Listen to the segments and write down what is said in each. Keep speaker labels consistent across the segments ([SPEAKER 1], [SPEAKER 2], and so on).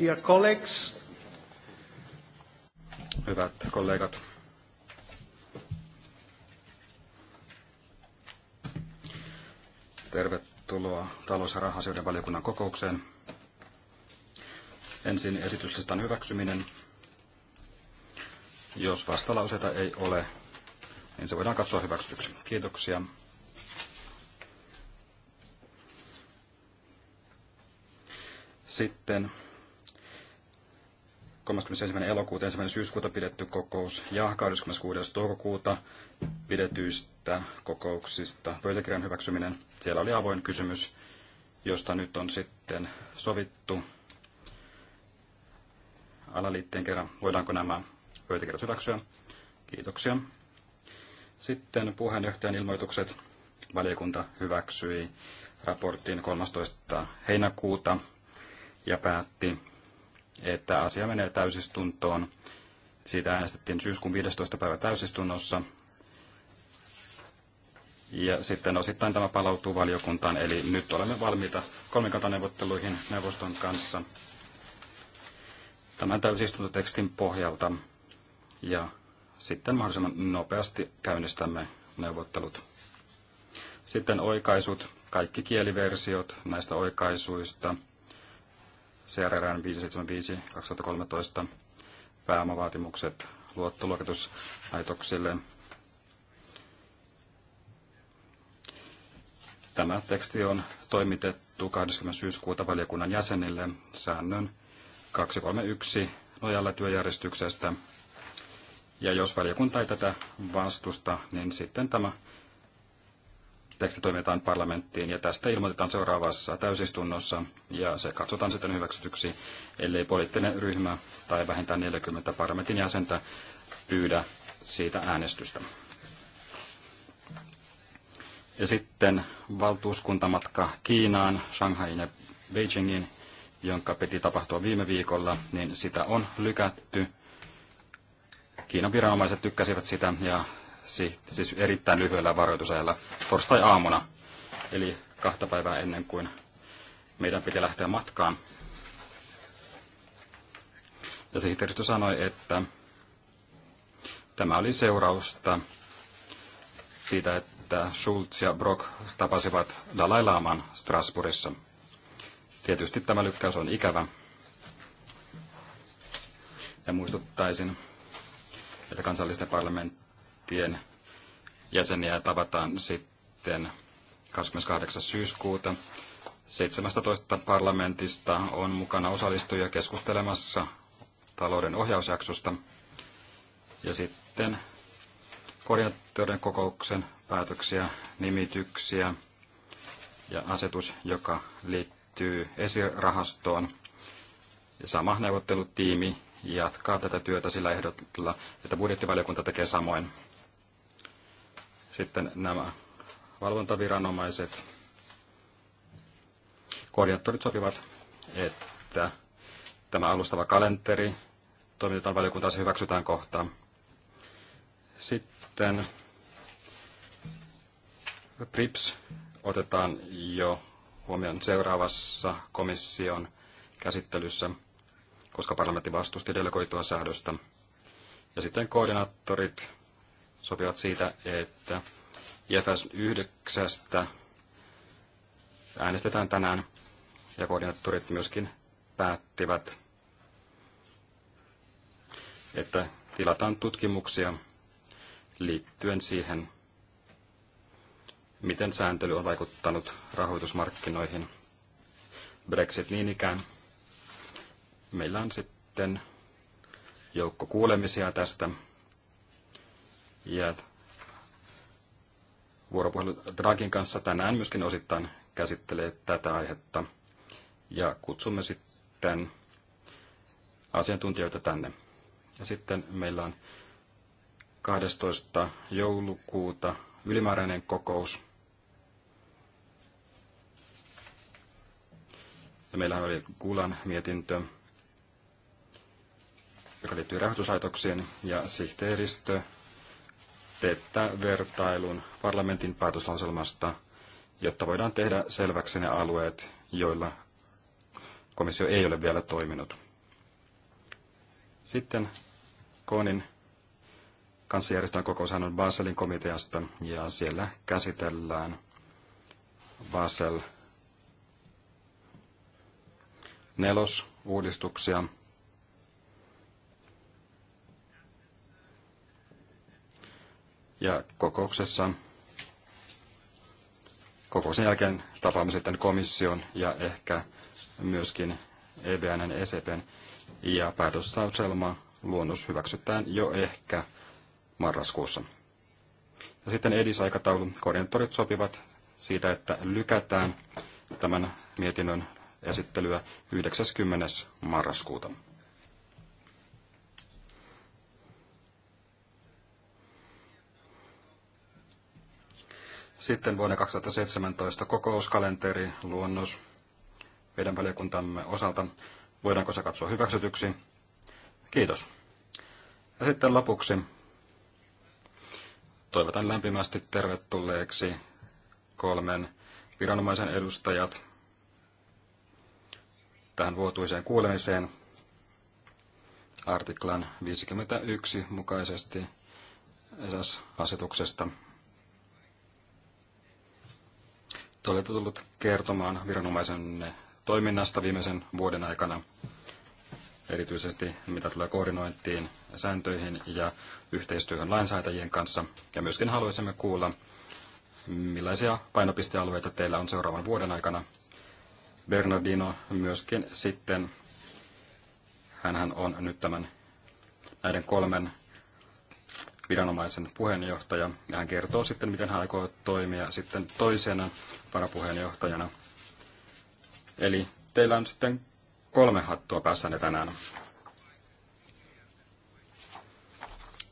[SPEAKER 1] Dear colleagues.
[SPEAKER 2] Hyvät kollegat. Tervetuloa talous- ja rahasioiden valiokunnan kokoukseen. Ensin esityslistan hyväksyminen. Jos vastalauseita ei ole, niin se voidaan katsoa hyväksytyksi. Kiitoksia. Sitten 31. elokuuta 1. syyskuuta pidetty kokous ja 26. toukokuuta pidetyistä kokouksista pöytäkirjan hyväksyminen. Siellä oli avoin kysymys, josta nyt on sitten sovittu alaliitteen kerran. Voidaanko nämä pöytäkirjat hyväksyä? Kiitoksia. Sitten puheenjohtajan ilmoitukset. Valiokunta hyväksyi raportin 13. heinäkuuta ja päätti että asia menee täysistuntoon. Siitä äänestettiin syyskuun 15. päivä täysistunnossa. Ja sitten osittain tämä palautuu valiokuntaan, eli nyt olemme valmiita kolmikantaneuvotteluihin neuvoston kanssa tämän täysistuntotekstin pohjalta. Ja sitten mahdollisimman nopeasti käynnistämme neuvottelut. Sitten oikaisut, kaikki kieliversiot näistä oikaisuista – CRRn 575 2013 pääomavaatimukset luottoluokituslaitoksille. Tämä teksti on toimitettu 20. syyskuuta valiokunnan jäsenille säännön 231 nojalla työjärjestyksestä. Ja jos valiokunta ei tätä vastusta, niin sitten tämä teksti toimitetaan parlamenttiin ja tästä ilmoitetaan seuraavassa täysistunnossa ja se katsotaan sitten hyväksytyksi, ellei poliittinen ryhmä tai vähintään 40 parlamentin jäsentä pyydä siitä äänestystä. Ja sitten valtuuskuntamatka Kiinaan, Shanghaiin ja Beijingiin, jonka piti tapahtua viime viikolla, niin sitä on lykätty. Kiinan viranomaiset tykkäsivät sitä ja siis erittäin lyhyellä varoitusajalla torstai-aamuna, eli kahta päivää ennen kuin meidän piti lähteä matkaan. Ja sihteeristö sanoi, että tämä oli seurausta siitä, että Schulz ja Brock tapasivat Dalai Laman Strasbourgissa. Tietysti tämä lykkäys on ikävä. Ja muistuttaisin, että kansallisten parlament kuntien jäseniä tavataan sitten 28. syyskuuta. 17 parlamentista on mukana osallistujia keskustelemassa talouden ohjausjaksosta. Ja sitten koordinaattorien kokouksen päätöksiä, nimityksiä ja asetus, joka liittyy esirahastoon. Ja sama neuvottelutiimi jatkaa tätä työtä sillä ehdotulla, että budjettivaliokunta tekee samoin. Sitten nämä valvontaviranomaiset, koordinaattorit sopivat, että tämä alustava kalenteri toimitetaan valiokuntaan, se hyväksytään kohta. Sitten PRIPS otetaan jo huomioon seuraavassa komission käsittelyssä, koska parlamentti vastusti delegoitua säädöstä. Ja sitten koordinaattorit sopivat siitä, että IFS 9 äänestetään tänään ja koordinaattorit myöskin päättivät, että tilataan tutkimuksia liittyen siihen, miten sääntely on vaikuttanut rahoitusmarkkinoihin. Brexit niin ikään. Meillä on sitten joukko kuulemisia tästä. Ja vuoropuhelu Dragin kanssa tänään myöskin osittain käsittelee tätä aihetta. Ja kutsumme sitten asiantuntijoita tänne. Ja sitten meillä on 12. joulukuuta ylimääräinen kokous. Ja meillä oli Gulan mietintö, joka liittyy rahoituslaitoksiin, ja sihteeristö teettää vertailun parlamentin päätöslauselmasta, jotta voidaan tehdä selväksi ne alueet, joilla komissio ei ole vielä toiminut. Sitten Koonin kanssajärjestön järjestetään kokoushan on Baselin komiteasta ja siellä käsitellään Basel nelosuudistuksia uudistuksia Ja kokouksessa, kokouksen jälkeen tapaamme sitten komission ja ehkä myöskin EBNn, ECPn ja päätösauselma luonnos hyväksytään jo ehkä marraskuussa. Ja sitten edisaikataulu. Koordinaattorit sopivat siitä, että lykätään tämän mietinnön esittelyä 90. marraskuuta. Sitten vuonna 2017 kokouskalenteri, luonnos meidän valiokuntamme osalta. Voidaanko se katsoa hyväksytyksi? Kiitos. Ja sitten lopuksi toivotan lämpimästi tervetulleeksi kolmen viranomaisen edustajat tähän vuotuiseen kuulemiseen artiklan 51 mukaisesti asetuksesta Te olette tullut kertomaan viranomaisen toiminnasta viimeisen vuoden aikana, erityisesti mitä tulee koordinointiin, sääntöihin ja yhteistyöhön lainsäätäjien kanssa. Ja myöskin haluaisimme kuulla, millaisia painopistealueita teillä on seuraavan vuoden aikana. Bernardino myöskin sitten, hän on nyt tämän näiden kolmen viranomaisen puheenjohtaja, ja hän kertoo sitten, miten hän aikoo toimia sitten toisena varapuheenjohtajana. Eli teillä on sitten kolme hattua päässänne tänään.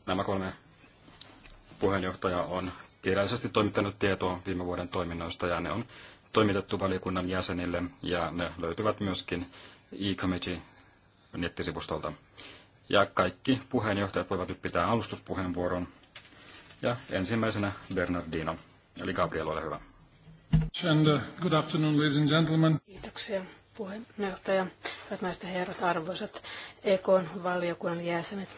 [SPEAKER 2] Nämä kolme puheenjohtajaa on kirjallisesti toimittanut tietoa viime vuoden toiminnoista, ja ne on toimitettu valiokunnan jäsenille, ja ne löytyvät myöskin e-committee nettisivustolta ja kaikki puheenjohtajat voivat nyt pitää alustuspuheenvuoron. Ja ensimmäisenä Bernardino, eli Gabriel,
[SPEAKER 1] ole hyvä. And, uh, good afternoon, ladies and gentlemen.
[SPEAKER 3] Kiitoksia puheenjohtaja, hyvät naiset herrat, arvoisat Ekon valiokunnan jäsenet.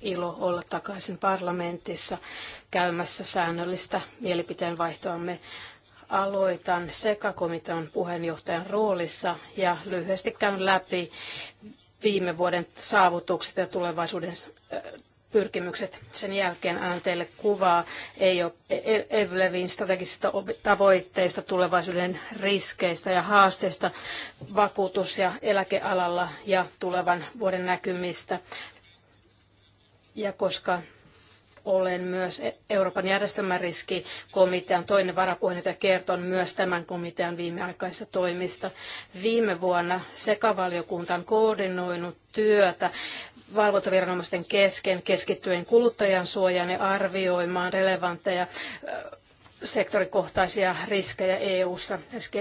[SPEAKER 3] Ilo olla takaisin parlamentissa käymässä säännöllistä mielipiteen vaihtoamme. Aloitan sekakomitean puheenjohtajan roolissa ja lyhyesti käyn läpi viime vuoden saavutukset ja tulevaisuuden pyrkimykset sen jälkeen annan teille kuvaa e- e- Evlevin strategisista tavoitteista, tulevaisuuden riskeistä ja haasteista vakuutus- ja eläkealalla ja tulevan vuoden näkymistä. Ja koska olen myös e- Euroopan järjestelmäriskikomitean toinen varapuheenjohtaja kerton myös tämän komitean viimeaikaisista toimista. Viime vuonna sekavaliokunta on koordinoinut työtä valvontaviranomaisten kesken keskittyen kuluttajan suojaan ja arvioimaan relevantteja sektorikohtaisia riskejä EU-ssa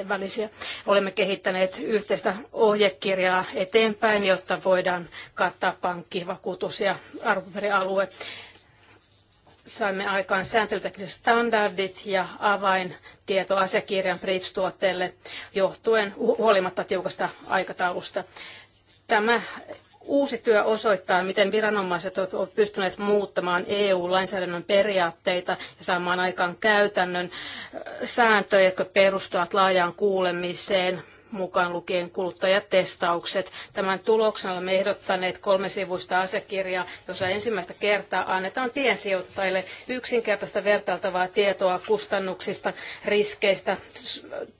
[SPEAKER 3] välisiä. Olemme kehittäneet yhteistä ohjekirjaa eteenpäin, jotta voidaan kattaa pankki, vakuutus ja arvopaperialue saimme aikaan sääntelytekniset standardit ja avaintietoasiakirjan PRIPS-tuotteelle johtuen huolimatta tiukasta aikataulusta. Tämä uusi työ osoittaa, miten viranomaiset ovat pystyneet muuttamaan EU-lainsäädännön periaatteita ja saamaan aikaan käytännön sääntöjä, jotka perustuvat laajaan kuulemiseen, mukaan lukien kuluttajatestaukset. Tämän tuloksena olemme ehdottaneet kolme sivuista asiakirjaa, jossa ensimmäistä kertaa annetaan piensijoittajille yksinkertaista vertailtavaa tietoa kustannuksista, riskeistä,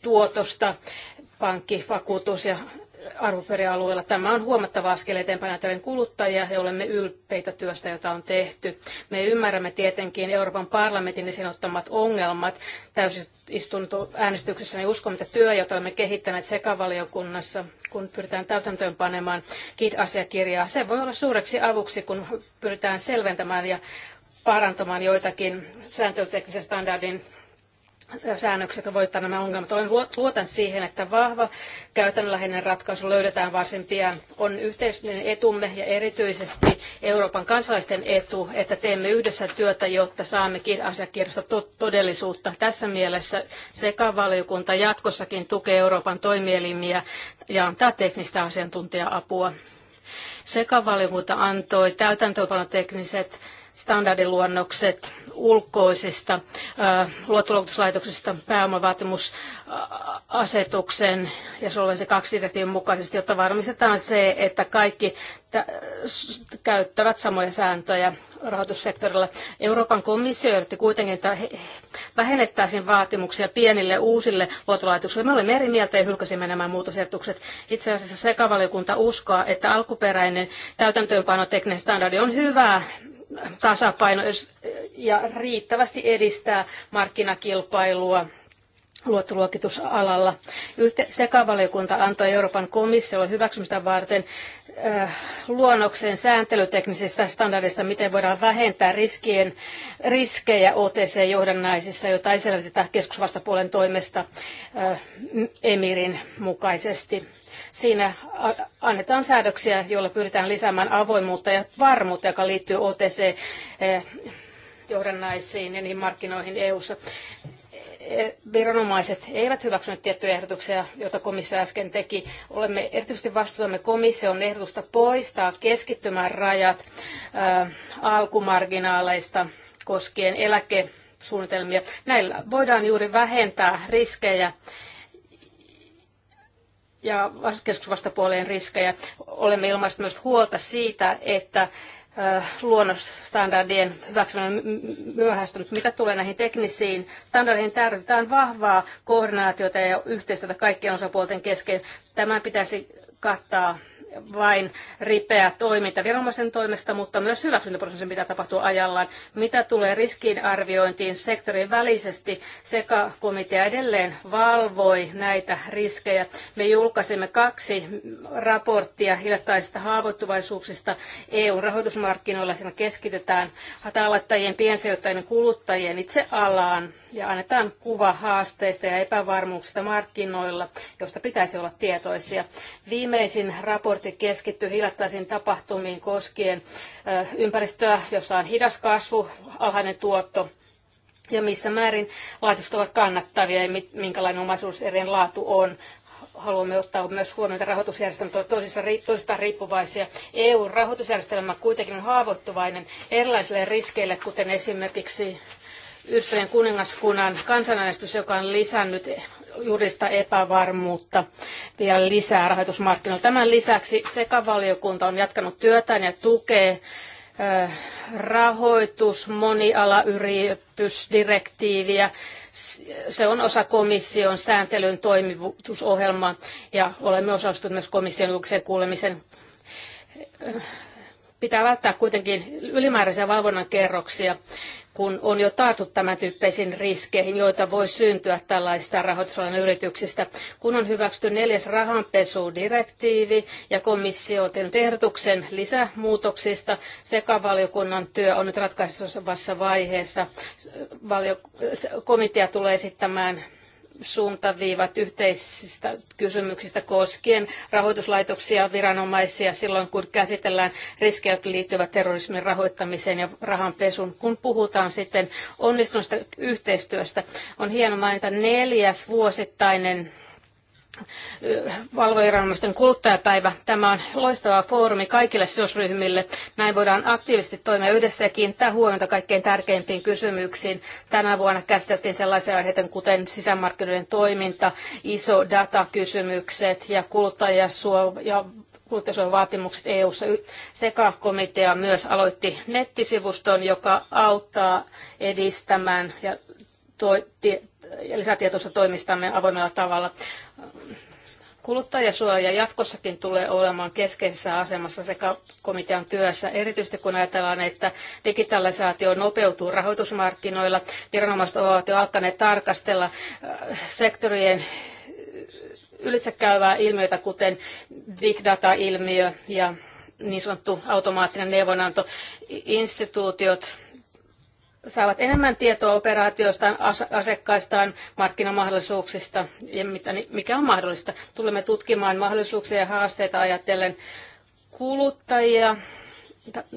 [SPEAKER 3] tuotosta, pankki, vakuutus ja arvoperialueella. Tämä on huomattava askel eteenpäin ajatellen kuluttajia ja olemme ylpeitä työstä, jota on tehty. Me ymmärrämme tietenkin Euroopan parlamentin esiin ottamat ongelmat täysistunut äänestyksessä. Me uskomme, että työ, jota olemme kehittäneet sekavaliokunnassa, kun pyritään täytäntöön panemaan KIT-asiakirjaa, se voi olla suureksi avuksi, kun pyritään selventämään ja parantamaan joitakin sääntöteknisen standardin säännökset voittaa nämä ongelmat. Olen luotan siihen, että vahva käytännönläheinen ratkaisu löydetään varsin pian. On yhteisöllinen etumme ja erityisesti Euroopan kansalaisten etu, että teemme yhdessä työtä, jotta saamme asiakirjasta todellisuutta. Tässä mielessä sekä valiokunta jatkossakin tukee Euroopan toimielimiä ja antaa teknistä asiantuntija-apua. Sekavaliokunta antoi täytäntöönpanotekniset standardiluonnokset ulkoisista luottoluokituslaitoksesta pääomavaatimusasetuksen ja Solvensi 2 direktiivin mukaisesti, jotta varmistetaan se, että kaikki käyttävät samoja sääntöjä rahoitussektorilla. Euroopan komissio yritti kuitenkin, että vähennettäisiin vaatimuksia pienille uusille luottolaitoksille. Me olemme eri mieltä ja hylkäsimme nämä muutosehdotukset. Itse asiassa sekavaliokunta uskoo, että alkuperäinen täytäntöönpanotekninen standardi on hyvä tasapaino ja riittävästi edistää markkinakilpailua luottoluokitusalalla. sekavaliokunta antoi Euroopan komissiolle hyväksymistä varten äh, luonnoksen sääntelyteknisistä standardeista, miten voidaan vähentää riskien, riskejä OTC-johdannaisissa, jota ei selvitetä keskusvastapuolen toimesta äh, Emirin mukaisesti. Siinä annetaan säädöksiä, joilla pyritään lisäämään avoimuutta ja varmuutta, joka liittyy OTC-johdannaisiin eh, ja niihin markkinoihin EU-ssa e, viranomaiset eivät hyväksyneet tiettyjä ehdotuksia, joita komissio äsken teki. Olemme erityisesti vastuutamme komission ehdotusta poistaa keskittymän rajat äh, alkumarginaaleista koskien eläkesuunnitelmia. Näillä voidaan juuri vähentää riskejä ja keskusvastapuoleen riskejä. Olemme ilmaista myös huolta siitä, että luonnosstandardien hyväksyminen myöhästynyt. Mitä tulee näihin teknisiin standardeihin, tarvitaan vahvaa koordinaatiota ja yhteistyötä kaikkien osapuolten kesken. Tämän pitäisi kattaa vain ripeä toiminta viranomaisen toimesta, mutta myös hyväksyntäprosessin pitää tapahtua ajallaan. Mitä tulee riskinarviointiin sektorin välisesti, sekä komitea edelleen valvoi näitä riskejä. Me julkaisimme kaksi raporttia hiljattaisista haavoittuvaisuuksista EUn rahoitusmarkkinoilla. Siinä keskitetään hatalattajien, piensijoittajien kuluttajien itse alaan ja annetaan kuva haasteista ja epävarmuuksista markkinoilla, josta pitäisi olla tietoisia. Viimeisin raportti erityisesti keskitty hiljattaisiin tapahtumiin koskien ympäristöä, jossa on hidas kasvu, alhainen tuotto ja missä määrin laitokset ovat kannattavia ja minkälainen omaisuuserien laatu on haluamme ottaa myös huomioon, että rahoitusjärjestelmät ovat toisistaan riippuvaisia. EU-rahoitusjärjestelmä kuitenkin on haavoittuvainen erilaisille riskeille, kuten esimerkiksi Yhdistyneen kuningaskunnan kansanäänestys, joka on lisännyt juridista epävarmuutta vielä lisää rahoitusmarkkinoilla. Tämän lisäksi sekavaliokunta on jatkanut työtään ja tukee rahoitus monialayritysdirektiiviä. Se on osa komission sääntelyn toimivuusohjelmaa ja olemme osallistuneet myös komission julkiseen kuulemisen. Pitää välttää kuitenkin ylimääräisiä valvonnan kerroksia kun on jo tartu tämän tyyppisiin riskeihin, joita voi syntyä tällaisista rahoitusalan yrityksistä. Kun on hyväksytty neljäs rahanpesudirektiivi ja komissio on tehnyt ehdotuksen lisämuutoksista, sekavaliokunnan työ on nyt ratkaisevassa vaiheessa. Valio- komitea tulee esittämään suuntaviivat yhteisistä kysymyksistä koskien rahoituslaitoksia, viranomaisia silloin, kun käsitellään riskejä, jotka liittyvät terrorismin rahoittamiseen ja rahanpesuun. Kun puhutaan sitten onnistuneesta yhteistyöstä, on hieno mainita neljäs vuosittainen valvoviranomaisten kuluttajapäivä. Tämä on loistava foorumi kaikille sidosryhmille. Näin voidaan aktiivisesti toimia yhdessä ja kiinnittää huomiota kaikkein tärkeimpiin kysymyksiin. Tänä vuonna käsiteltiin sellaisia aiheita kuten sisämarkkinoiden toiminta, iso datakysymykset ja kuluttajasuoja ja kuluttajasuojan vaatimukset EU-ssa. Sekakomitea myös aloitti nettisivuston, joka auttaa edistämään ja lisätietoista toimistamme avoimella tavalla. Kuluttajasuoja jatkossakin tulee olemaan keskeisessä asemassa sekä komitean työssä, erityisesti kun ajatellaan, että digitalisaatio nopeutuu rahoitusmarkkinoilla. Viranomaiset ovat jo alkaneet tarkastella äh, sektorien ylitsekäyvää ilmiötä, kuten big data-ilmiö ja niin sanottu automaattinen neuvonanto. Instituutiot saavat enemmän tietoa operaatioistaan, asiakkaistaan, markkinamahdollisuuksista ja mikä on mahdollista. Tulemme tutkimaan mahdollisuuksia ja haasteita ajatellen kuluttajia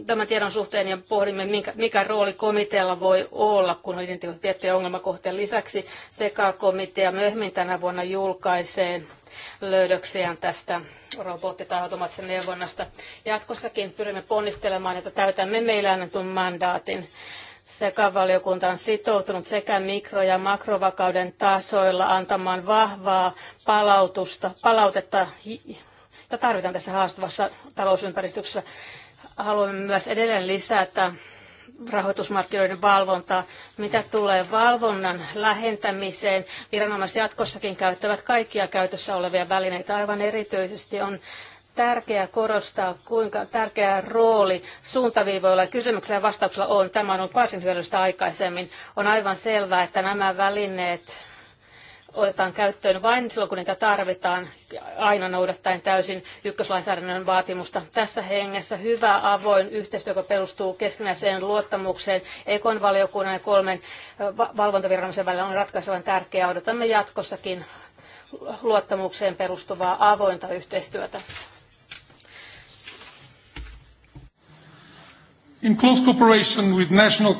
[SPEAKER 3] tämän tiedon suhteen ja pohdimme, mikä rooli komitealla voi olla, kun on identifioitu tiettyjä ongelmakohteen lisäksi. Sekä komitea myöhemmin tänä vuonna julkaisee löydöksiään tästä robotti- tai automaattisen neuvonnasta. Jatkossakin pyrimme ponnistelemaan, että täytämme meille annetun mandaatin sekä valiokunta on sitoutunut sekä mikro- ja makrovakauden tasoilla antamaan vahvaa palautusta, palautetta, jota tarvitaan tässä haastavassa talousympäristössä. Haluamme myös edelleen lisätä rahoitusmarkkinoiden valvontaa. Mitä tulee valvonnan lähentämiseen, viranomaiset jatkossakin käyttävät kaikkia käytössä olevia välineitä. Aivan erityisesti on tärkeää korostaa, kuinka tärkeä rooli suuntaviivoilla kysymyksillä ja vastauksilla on. Tämä on ollut varsin hyödyllistä aikaisemmin. On aivan selvää, että nämä välineet otetaan käyttöön vain silloin, kun niitä tarvitaan, aina noudattaen täysin ykköslainsäädännön vaatimusta. Tässä hengessä hyvä avoin yhteistyö, joka perustuu keskinäiseen luottamukseen EKon valiokunnan ja kolmen valvontaviranomaisen välillä on ratkaisevan tärkeää. Odotamme jatkossakin luottamukseen perustuvaa avointa yhteistyötä. In close cooperation
[SPEAKER 1] with national...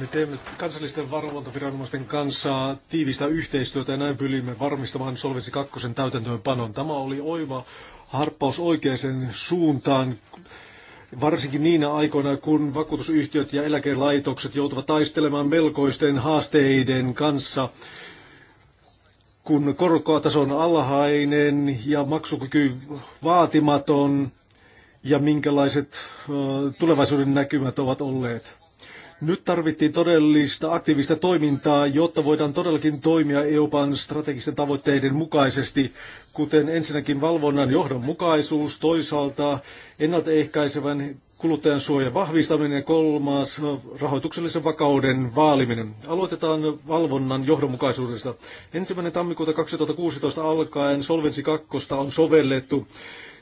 [SPEAKER 1] Me teemme kansallisten valvontaviranomaisten kanssa tiivistä yhteistyötä ja näin pyrimme varmistamaan Solvensi 2 täytäntöönpanon. Tämä oli oiva harppaus oikeaan suuntaan, varsinkin niinä aikoina, kun vakuutusyhtiöt ja eläkelaitokset joutuvat taistelemaan melkoisten haasteiden kanssa, kun korkotaso on alhainen ja maksukyky vaatimaton ja minkälaiset tulevaisuuden näkymät ovat olleet. Nyt tarvittiin todellista aktiivista toimintaa, jotta voidaan todellakin toimia EUPAN strategisten tavoitteiden mukaisesti, kuten ensinnäkin valvonnan johdonmukaisuus, toisaalta ennaltaehkäisevän kuluttajan suojan vahvistaminen ja kolmas rahoituksellisen vakauden vaaliminen. Aloitetaan valvonnan johdonmukaisuudesta. Ensimmäinen tammikuuta 2016 alkaen Solvensi 2 on sovellettu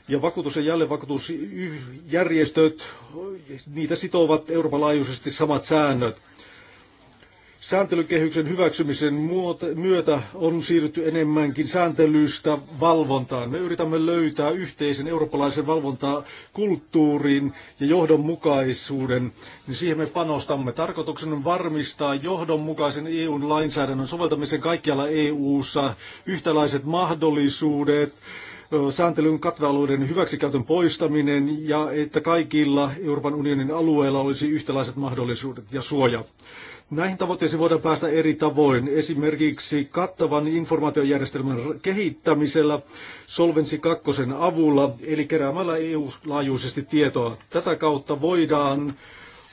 [SPEAKER 1] ja vakuutus- ja jälleenvakuutusjärjestöt, niitä sitovat Euroopan laajuisesti samat säännöt. Sääntelykehyksen hyväksymisen myötä on siirrytty enemmänkin sääntelystä valvontaan. Me yritämme löytää yhteisen eurooppalaisen valvontakulttuurin ja johdonmukaisuuden, niin siihen me panostamme. Tarkoituksena on varmistaa johdonmukaisen EUn lainsäädännön soveltamisen kaikkialla EU:ssa, yhtäläiset mahdollisuudet, sääntelyn katvealueiden hyväksikäytön poistaminen ja että kaikilla Euroopan unionin alueilla olisi yhtäläiset mahdollisuudet ja suoja. Näihin tavoitteisiin voidaan päästä eri tavoin. Esimerkiksi kattavan informaatiojärjestelmän kehittämisellä Solvency 2 avulla, eli keräämällä EU-laajuisesti tietoa. Tätä kautta voidaan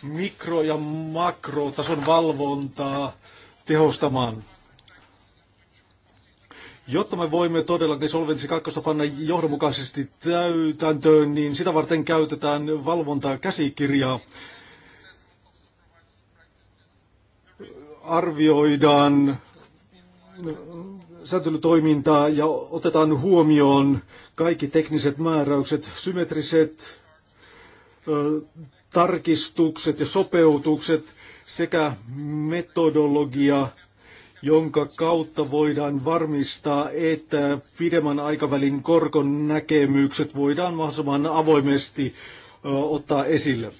[SPEAKER 1] mikro- ja makrotason valvontaa tehostamaan. Jotta me voimme todellakin Solvenssi 2 panna johdonmukaisesti täytäntöön, niin sitä varten käytetään valvontaa käsikirjaa. Arvioidaan säätelytoimintaa ja otetaan huomioon kaikki tekniset määräykset, symmetriset tarkistukset ja sopeutukset sekä metodologia jonka kautta voidaan varmistaa, että pidemmän aikavälin korkon näkemykset voidaan mahdollisimman avoimesti ottaa esille.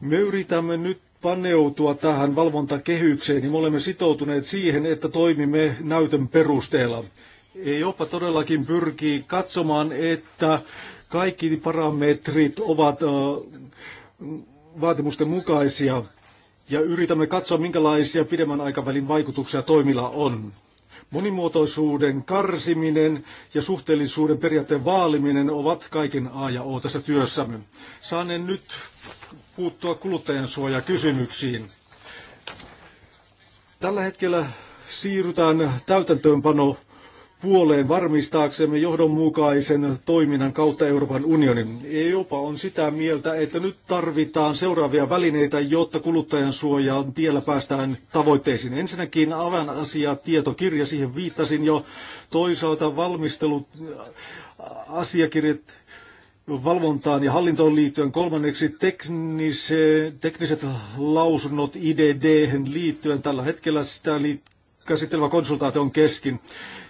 [SPEAKER 1] Me yritämme nyt paneutua tähän valvontakehykseen ja niin me olemme sitoutuneet siihen, että toimimme näytön perusteella. EIOPA todellakin pyrkii katsomaan, että kaikki parametrit ovat vaatimusten mukaisia ja yritämme katsoa, minkälaisia pidemmän aikavälin vaikutuksia toimilla on. Monimuotoisuuden karsiminen ja suhteellisuuden periaatteen vaaliminen ovat kaiken A ja O tässä työssämme. Saanen nyt puuttua kuluttajan kysymyksiin. Tällä hetkellä siirrytään täytäntöönpano puoleen varmistaaksemme johdonmukaisen toiminnan kautta Euroopan unionin. Jopa on sitä mieltä, että nyt tarvitaan seuraavia välineitä, jotta kuluttajan suojaan tiellä päästään tavoitteisiin. Ensinnäkin avainasia tietokirja, siihen viittasin jo. Toisaalta valmistelut, asiakirjat valvontaan ja hallintoon liittyen. Kolmanneksi teknise, tekniset lausunnot IDD liittyen. Tällä hetkellä sitä liittyen käsittelevä konsultaatio on keskin.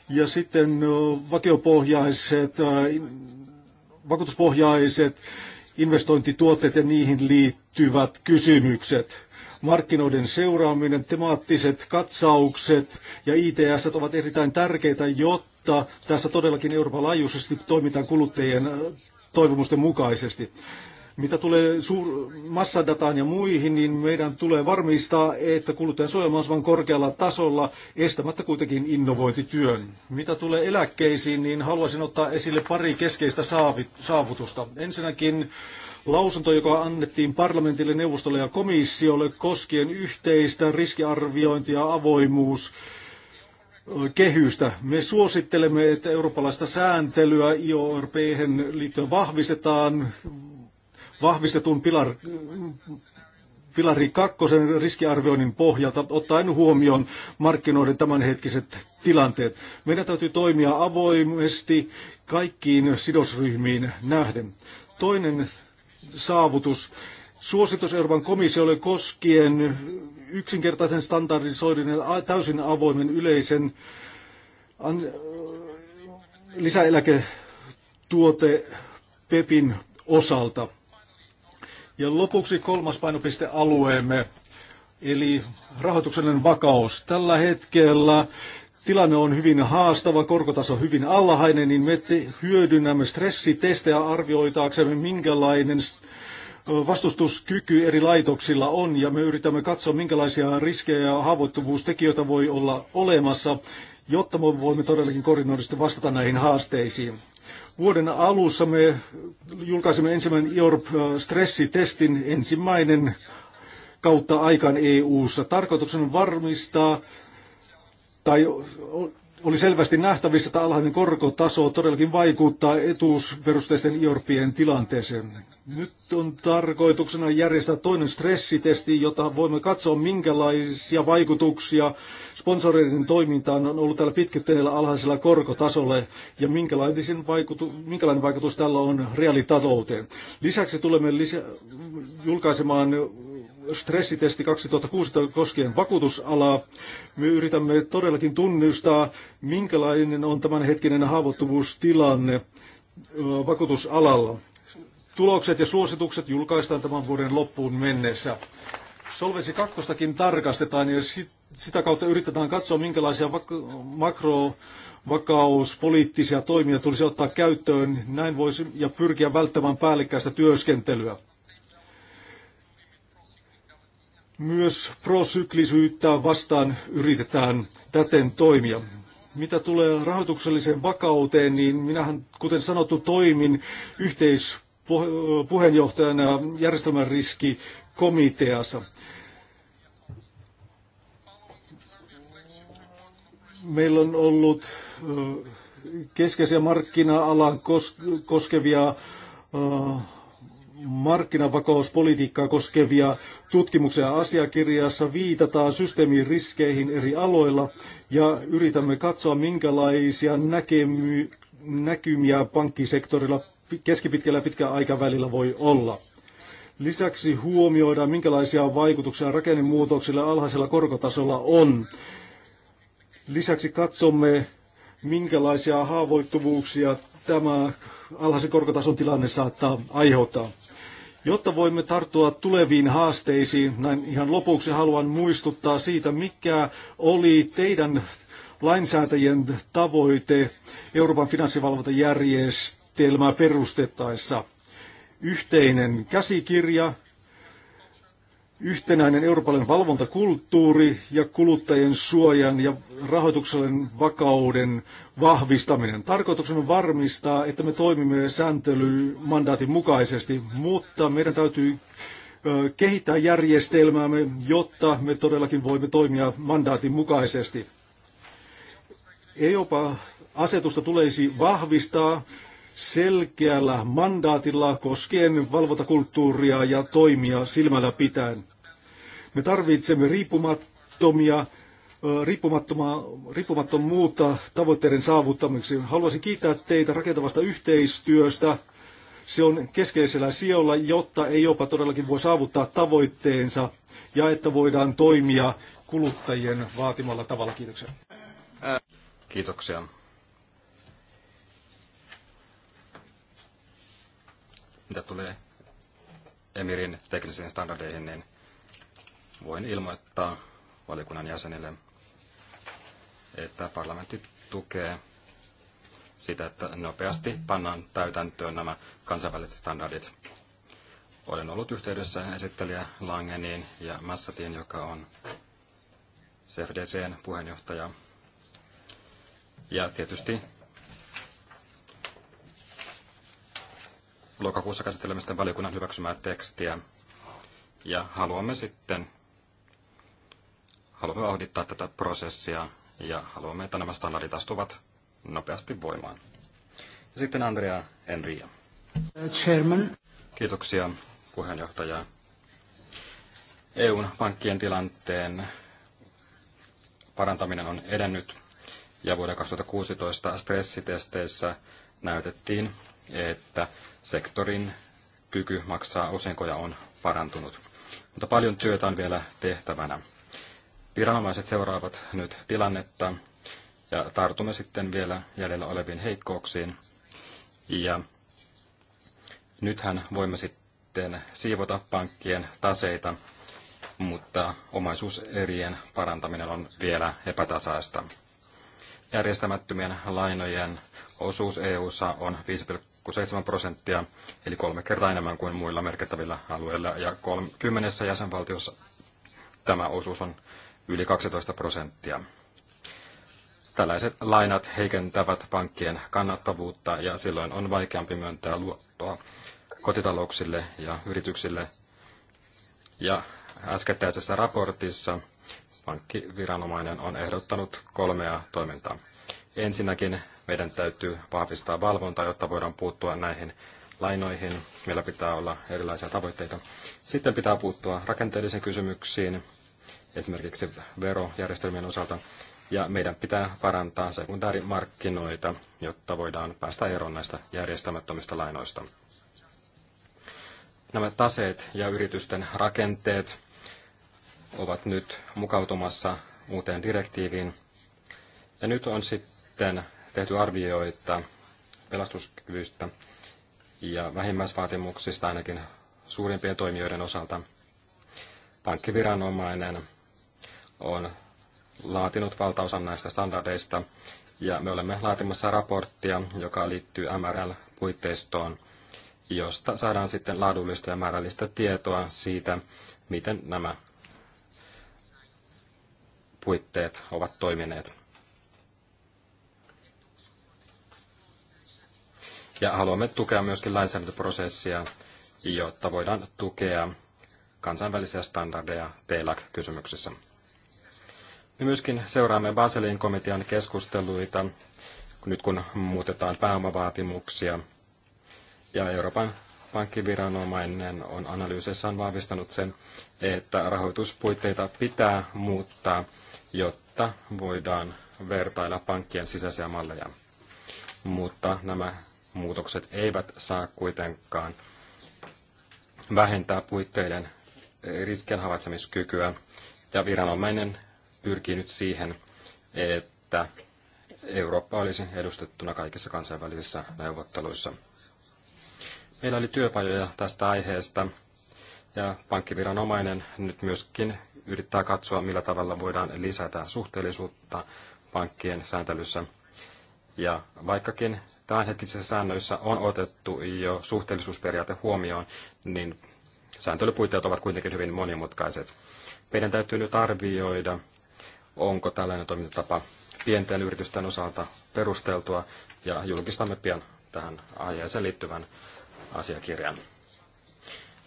[SPEAKER 1] Ja sitten vakiopohjaiset, vakuutuspohjaiset investointituotteet ja niihin liittyvät kysymykset. Markkinoiden seuraaminen, temaattiset katsaukset ja ITS ovat erittäin tärkeitä, jotta tässä todellakin Euroopan laajuisesti toimitaan kuluttajien toivomusten mukaisesti. Mitä tulee suur- massadataan ja muihin, niin meidän tulee varmistaa, että kuluttajan suojelma on korkealla tasolla, estämättä kuitenkin innovointityön. Mitä tulee eläkkeisiin, niin haluaisin ottaa esille pari keskeistä saavutusta. Ensinnäkin lausunto, joka annettiin parlamentille, neuvostolle ja komissiolle koskien yhteistä riskiarviointia ja avoimuus kehystä. Me suosittelemme, että eurooppalaista sääntelyä IORP liittyen vahvistetaan vahvistetun pilar, pilari kakkosen riskiarvioinnin pohjalta, ottaen huomioon markkinoiden tämänhetkiset tilanteet. Meidän täytyy toimia avoimesti kaikkiin sidosryhmiin nähden. Toinen saavutus. Suositus Euroopan komissiolle koskien yksinkertaisen standardisoidun ja täysin avoimen yleisen lisäeläketuote PEPin osalta – ja lopuksi kolmas painopistealueemme, eli rahoituksellinen vakaus. Tällä hetkellä tilanne on hyvin haastava, korkotaso hyvin alhainen, niin me hyödynnämme stressitestejä arvioitaaksemme, minkälainen vastustuskyky eri laitoksilla on ja me yritämme katsoa, minkälaisia riskejä ja haavoittuvuustekijöitä voi olla olemassa, jotta me voimme todellakin koordinoidusti vastata näihin haasteisiin. Vuoden alussa me julkaisimme ensimmäinen IORP-stressitestin, äh, ensimmäinen kautta aikaan EU-ssa. Tarkoituksena on varmistaa, tai oli selvästi nähtävissä, että alhainen korkotaso todellakin vaikuttaa etuusperusteisten IORPien tilanteeseen. Nyt on tarkoituksena järjestää toinen stressitesti, jota voimme katsoa, minkälaisia vaikutuksia sponsoreiden toimintaan on ollut tällä pitkittyneellä alhaisella korkotasolla ja minkälainen, vaikutu, minkälainen vaikutus tällä on reaalitalouteen. Lisäksi tulemme lisä, julkaisemaan stressitesti 2016 koskien vakuutusalaa. Me yritämme todellakin tunnistaa, minkälainen on tämänhetkinen haavoittuvuustilanne vakuutusalalla. Tulokset ja suositukset julkaistaan tämän vuoden loppuun mennessä. Solvesi kakkostakin tarkastetaan ja sitä kautta yritetään katsoa, minkälaisia makro vakauspoliittisia toimia tulisi ottaa käyttöön, näin voisi ja pyrkiä välttämään päällekkäistä työskentelyä. Myös prosyklisyyttä vastaan yritetään täten toimia. Mitä tulee rahoitukselliseen vakauteen, niin minähän, kuten sanottu, toimin yhteis puheenjohtajana järjestelmän riskikomiteassa. Meillä on ollut keskeisiä markkina-alan koskevia markkinavakauspolitiikkaa koskevia tutkimuksia asiakirjassa viitataan systeemin riskeihin eri aloilla ja yritämme katsoa, minkälaisia näkymiä pankkisektorilla keskipitkällä ja pitkällä aikavälillä voi olla. Lisäksi huomioidaan, minkälaisia vaikutuksia rakennemuutoksilla alhaisella korkotasolla on. Lisäksi katsomme, minkälaisia haavoittuvuuksia tämä alhaisen korkotason tilanne saattaa aiheuttaa. Jotta voimme tarttua tuleviin haasteisiin, näin ihan lopuksi haluan muistuttaa siitä, mikä oli teidän lainsäätäjien tavoite Euroopan finanssivalvontajärjestelmä määritelmä perustettaessa. Yhteinen käsikirja, yhtenäinen eurooppalainen valvontakulttuuri ja kuluttajien suojan ja rahoituksellinen vakauden vahvistaminen. Tarkoituksena on varmistaa, että me toimimme sääntelymandaatin mukaisesti, mutta meidän täytyy kehittää järjestelmäämme, jotta me todellakin voimme toimia mandaatin mukaisesti. EOPA-asetusta tulisi vahvistaa selkeällä mandaatilla koskien valvontakulttuuria ja toimia silmällä pitäen. Me tarvitsemme riippumattomia riippumattomaa, riippumattomuutta tavoitteiden saavuttamiseksi. Haluaisin kiittää teitä rakentavasta yhteistyöstä. Se on keskeisellä sijalla, jotta ei jopa todellakin voi saavuttaa tavoitteensa ja että voidaan toimia kuluttajien vaatimalla tavalla. Kiitoksia.
[SPEAKER 2] Kiitoksia. Mitä tulee Emirin teknisiin standardeihin, niin voin ilmoittaa valiokunnan jäsenille, että parlamentti tukee sitä, että nopeasti pannaan täytäntöön nämä kansainväliset standardit. Olen ollut yhteydessä esittelijä Langeniin ja Massatiin, joka on CFDCn puheenjohtaja. Ja tietysti lokakuussa käsittelemme sitten valiokunnan hyväksymää tekstiä. Ja haluamme sitten haluamme vauhdittaa tätä prosessia ja haluamme, että nämä standardit astuvat nopeasti voimaan. Ja sitten Andrea Enria.
[SPEAKER 1] Chairman.
[SPEAKER 2] Kiitoksia puheenjohtaja. EUn pankkien tilanteen parantaminen on edennyt ja vuoden 2016 stressitesteissä näytettiin, että sektorin kyky maksaa osinkoja on parantunut. Mutta paljon työtä on vielä tehtävänä. Viranomaiset seuraavat nyt tilannetta ja tartumme sitten vielä jäljellä oleviin heikkouksiin. Ja nythän voimme sitten siivota pankkien taseita, mutta omaisuuserien parantaminen on vielä epätasaista. Järjestämättömien lainojen osuus EU:ssa on seitsemän prosenttia, eli kolme kertaa enemmän kuin muilla merkittävillä alueilla. Ja kymmenessä jäsenvaltiossa tämä osuus on yli 12 prosenttia. Tällaiset lainat heikentävät pankkien kannattavuutta ja silloin on vaikeampi myöntää luottoa kotitalouksille ja yrityksille. Ja äskettäisessä raportissa pankkiviranomainen on ehdottanut kolmea toimintaa. Ensinnäkin meidän täytyy vahvistaa valvontaa, jotta voidaan puuttua näihin lainoihin. Meillä pitää olla erilaisia tavoitteita. Sitten pitää puuttua rakenteellisiin kysymyksiin, esimerkiksi verojärjestelmien osalta. Ja meidän pitää parantaa sekundaarimarkkinoita, jotta voidaan päästä eroon näistä järjestämättömistä lainoista. Nämä taseet ja yritysten rakenteet ovat nyt mukautumassa uuteen direktiiviin. Ja nyt on sitten sitten tehty arvioita pelastuskyvystä ja vähimmäisvaatimuksista ainakin suurimpien toimijoiden osalta. Pankkiviranomainen on laatinut valtaosan näistä standardeista ja me olemme laatimassa raporttia, joka liittyy MRL-puitteistoon, josta saadaan sitten laadullista ja määrällistä tietoa siitä, miten nämä puitteet ovat toimineet. Ja haluamme tukea myöskin lainsäädäntöprosessia, jotta voidaan tukea kansainvälisiä standardeja TELAC-kysymyksissä. Me myöskin seuraamme Baselin komitean keskusteluita, nyt kun muutetaan pääomavaatimuksia. Ja Euroopan pankkiviranomainen on analyysissään vahvistanut sen, että rahoituspuitteita pitää muuttaa, jotta voidaan vertailla pankkien sisäisiä malleja. Mutta nämä muutokset eivät saa kuitenkaan vähentää puitteiden eh, riskien havaitsemiskykyä. Ja viranomainen pyrkii nyt siihen, että Eurooppa olisi edustettuna kaikissa kansainvälisissä neuvotteluissa. Meillä oli työpajoja tästä aiheesta ja pankkiviranomainen nyt myöskin yrittää katsoa, millä tavalla voidaan lisätä suhteellisuutta pankkien sääntelyssä. Ja vaikkakin tämänhetkisissä säännöissä on otettu jo suhteellisuusperiaate huomioon, niin sääntelypuitteet ovat kuitenkin hyvin monimutkaiset. Meidän täytyy nyt arvioida, onko tällainen toimintatapa pienten yritysten osalta perusteltua, ja julkistamme pian tähän aiheeseen liittyvän asiakirjan.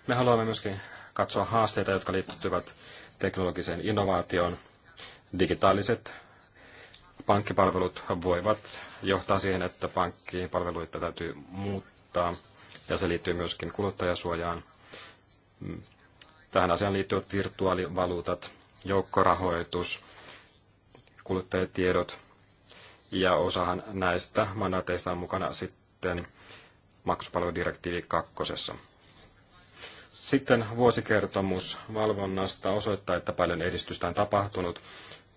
[SPEAKER 2] Me haluamme myöskin katsoa haasteita, jotka liittyvät teknologiseen innovaatioon. Digitaaliset pankkipalvelut voivat johtaa siihen, että pankkipalveluita täytyy muuttaa, ja se liittyy myöskin kuluttajasuojaan. Tähän asiaan liittyvät virtuaalivaluutat, joukkorahoitus, kuluttajatiedot, ja osahan näistä mandaateista on mukana sitten maksupalveludirektiivi kakkosessa. Sitten vuosikertomus valvonnasta osoittaa, että paljon edistystä on tapahtunut,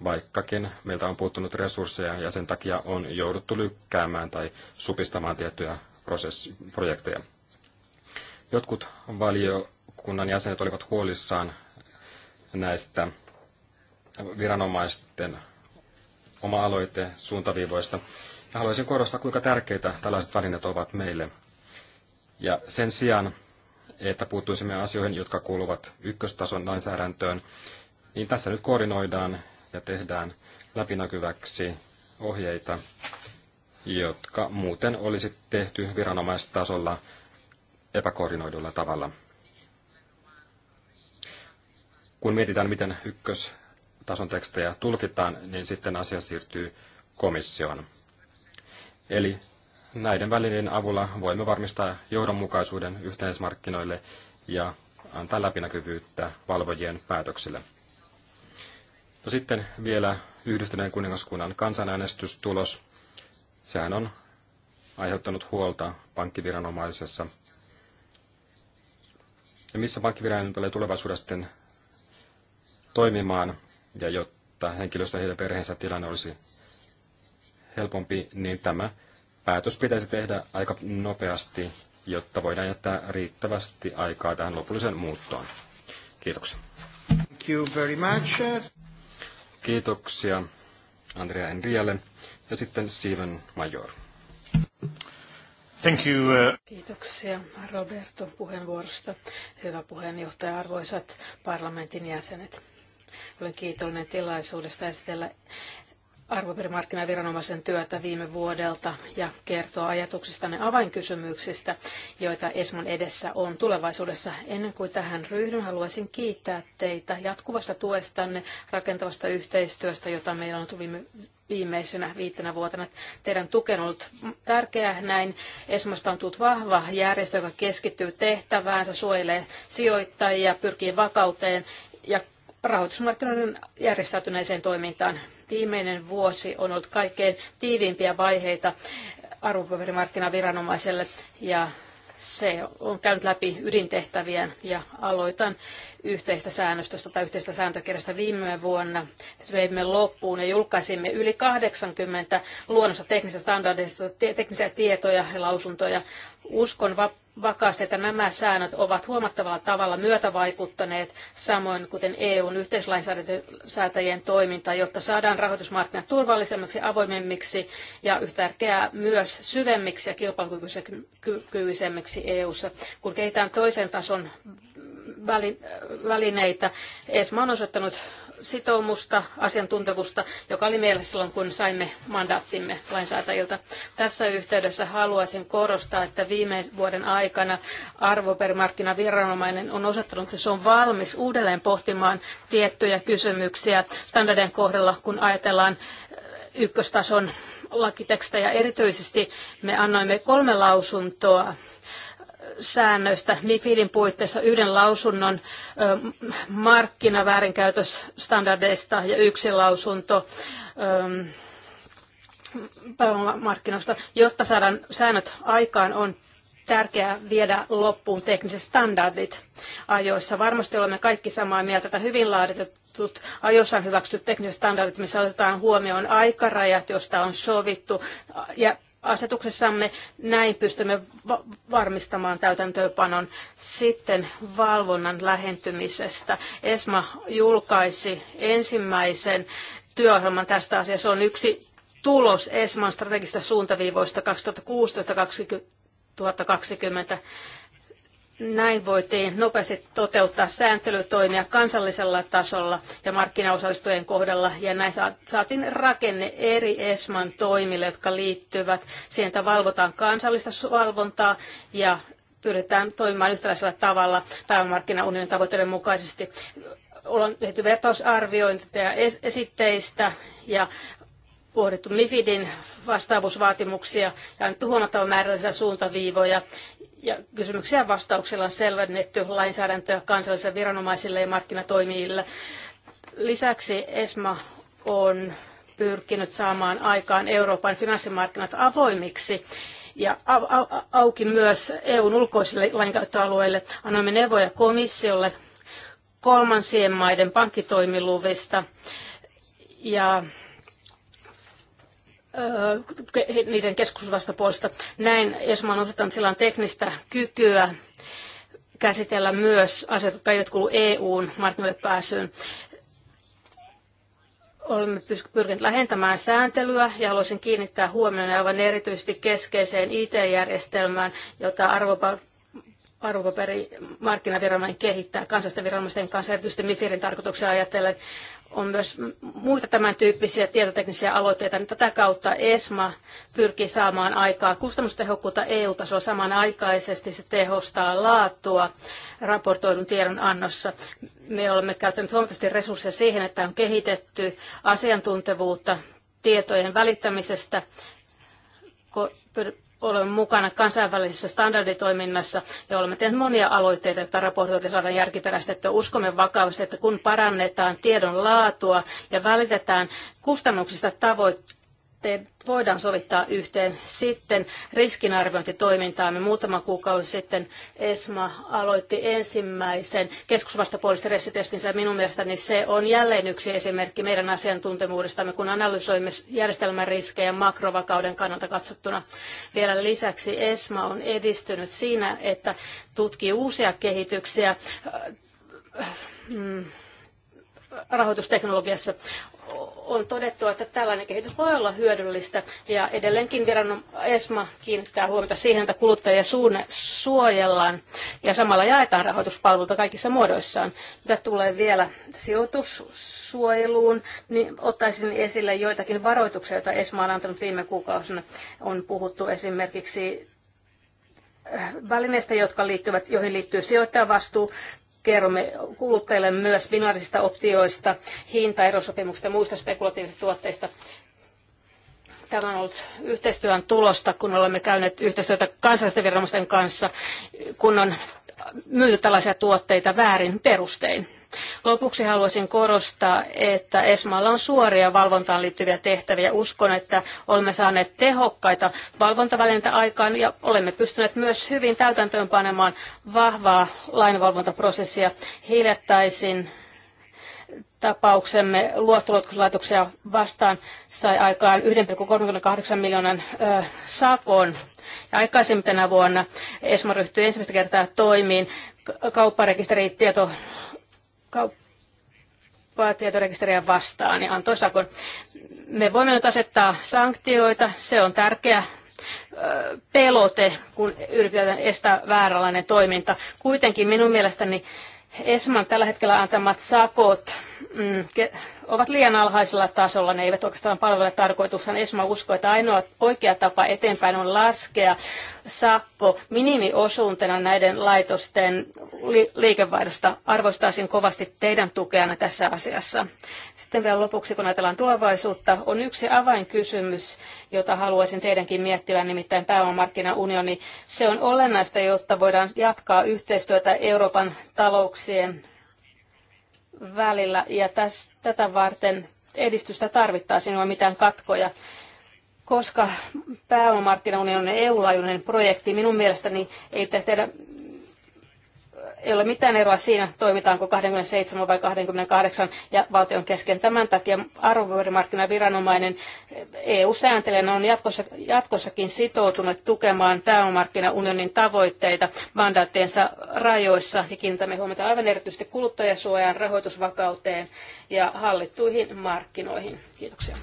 [SPEAKER 2] vaikkakin meiltä on puuttunut resursseja ja sen takia on jouduttu lykkäämään tai supistamaan tiettyjä projekteja. Jotkut valiokunnan jäsenet olivat huolissaan näistä viranomaisten oma-aloite suuntaviivoista. Ja haluaisin korostaa, kuinka tärkeitä tällaiset välineet ovat meille. Ja sen sijaan, että puuttuisimme asioihin, jotka kuuluvat ykköstason lainsäädäntöön, niin tässä nyt koordinoidaan ja tehdään läpinäkyväksi ohjeita, jotka muuten olisi tehty viranomaistasolla epäkoordinoidulla tavalla. Kun mietitään, miten ykköstason tekstejä tulkitaan, niin sitten asia siirtyy komissioon. Eli
[SPEAKER 3] näiden välineiden
[SPEAKER 2] avulla voimme varmistaa johdonmukaisuuden yhteismarkkinoille ja antaa läpinäkyvyyttä valvojien päätöksille. No sitten vielä Yhdistyneen kuningaskunnan kansanäänestystulos. Sehän on aiheuttanut huolta pankkiviranomaisessa. Ja missä pankkiviranomainen tulee tulevaisuudessa sitten toimimaan, ja jotta henkilöstö ja heidän perheensä tilanne olisi helpompi, niin tämä päätös pitäisi tehdä aika nopeasti, jotta voidaan jättää riittävästi aikaa tähän lopulliseen muuttoon. Kiitoksia.
[SPEAKER 3] Thank you very much.
[SPEAKER 2] Kiitoksia Andrea Enrialle ja sitten Steven Major. Thank you. Uh,
[SPEAKER 3] Kiitoksia Roberto puheenvuorosta. Hyvä puheenjohtaja, arvoisat parlamentin jäsenet. Olen kiitollinen tilaisuudesta esitellä arvopaperimarkkinaviranomaisen työtä viime vuodelta ja kertoa ajatuksistanne avainkysymyksistä, joita Esmon edessä on tulevaisuudessa. Ennen kuin tähän ryhdyn, haluaisin kiittää teitä jatkuvasta tuestanne, rakentavasta yhteistyöstä, jota meillä on tullut viime viimeisenä viitenä vuotena. Teidän tuken on ollut tärkeää näin. Esmosta on tullut vahva järjestö, joka keskittyy tehtäväänsä, suojelee sijoittajia, pyrkii vakauteen ja rahoitusmarkkinoiden järjestäytyneeseen toimintaan. Viimeinen vuosi on ollut kaikkein tiiviimpiä vaiheita arvopaperimarkkinaviranomaiselle ja se on käynyt läpi ydintehtäviä ja aloitan yhteistä säännöstöstä tai yhteistä sääntökirjasta viime vuonna. Se veimme loppuun ja julkaisimme yli 80 luonnosta teknisistä standardeista, teknisiä tietoja ja lausuntoja. Uskon vap- vakaasti, että nämä säännöt ovat huomattavalla tavalla myötävaikuttaneet, samoin kuten EUn yhteislainsäätäjien toiminta, jotta saadaan rahoitusmarkkinat turvallisemmiksi, avoimemmiksi ja yhtä tärkeää myös syvemmiksi ja kilpailukykyisemmiksi EUssa. Kun kehitään toisen tason välineitä, ESMA on osoittanut sitoumusta, asiantuntevusta, joka oli meillä silloin, kun saimme mandaattimme lainsäätäjiltä. Tässä yhteydessä haluaisin korostaa, että viime vuoden aikana arvoperimarkkinaviranomainen on osoittanut, että se on valmis uudelleen pohtimaan tiettyjä kysymyksiä standardien kohdalla, kun ajatellaan äh, ykköstason lakitekstejä. Erityisesti me annoimme kolme lausuntoa säännöistä MIFIDin puitteissa yhden lausunnon markkinaväärinkäytösstandardeista ja yksi lausunto pääomamarkkinoista. Jotta saadaan säännöt aikaan, on tärkeää viedä loppuun tekniset standardit ajoissa. Varmasti olemme kaikki samaa mieltä, että hyvin laaditut ajoissa on hyväksytty tekniset standardit, missä otetaan huomioon aikarajat, joista on sovittu, ja asetuksessamme. Näin pystymme varmistamaan täytäntöönpanon sitten valvonnan lähentymisestä. ESMA julkaisi ensimmäisen työohjelman tästä asiasta. Se on yksi tulos ESMAn strategista suuntaviivoista 2016-2020. Näin voitiin nopeasti toteuttaa sääntelytoimia kansallisella tasolla ja markkinaosallistujien kohdalla, ja näin saatiin rakenne eri ESMAn toimille, jotka liittyvät siihen, että valvotaan kansallista valvontaa ja pyritään toimimaan yhtäläisellä tavalla pääomamarkkinaunionin tavoitteiden mukaisesti. Ollaan tehty vertausarviointia esitteistä ja pohdittu MIFIDin vastaavuusvaatimuksia ja annettu huomattavan määrällisiä suuntaviivoja ja kysymyksiä vastauksella selvennetty lainsäädäntöä kansallisille viranomaisille ja markkinatoimijille. Lisäksi ESMA on pyrkinyt saamaan aikaan Euroopan finanssimarkkinat avoimiksi ja auki myös EUn ulkoisille lainkäyttöalueille. Annoimme neuvoja komissiolle kolmansien maiden pankkitoimiluvista ja niiden keskusvastapuolesta. Näin Esma on osoittanut sillä on teknistä kykyä käsitellä myös asiat, jotka eivät kuulu EUn markkinoille pääsyyn. Olemme pyrkineet lähentämään sääntelyä ja haluaisin kiinnittää huomioon aivan erityisesti keskeiseen IT-järjestelmään, jota arvopaperimarkkinaviranomainen kehittää kansallisten viranomaisten kanssa, erityisesti MIFIRin tarkoituksia ajatellen on myös muita tämän tyyppisiä tietoteknisiä aloitteita, niin tätä kautta ESMA pyrkii saamaan aikaa kustannustehokkuutta eu tasoa samanaikaisesti. Se tehostaa laatua raportoidun tiedon annossa. Me olemme käyttäneet huomattavasti resursseja siihen, että on kehitetty asiantuntevuutta tietojen välittämisestä olemme mukana kansainvälisessä standarditoiminnassa ja olemme tehneet monia aloitteita, jotta raportointi saadaan järkiperäistettyä. Uskomme vakavasti, että kun parannetaan tiedon laatua ja välitetään kustannuksista tavoitteita, te voidaan sovittaa yhteen. Sitten riskinarviointitoimintaamme muutama kuukausi sitten ESMA aloitti ensimmäisen keskusvastapuolisten stressitestinsä. Minun mielestäni se on jälleen yksi esimerkki meidän asiantuntemuudestamme, kun analysoimme järjestelmän riskejä makrovakauden kannalta katsottuna. Vielä lisäksi ESMA on edistynyt siinä, että tutkii uusia kehityksiä äh, äh, mm, rahoitusteknologiassa on todettu, että tällainen kehitys voi olla hyödyllistä ja edelleenkin viranom ESMA kiinnittää huomiota siihen, että kuluttajia suojellaan ja samalla jaetaan rahoituspalveluita kaikissa muodoissaan. Mitä tulee vielä sijoitussuojeluun, niin ottaisin esille joitakin varoituksia, joita ESMA on antanut viime kuukausina. On puhuttu esimerkiksi eh, välineistä, jotka liittyvät, joihin liittyy sijoittajavastuu, kerromme kuluttajille myös binaarisista optioista, hintaerosopimuksista ja muista spekulatiivisista tuotteista. Tämä on ollut yhteistyön tulosta, kun olemme käyneet yhteistyötä kansallisten viranomaisten kanssa, kun on myyty tällaisia tuotteita väärin perustein. Lopuksi haluaisin korostaa, että ESMAlla on suoria valvontaan liittyviä tehtäviä. Uskon, että olemme saaneet tehokkaita valvontavälineitä aikaan ja olemme pystyneet myös hyvin täytäntöönpanemaan vahvaa lainvalvontaprosessia. Hiljattaisin tapauksemme luottoluokituslaitoksia vastaan sai aikaan 1,38 miljoonan ö, sakon. Ja aikaisemmin tänä vuonna ESMA ryhtyi ensimmäistä kertaa toimiin kaupparekisteritietohallinnon tietorekisteriä vastaan ja antoi sakon. Me voimme nyt asettaa sanktioita, se on tärkeä pelote, kun yritetään estää vääränlainen toiminta. Kuitenkin minun mielestäni Esman tällä hetkellä antamat sakot mm, ovat liian alhaisella tasolla, ne eivät oikeastaan palvele tarkoitustaan. Esma uskoo, että ainoa oikea tapa eteenpäin on laskea sakko minimiosuuntena näiden laitosten li- liikevaihdosta. Arvostaisin kovasti teidän tukeanne tässä asiassa. Sitten vielä lopuksi, kun ajatellaan tulevaisuutta, on yksi avainkysymys, jota haluaisin teidänkin miettivän, nimittäin pääomamarkkinaunioni. Se on olennaista, jotta voidaan jatkaa yhteistyötä Euroopan talouksien välillä ja täs, tätä varten edistystä tarvittaa sinua mitään katkoja. Koska pääomamarkkinaunioni on EU-laajuinen projekti, minun mielestäni ei pitäisi tehdä ei ole mitään eroa siinä, toimitaanko 27 vai 28 ja valtion kesken. Tämän takia arvopaperimarkkinaviranomainen eu eh, e sääntelijänä on jatkossa, jatkossakin sitoutunut tukemaan pääomamarkkinaunionin tavoitteita mandaattiensa rajoissa ja kiinnitämme huomiota aivan erityisesti kuluttajasuojaan, rahoitusvakauteen ja hallittuihin markkinoihin. Kiitoksia.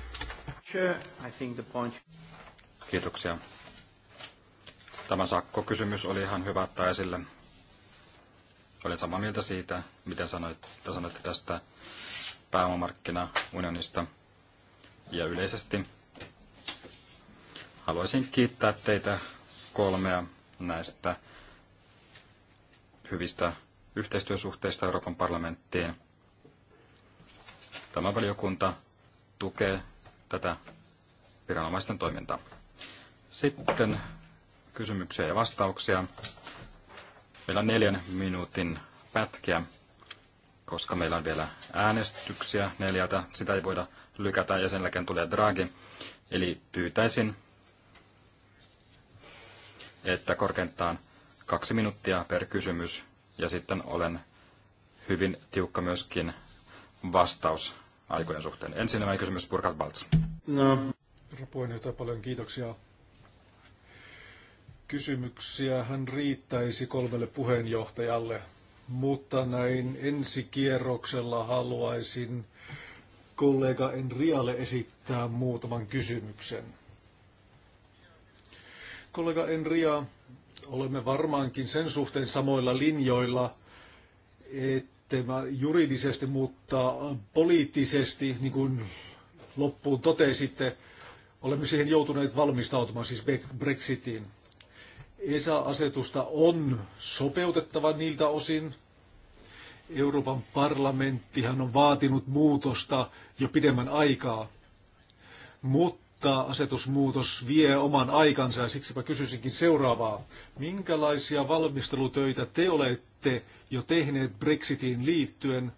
[SPEAKER 2] Kiitoksia. Tämä sakkokysymys oli ihan hyvä ottaa esille. Olen samaa mieltä siitä, mitä sanoitte, sanoitte tästä pääomamarkkinaunionista ja yleisesti. Haluaisin kiittää teitä kolmea näistä hyvistä yhteistyösuhteista Euroopan parlamenttiin. Tämä valiokunta tukee tätä viranomaisten toimintaa. Sitten kysymyksiä ja vastauksia. Meillä on neljän minuutin pätkiä, koska meillä on vielä äänestyksiä neljältä. Sitä ei voida lykätä ja sen jälkeen tulee draagi. Eli pyytäisin, että korkeintaan kaksi minuuttia per kysymys ja sitten olen hyvin tiukka myöskin vastaus aikojen suhteen. Ensin nämä kysymys Burkhard Baltz.
[SPEAKER 1] No. Herra puheenjohtaja, paljon kiitoksia Kysymyksiä hän riittäisi kolmelle puheenjohtajalle, mutta näin ensikierroksella haluaisin kollega Enrialle esittää muutaman kysymyksen. Kollega Enria, olemme varmaankin sen suhteen samoilla linjoilla, että juridisesti, mutta poliittisesti, niin kuin loppuun totesitte, olemme siihen joutuneet valmistautumaan, siis Brexitiin. ESA-asetusta on sopeutettava niiltä osin. Euroopan parlamenttihan on vaatinut muutosta jo pidemmän aikaa, mutta asetusmuutos vie oman aikansa ja siksipä kysyisinkin seuraavaa. Minkälaisia valmistelutöitä te olette jo tehneet Brexitiin liittyen?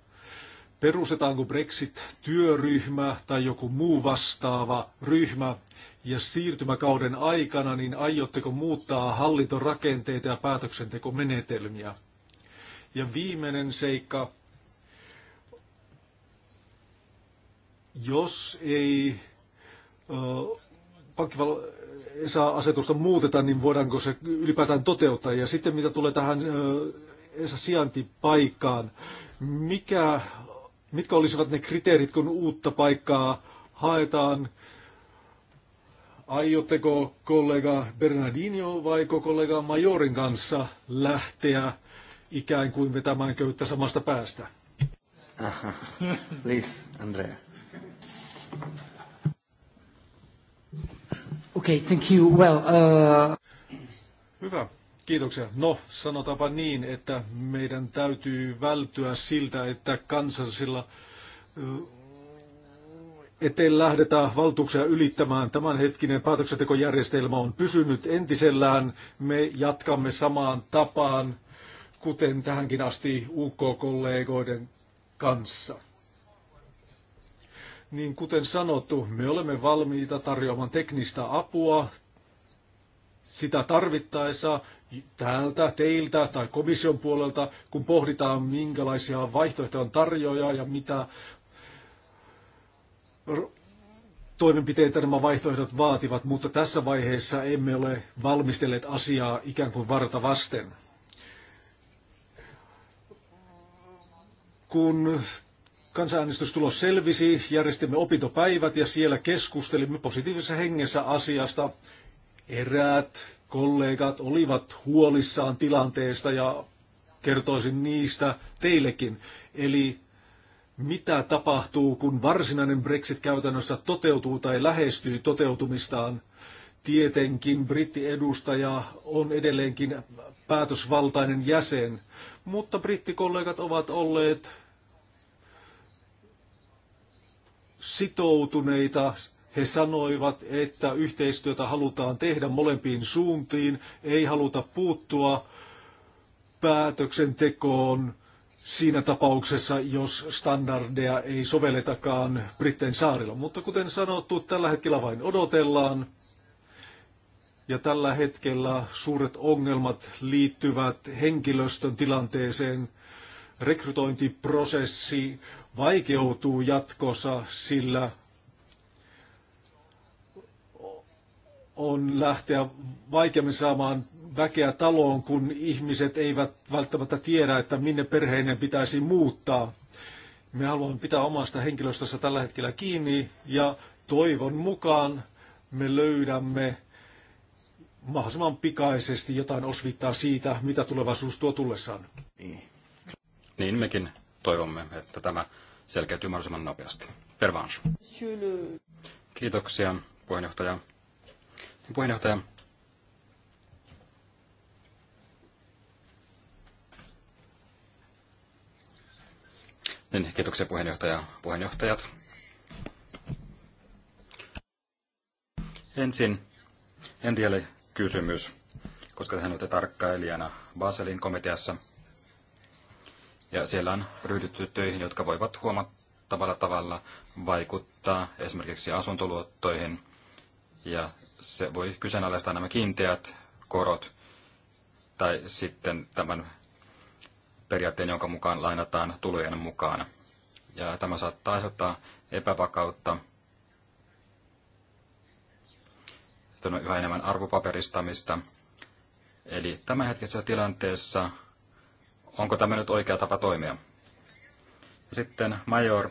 [SPEAKER 1] Perustetaanko Brexit-työryhmä tai joku muu vastaava ryhmä, ja siirtymäkauden aikana, niin aiotteko muuttaa hallintorakenteita ja päätöksentekomenetelmiä? Ja viimeinen seikka, jos ei ö, pankkival- asetusta muuteta, niin voidaanko se ylipäätään toteuttaa? Ja sitten mitä tulee tähän sijaintipaikkaan mikä, mitkä olisivat ne kriteerit, kun uutta paikkaa haetaan? Aiotteko kollega Bernardino vai kollega Majorin kanssa lähteä ikään kuin vetämään köyttä samasta päästä? Aha.
[SPEAKER 3] Please, Andrea. Okay, thank you. Well, uh...
[SPEAKER 1] Hyvä. Kiitoksia. No, sanotaanpa niin, että meidän täytyy vältyä siltä, että kansallisilla ettei lähdetä valtuuksia ylittämään. Tämänhetkinen päätöksentekojärjestelmä on pysynyt entisellään. Me jatkamme samaan tapaan, kuten tähänkin asti UK-kollegoiden kanssa. Niin kuten sanottu, me olemme valmiita tarjoamaan teknistä apua sitä tarvittaessa täältä, teiltä tai komission puolelta, kun pohditaan minkälaisia vaihtoehtoja on tarjoja ja mitä toimenpiteitä nämä vaihtoehdot vaativat, mutta tässä vaiheessa emme ole valmistelleet asiaa ikään kuin varta vasten. Kun kansanäänestystulos selvisi, järjestimme opintopäivät ja siellä keskustelimme positiivisessa hengessä asiasta. Eräät kollegat olivat huolissaan tilanteesta ja kertoisin niistä teillekin. Eli mitä tapahtuu, kun varsinainen Brexit käytännössä toteutuu tai lähestyy toteutumistaan. Tietenkin brittiedustaja on edelleenkin päätösvaltainen jäsen, mutta brittikollegat ovat olleet sitoutuneita. He sanoivat, että yhteistyötä halutaan tehdä molempiin suuntiin, ei haluta puuttua päätöksentekoon siinä tapauksessa, jos standardeja ei sovelletakaan Britteen saarilla. Mutta kuten sanottu, tällä hetkellä vain odotellaan. Ja tällä hetkellä suuret ongelmat liittyvät henkilöstön tilanteeseen. Rekrytointiprosessi vaikeutuu jatkossa, sillä on lähteä vaikeammin saamaan väkeä taloon, kun ihmiset eivät välttämättä tiedä, että minne perheinen pitäisi muuttaa. Me haluamme pitää omasta henkilöstössä tällä hetkellä kiinni ja toivon mukaan me löydämme mahdollisimman pikaisesti jotain osvittaa siitä, mitä tulevaisuus tuo tullessaan.
[SPEAKER 2] Niin, niin mekin toivomme, että tämä selkeytyy mahdollisimman nopeasti. Pervanche. Kiitoksia, puheenjohtaja. Niin, puheenjohtaja, Niin, kiitoksia puheenjohtaja, puheenjohtajat. Ensin Endialle kysymys, koska hän olette tarkkailijana Baselin komiteassa. Ja siellä on ryhdytty töihin, jotka voivat huomattavalla tavalla vaikuttaa esimerkiksi asuntoluottoihin. Ja se voi kyseenalaistaa nämä kiinteät korot tai sitten tämän periaatteen, jonka mukaan lainataan tulojen mukaan. Ja tämä saattaa aiheuttaa epävakautta. Sitten on yhä enemmän arvopaperistamista. Eli tämänhetkisessä tilanteessa, onko tämä nyt oikea tapa toimia? Sitten Major,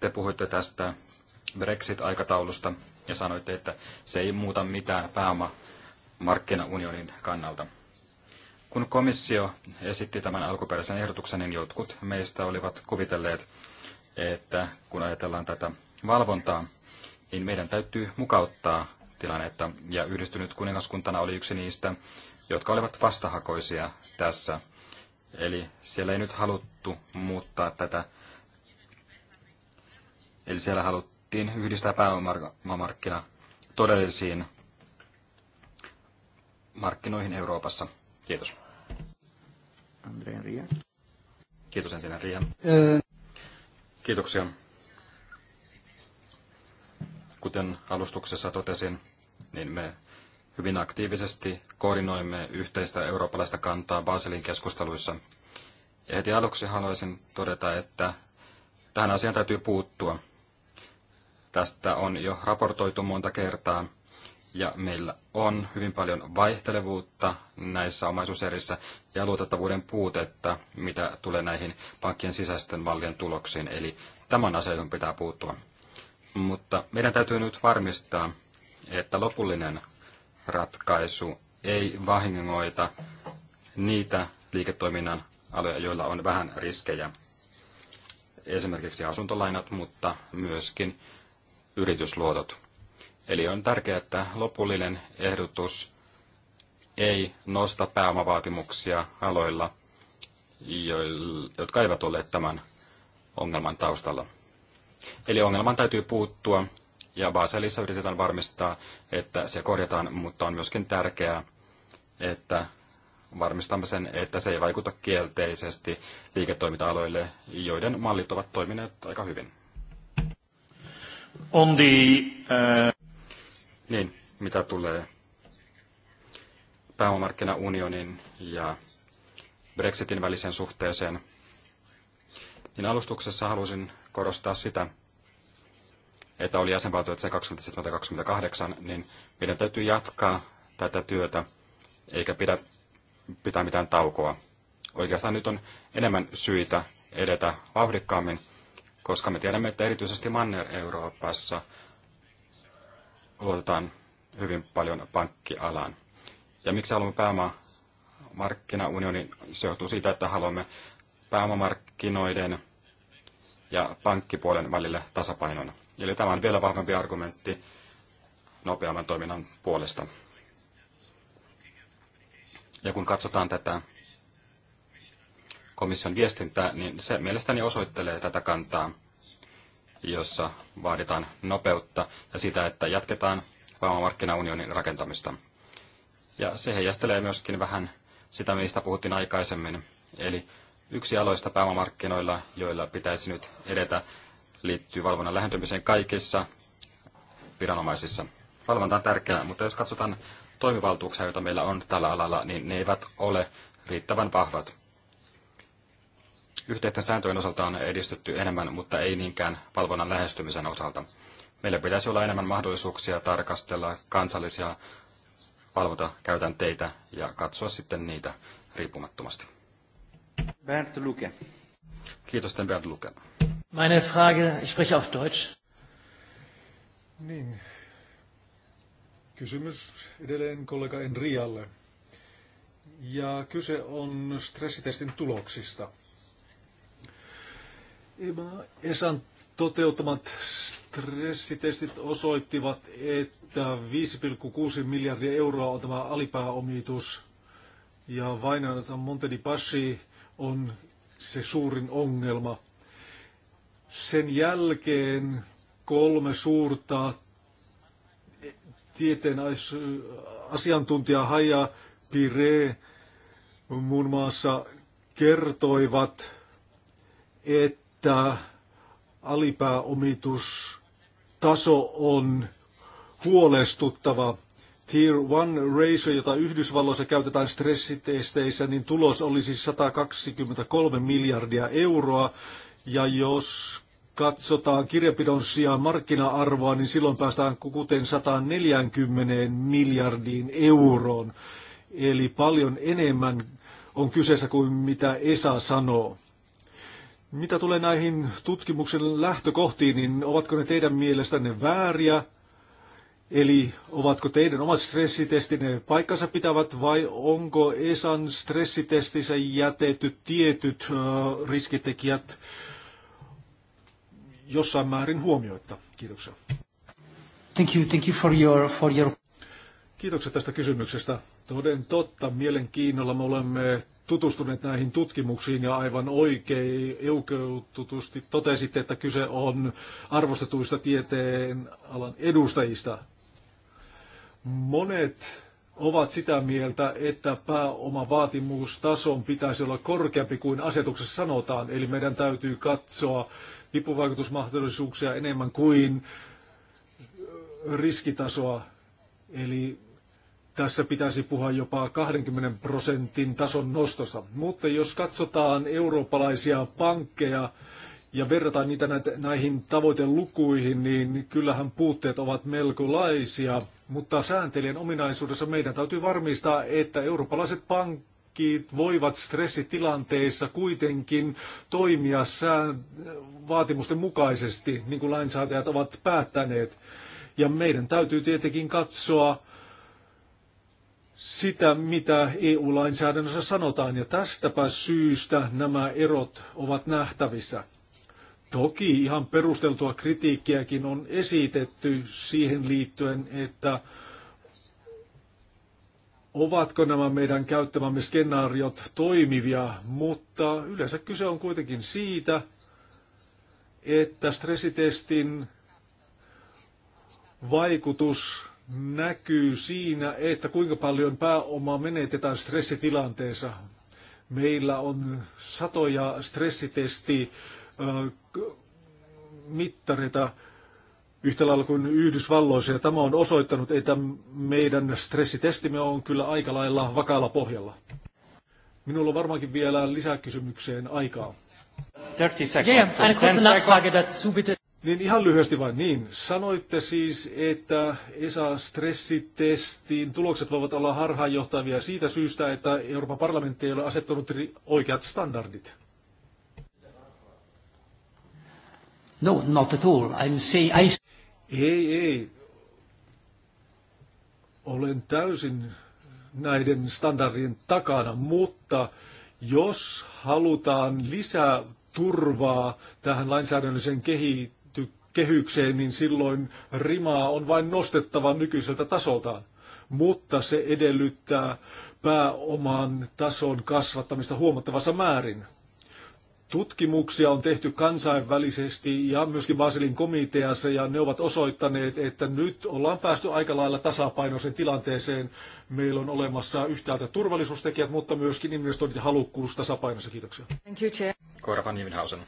[SPEAKER 2] te puhuitte tästä Brexit-aikataulusta ja sanoitte, että se ei muuta mitään pääomamarkkinaunionin kannalta. Kun komissio esitti tämän alkuperäisen ehdotuksen, niin jotkut meistä olivat kuvitelleet, että kun ajatellaan tätä valvontaa, niin meidän täytyy mukauttaa tilannetta. Ja yhdistynyt kuningaskuntana oli yksi niistä, jotka olivat vastahakoisia tässä. Eli siellä ei nyt haluttu muuttaa tätä. Eli siellä haluttiin yhdistää pääomamarkkina todellisiin markkinoihin Euroopassa. Kiitos. Andreen Ria. Kiitos entinen Ria. Kiitoksia. Kuten alustuksessa totesin, niin me hyvin aktiivisesti koordinoimme yhteistä eurooppalaista kantaa Baselin keskusteluissa. Ja heti aluksi haluaisin todeta, että tähän asiaan täytyy puuttua. Tästä on jo raportoitu monta kertaa – ja meillä on hyvin paljon vaihtelevuutta näissä omaisuuserissä ja luotettavuuden puutetta, mitä tulee näihin pankkien sisäisten mallien tuloksiin. Eli tämän asian pitää puuttua. Mutta meidän täytyy nyt varmistaa, että lopullinen ratkaisu ei vahingoita niitä liiketoiminnan aloja, joilla on vähän riskejä. Esimerkiksi asuntolainat, mutta myöskin yritysluotot. Eli on tärkeää, että lopullinen ehdotus ei nosta pääomavaatimuksia aloilla, jotka eivät ole tämän ongelman taustalla. Eli ongelman täytyy puuttua ja Baselissa yritetään varmistaa, että se korjataan, mutta on myöskin tärkeää, että varmistamme sen, että se ei vaikuta kielteisesti liiketoiminta-aloille, joiden mallit ovat toimineet aika hyvin. On the, uh... Niin, mitä tulee pääomamarkkinaunionin ja Brexitin väliseen suhteeseen, niin alustuksessa halusin korostaa sitä, että oli jäsenvaltiot se 27-28, niin meidän täytyy jatkaa tätä työtä, eikä pidä pitää mitään taukoa. Oikeastaan nyt on enemmän syitä edetä vauhdikkaammin, koska me tiedämme, että erityisesti Manner-Euroopassa – luotetaan hyvin paljon pankkialaan. Ja miksi haluamme pääomamarkkinaunionin? Se johtuu siitä, että haluamme pääomamarkkinoiden ja pankkipuolen välille tasapainon. Eli tämä on vielä vahvempi argumentti nopeamman toiminnan puolesta. Ja kun katsotaan tätä komission viestintää, niin se mielestäni osoittelee tätä kantaa jossa vaaditaan nopeutta ja sitä, että jatketaan pääomamarkkinaunionin rakentamista. Ja se heijastelee myöskin vähän sitä, mistä puhuttiin aikaisemmin. Eli yksi aloista pääomamarkkinoilla, joilla pitäisi nyt edetä, liittyy valvonnan lähentymiseen kaikissa viranomaisissa. Valvonta on tärkeää, mutta jos katsotaan toimivaltuuksia, joita meillä on tällä alalla, niin ne eivät ole riittävän vahvat. Yhteisten sääntöjen osalta on edistytty enemmän, mutta ei niinkään valvonnan lähestymisen osalta. Meillä pitäisi olla enemmän mahdollisuuksia tarkastella kansallisia valvontakäytänteitä ja katsoa sitten niitä riippumattomasti. Bernd Luke. Kiitos, Bernd Luke.
[SPEAKER 1] Meine Frage, ich spreche auf Deutsch. Niin. Kysymys edelleen kollega Enrialle. Ja kyse on stressitestin tuloksista. ESAN toteuttamat stressitestit osoittivat, että 5,6 miljardia euroa on tämä alipääomitus ja vain Montedi Passi on se suurin ongelma. Sen jälkeen kolme suurta tieteen asiantuntijaa Haja Pire muun muassa kertoivat, että että alipääomitustaso on huolestuttava. Tier 1 ratio, jota Yhdysvalloissa käytetään stressitesteissä, niin tulos olisi 123 miljardia euroa. Ja jos katsotaan kirjapidon sijaan markkina-arvoa, niin silloin päästään 640 miljardiin euroon. Eli paljon enemmän on kyseessä kuin mitä ESA sanoo. Mitä tulee näihin tutkimuksen lähtökohtiin, niin ovatko ne teidän mielestänne vääriä? Eli ovatko teidän omat stressitestinne paikkansa pitävät vai onko ESAN stressitestissä jätetty tietyt ö, riskitekijät jossain määrin huomioitta? Kiitoksia. Thank you, thank you for
[SPEAKER 3] your, for your...
[SPEAKER 1] Kiitoksia tästä kysymyksestä. Toden totta, mielenkiinnolla me olemme tutustuneet näihin tutkimuksiin ja aivan oikein eukeututusti totesitte, että kyse on arvostetuista tieteen alan edustajista. Monet ovat sitä mieltä, että vaatimustason pitäisi olla korkeampi kuin asetuksessa sanotaan, eli meidän täytyy katsoa vipuvaikutusmahdollisuuksia enemmän kuin riskitasoa. Eli tässä pitäisi puhua jopa 20 prosentin tason nostossa. Mutta jos katsotaan eurooppalaisia pankkeja ja verrataan niitä näihin tavoitelukuihin, niin kyllähän puutteet ovat melko laisia. Mutta sääntelijän ominaisuudessa meidän täytyy varmistaa, että eurooppalaiset pankit voivat stressitilanteissa kuitenkin toimia sään vaatimusten mukaisesti, niin kuin lainsäätäjät ovat päättäneet. Ja meidän täytyy tietenkin katsoa sitä, mitä EU-lainsäädännössä sanotaan, ja tästäpä syystä nämä erot ovat nähtävissä. Toki ihan perusteltua kritiikkiäkin on esitetty siihen liittyen, että ovatko nämä meidän käyttämämme skenaariot toimivia, mutta yleensä kyse on kuitenkin siitä, että stressitestin vaikutus näkyy siinä, että kuinka paljon pääomaa menetetään stressitilanteessa. Meillä on satoja stressitesti mittareita yhtä lailla kuin Yhdysvalloissa, ja tämä on osoittanut, että meidän stressitestimme on kyllä aika lailla vakaalla pohjalla. Minulla on varmaankin vielä lisäkysymykseen aikaa. 30 sekuntia. Yeah, eine kurze Nachfrage dazu bitte. Niin ihan lyhyesti vain niin. Sanoitte siis, että ESA-stressitestin tulokset voivat olla harhaanjohtavia siitä syystä, että Euroopan parlamentti ei ole asettanut oikeat standardit. No, not at all. I'm saying I... Ei, ei. Olen täysin näiden standardien takana, mutta jos halutaan lisää turvaa tähän lainsäädännölliseen kehittämiseen, kehykseen, niin silloin rimaa on vain nostettava nykyiseltä tasoltaan. Mutta se edellyttää pääoman tason kasvattamista huomattavassa määrin. Tutkimuksia on tehty kansainvälisesti ja myöskin Baselin komiteassa ja ne ovat osoittaneet, että nyt ollaan päästy aika lailla tasapainoiseen tilanteeseen. Meillä on olemassa yhtäältä turvallisuustekijät, mutta myöskin investointihalukkuus tasapainossa. Kiitoksia. Thank you, Chair. Koira van Nivenhausen.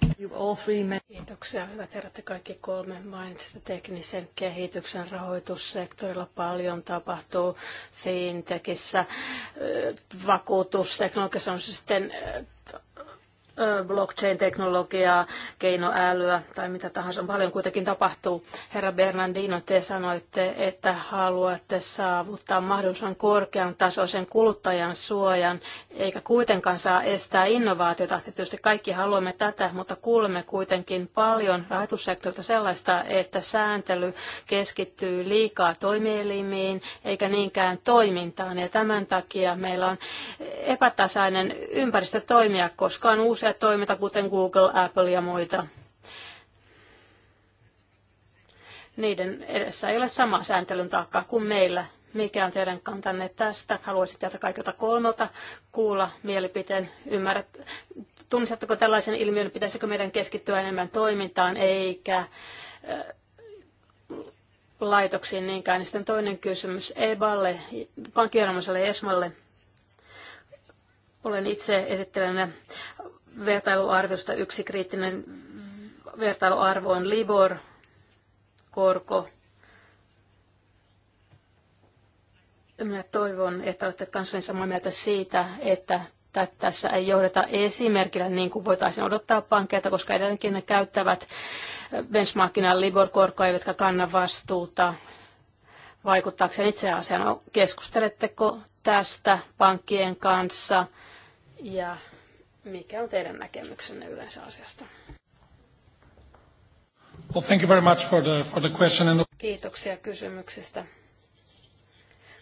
[SPEAKER 3] Kiitoksia. Hyvät herrat, te kaikki kolme mainitsitte teknisen kehityksen rahoitussektorilla paljon tapahtuu fintechissä, vakuutusteknologiassa on sitten blockchain-teknologiaa, keinoälyä tai mitä tahansa. Paljon kuitenkin tapahtuu. Herra Bernardino, te sanoitte, että haluatte saavuttaa mahdollisimman korkean tasoisen kuluttajan suojan, eikä kuitenkaan saa estää innovaatiota. Tietysti kaikki haluamme tätä, mutta kuulemme kuitenkin paljon rahoitussektorilta sellaista, että sääntely keskittyy liikaa toimielimiin eikä niinkään toimintaan. Ja tämän takia meillä on epätasainen ympäristö toimia, koska on uusi tämmöisiä toimita, kuten Google, Apple ja muita. Niiden edessä ei ole sama sääntelyn taakka kuin meillä. Mikä on teidän kantanne tästä? Haluaisin tätä kaikilta kolmelta kuulla mielipiteen. Ymmärrät, tunnistatteko tällaisen ilmiön, pitäisikö meidän keskittyä enemmän toimintaan eikä äh, laitoksiin niinkään. Ja sitten toinen kysymys EBAlle, pankkiviranomaiselle ESMalle. Olen itse esittelen vertailuarviosta yksi kriittinen vertailuarvo on Libor, korko. Minä toivon, että olette kanssani samaa mieltä siitä, että tässä ei johdeta esimerkillä niin kuin voitaisiin odottaa pankkeita, koska edelleenkin ne käyttävät benchmarkina Libor-korkoa, jotka kannan vastuuta vaikuttaakseen itse asiaan. No, keskusteletteko tästä pankkien kanssa ja mikä on teidän näkemyksenne yleensä asiasta?
[SPEAKER 1] Well, thank you very much for the, for the question.
[SPEAKER 3] Kiitoksia kysymyksistä.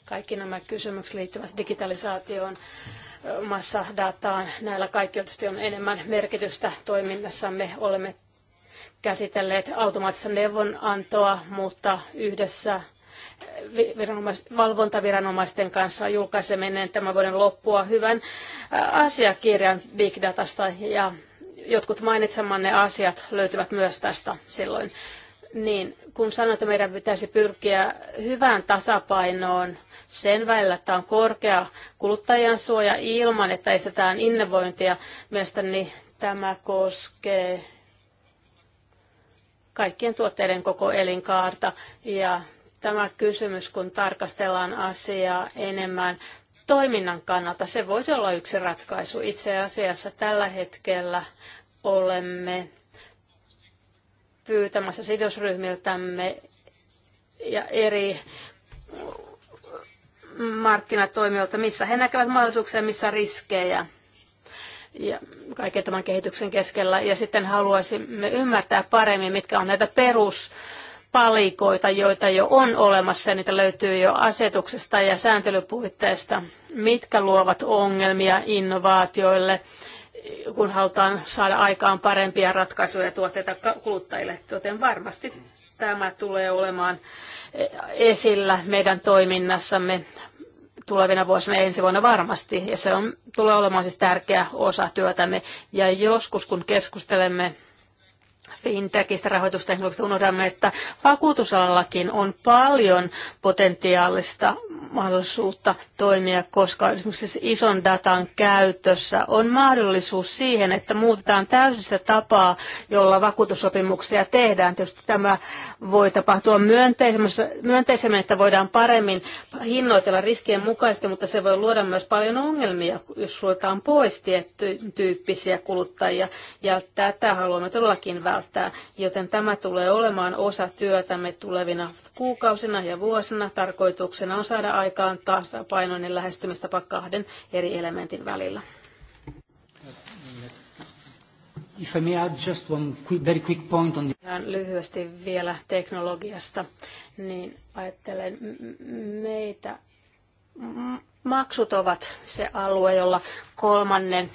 [SPEAKER 3] Kaikki nämä kysymykset liittyvät digitalisaatioon, massadataan. Näillä kaikilla on enemmän merkitystä toiminnassamme. Olemme käsitelleet automaattista neuvonantoa, mutta yhdessä valvontaviranomaisten kanssa julkaiseminen tämän vuoden loppua hyvän asiakirjan Big Datasta ja jotkut mainitsemanne asiat löytyvät myös tästä silloin. Niin, kun sanoin, että meidän pitäisi pyrkiä hyvään tasapainoon sen välillä, että on korkea kuluttajan suoja ilman, että estetään innovointia, mielestäni tämä koskee kaikkien tuotteiden koko elinkaarta ja tämä kysymys, kun tarkastellaan asiaa enemmän toiminnan kannalta, se voisi olla yksi ratkaisu. Itse asiassa tällä hetkellä olemme pyytämässä sidosryhmiltämme ja eri markkinatoimijoilta, missä he näkevät mahdollisuuksia, missä riskejä ja kaiken tämän kehityksen keskellä. Ja sitten haluaisimme ymmärtää paremmin, mitkä on näitä perus palikoita, joita jo on olemassa, ja niitä löytyy jo asetuksesta ja sääntelypuitteista, mitkä luovat ongelmia innovaatioille, kun halutaan saada aikaan parempia ratkaisuja ja tuotteita kuluttajille, joten varmasti tämä tulee olemaan eh, esillä meidän toiminnassamme tulevina vuosina ensi vuonna varmasti, ja se on, tulee olemaan siis tärkeä osa työtämme. Ja joskus, kun keskustelemme fintechistä, rahoitusteknologista unohdamme, että vakuutusalallakin on paljon potentiaalista mahdollisuutta toimia, koska esimerkiksi siis ison datan käytössä on mahdollisuus siihen, että muutetaan täysin sitä tapaa, jolla vakuutussopimuksia tehdään. Tietysti tämä voi tapahtua myönteisemmin, että voidaan paremmin hinnoitella riskien mukaisesti, mutta se voi luoda myös paljon ongelmia, jos suljetaan pois tietyn tyyppisiä kuluttajia. Ja tätä haluamme todellakin välttää, joten tämä tulee olemaan osa työtämme tulevina kuukausina ja vuosina. Tarkoituksena on saada aikaan tasapainoinen lähestymistapa kahden eri elementin välillä. If I may add just one quick, very quick point on lyhyesti vielä teknologiasta, niin ajattelen meitä. Maksut ovat se alue, jolla kolmannen,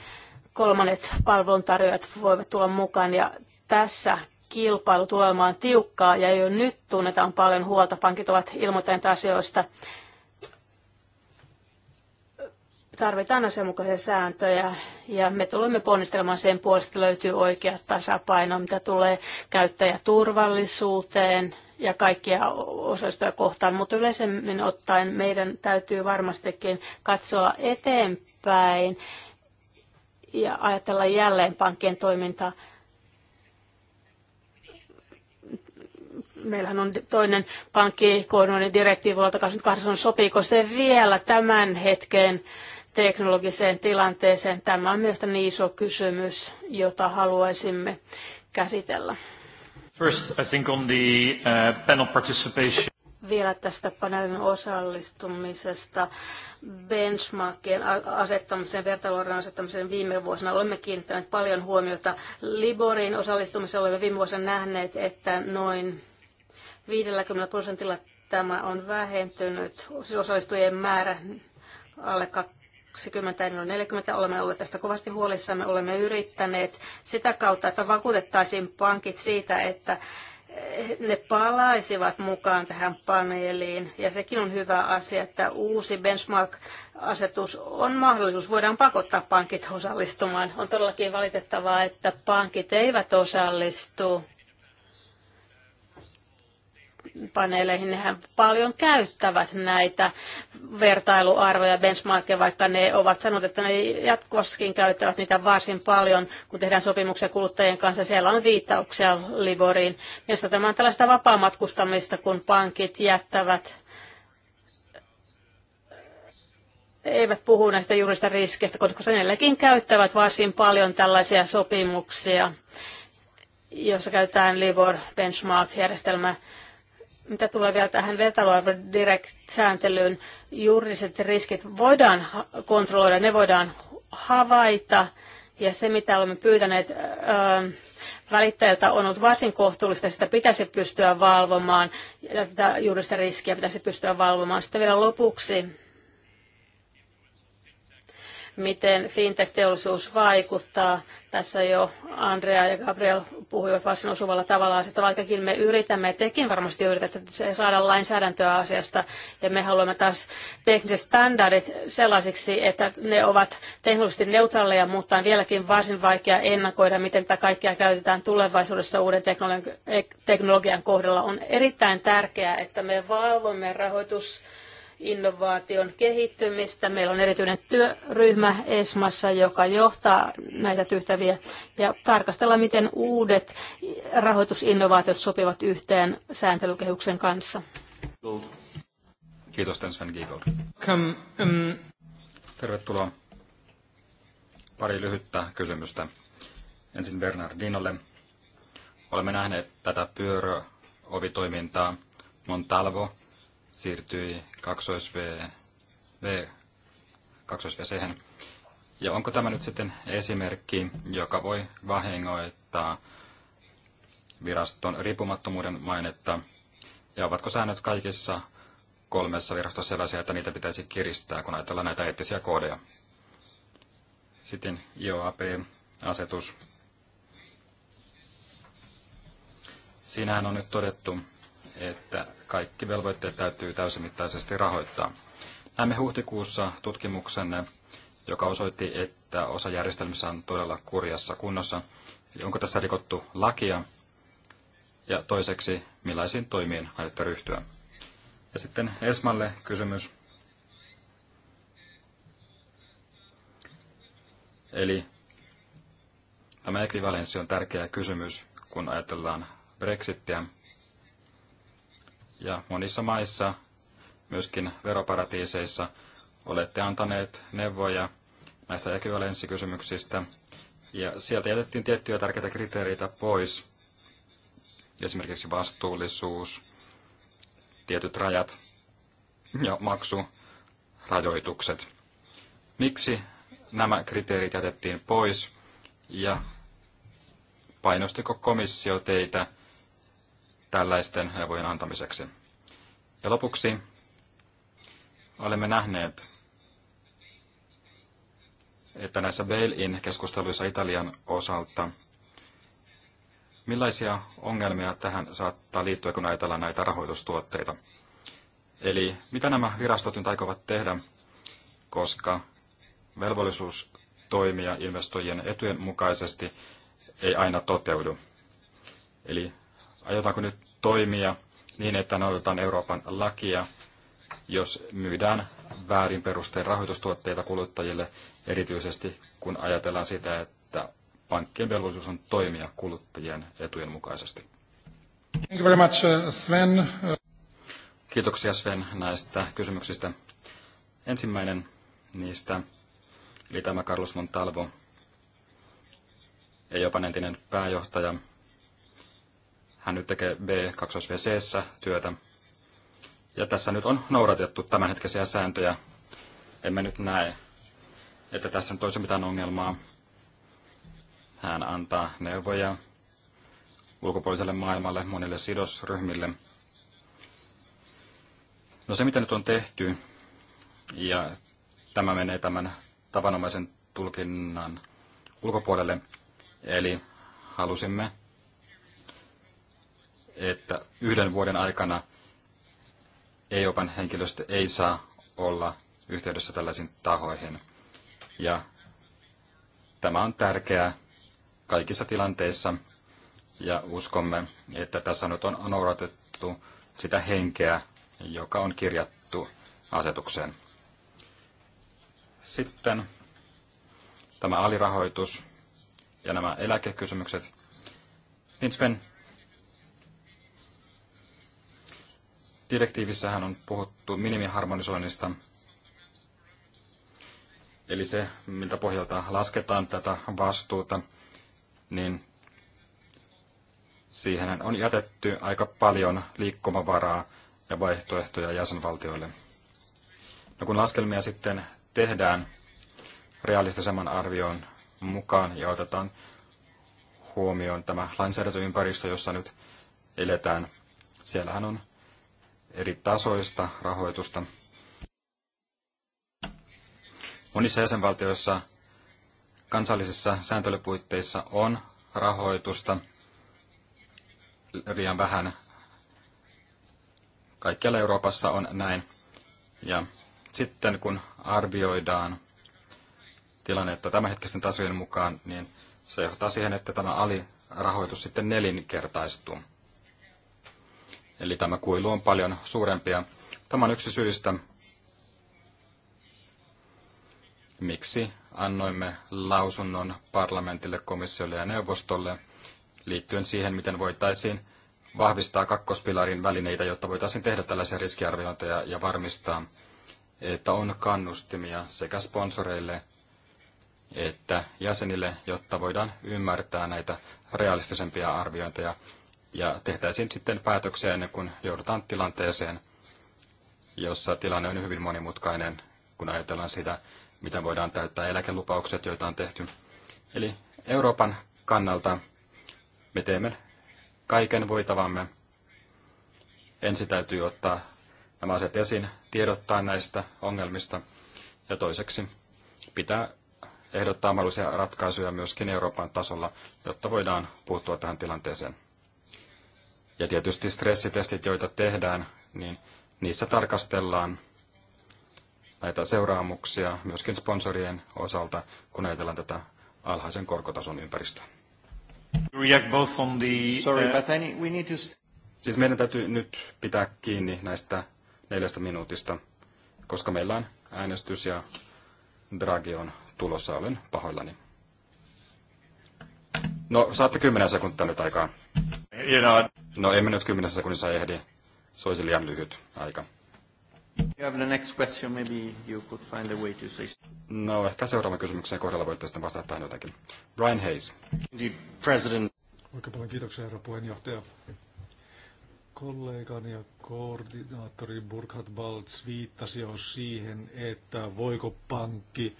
[SPEAKER 3] kolmannet palveluntarjoajat voivat tulla mukaan ja tässä kilpailu tulee olemaan tiukkaa ja jo nyt tunnetaan paljon huolta. Pankit ovat ilmoittaneet asioista tarvitaan asianmukaisia sääntöjä ja me tulemme ponnistelemaan sen puolesta löytyy oikea tasapaino, mitä tulee käyttäjäturvallisuuteen ja kaikkia osastoja kohtaan, mutta yleisemmin ottaen meidän täytyy varmastikin katsoa eteenpäin ja ajatella jälleen pankkien toimintaa. meillähän on toinen pankkikoordinoinnin direktiivi vuodelta 2008, sopiiko se vielä tämän hetken teknologiseen tilanteeseen. Tämä on mielestäni iso kysymys, jota haluaisimme käsitellä.
[SPEAKER 2] First, I think on the uh, panel participation.
[SPEAKER 3] Vielä tästä paneelin osallistumisesta, benchmarkien asettamiseen, vertailuoran asettamiseen viime vuosina olemme kiinnittäneet paljon huomiota. Liborin osallistumisella olemme viime vuosina nähneet, että noin 50 prosentilla tämä on vähentynyt, siis osallistujien määrä alle 20, en on 40, olemme olleet tästä kovasti huolissamme, olemme yrittäneet sitä kautta, että vakuutettaisiin pankit siitä, että ne palaisivat mukaan tähän paneeliin. Ja sekin on hyvä asia, että uusi benchmark-asetus on mahdollisuus. Voidaan pakottaa pankit osallistumaan. On todellakin valitettavaa, että pankit eivät osallistu paneeleihin, nehän paljon käyttävät näitä vertailuarvoja, benchmarkkeja, vaikka ne ovat sanoneet, että ne jatkossakin käyttävät niitä varsin paljon, kun tehdään sopimuksia kuluttajien kanssa. Siellä on viittauksia Liboriin. Minusta tämä on tällaista vapaamatkustamista, kun pankit jättävät eivät puhu näistä juurista riskeistä, koska nekin käyttävät varsin paljon tällaisia sopimuksia, joissa käytetään Libor benchmark-järjestelmää. Mitä tulee vielä tähän vertailuarvon direct-sääntelyyn, juridiset riskit voidaan kontrolloida, ne voidaan havaita. Ja se, mitä olemme pyytäneet öö, välittäjältä, on ollut varsin kohtuullista. Sitä pitäisi pystyä valvomaan ja tätä juridista riskiä pitäisi pystyä valvomaan. Sitten vielä lopuksi miten fintech-teollisuus vaikuttaa. Tässä jo Andrea ja Gabriel puhuivat varsin osuvalla tavalla asiasta, vaikkakin me yritämme, tekin varmasti yritätte saada lainsäädäntöä asiasta, ja me haluamme taas tekniset standardit sellaisiksi, että ne ovat teknisesti neutraaleja, mutta on vieläkin varsin vaikea ennakoida, miten tätä kaikkea käytetään tulevaisuudessa uuden e- teknologian kohdalla. On erittäin tärkeää, että me valvomme rahoitus innovaation kehittymistä. Meillä on erityinen työryhmä ESMassa, joka johtaa näitä tyhtäviä ja tarkastella, miten uudet rahoitusinnovaatiot sopivat yhteen sääntelykehyksen kanssa.
[SPEAKER 2] Kiitos, Sven Giegold. Um, Tervetuloa. Pari lyhyttä kysymystä. Ensin Bernardinolle. Olemme nähneet tätä pyöröovitoimintaa Montalvo siirtyi 2V, V, v Ja onko tämä nyt sitten esimerkki, joka voi vahingoittaa viraston riippumattomuuden mainetta? Ja ovatko säännöt kaikissa kolmessa virastossa sellaisia, että niitä pitäisi kiristää, kun ajatellaan näitä eettisiä koodeja? Sitten IOAP-asetus. Siinähän on nyt todettu, että kaikki velvoitteet täytyy täysimittaisesti rahoittaa. Näimme huhtikuussa tutkimuksenne, joka osoitti, että osa järjestelmissä on todella kurjassa kunnossa. Eli onko tässä rikottu lakia? Ja toiseksi, millaisiin toimiin aiotte ryhtyä? Ja sitten Esmalle kysymys. Eli tämä ekvivalenssi on tärkeä kysymys, kun ajatellaan Brexittiä ja monissa maissa, myöskin veroparatiiseissa, olette antaneet neuvoja näistä ekvivalenssikysymyksistä. Ja sieltä jätettiin tiettyjä tärkeitä kriteereitä pois, esimerkiksi vastuullisuus, tietyt rajat ja maksurajoitukset. Miksi nämä kriteerit jätettiin pois ja painostiko komissio teitä tällaisten neuvojen antamiseksi. Ja lopuksi olemme nähneet, että näissä bail-in keskusteluissa Italian osalta, millaisia ongelmia tähän saattaa liittyä, kun ajatellaan näitä rahoitustuotteita. Eli mitä nämä virastot nyt aikovat tehdä, koska velvollisuus toimia investoijien etujen mukaisesti ei aina toteudu. Eli aiotaanko nyt toimia niin, että noudatetaan Euroopan lakia, jos myydään väärin perustein rahoitustuotteita kuluttajille, erityisesti kun ajatellaan sitä, että pankkien velvollisuus on toimia kuluttajien etujen mukaisesti.
[SPEAKER 1] Thank you very much, uh, Sven.
[SPEAKER 2] Kiitoksia Sven näistä kysymyksistä. Ensimmäinen niistä, eli tämä Carlos Montalvo, ei jopa entinen pääjohtaja, hän nyt tekee b 2 vc työtä. Ja tässä nyt on noudatettu tämänhetkisiä sääntöjä. Emme nyt näe, että tässä nyt olisi mitään ongelmaa. Hän antaa neuvoja ulkopuoliselle maailmalle, monille sidosryhmille. No se, mitä nyt on tehty, ja tämä menee tämän tavanomaisen tulkinnan ulkopuolelle, eli halusimme että yhden vuoden aikana EOPan henkilöstö ei saa olla yhteydessä tällaisiin tahoihin. Ja tämä on tärkeää kaikissa tilanteissa ja uskomme, että tässä nyt on noudatettu sitä henkeä, joka on kirjattu asetukseen. Sitten tämä alirahoitus ja nämä eläkekysymykset. Niin Sven, Direktiivissähän on puhuttu minimiharmonisoinnista, eli se, miltä pohjalta lasketaan tätä vastuuta, niin siihen on jätetty aika paljon liikkumavaraa ja vaihtoehtoja jäsenvaltioille. No kun laskelmia sitten tehdään realistisemman arvion mukaan ja otetaan huomioon tämä lainsäädäntöympäristö, jossa nyt eletään, siellähän on eri tasoista rahoitusta. Monissa jäsenvaltioissa kansallisissa sääntelypuitteissa on rahoitusta liian vähän. Kaikkialla Euroopassa on näin. Ja sitten kun arvioidaan tilannetta tämänhetkisten tasojen mukaan, niin se johtaa siihen, että tämä alirahoitus sitten nelinkertaistuu. Eli tämä kuilu on paljon suurempi ja tämä on yksi syistä, miksi annoimme lausunnon parlamentille, komissiolle ja neuvostolle liittyen siihen, miten voitaisiin vahvistaa kakkospilarin välineitä, jotta voitaisiin tehdä tällaisia riskiarviointeja ja varmistaa, että on kannustimia sekä sponsoreille että jäsenille, jotta voidaan ymmärtää näitä realistisempia arviointeja ja tehtäisiin sitten päätöksiä ennen kuin joudutaan tilanteeseen, jossa tilanne on hyvin monimutkainen, kun ajatellaan sitä, miten voidaan täyttää eläkelupaukset, joita on tehty. Eli Euroopan kannalta me teemme kaiken voitavamme. Ensin täytyy ottaa nämä asiat esiin, tiedottaa näistä ongelmista ja toiseksi pitää ehdottaa mahdollisia ratkaisuja myöskin Euroopan tasolla, jotta voidaan puuttua tähän tilanteeseen. Ja tietysti stressitestit, joita tehdään, niin niissä tarkastellaan näitä seuraamuksia myöskin sponsorien osalta, kun ajatellaan tätä alhaisen korkotason ympäristöä. Sorry, uh, but I we need to... Siis meidän täytyy nyt pitää kiinni näistä neljästä minuutista, koska meillä on äänestys ja Draghi on tulossa, olen pahoillani. No, saatte kymmenen sekuntia nyt aikaa. You know. No emme nyt kymmenessä sekunnissa ehdi. Se olisi liian lyhyt aika.
[SPEAKER 3] You have the next question, maybe you could find a way to say
[SPEAKER 2] No, ehkä seuraavan kysymyksen kohdalla voitte sitten vastata tähän jotakin. Brian Hayes. The president.
[SPEAKER 1] Oikein paljon kiitoksia, herra puheenjohtaja. Kollegani ja koordinaattori Burkhard Baltz viittasi jo siihen, että voiko pankki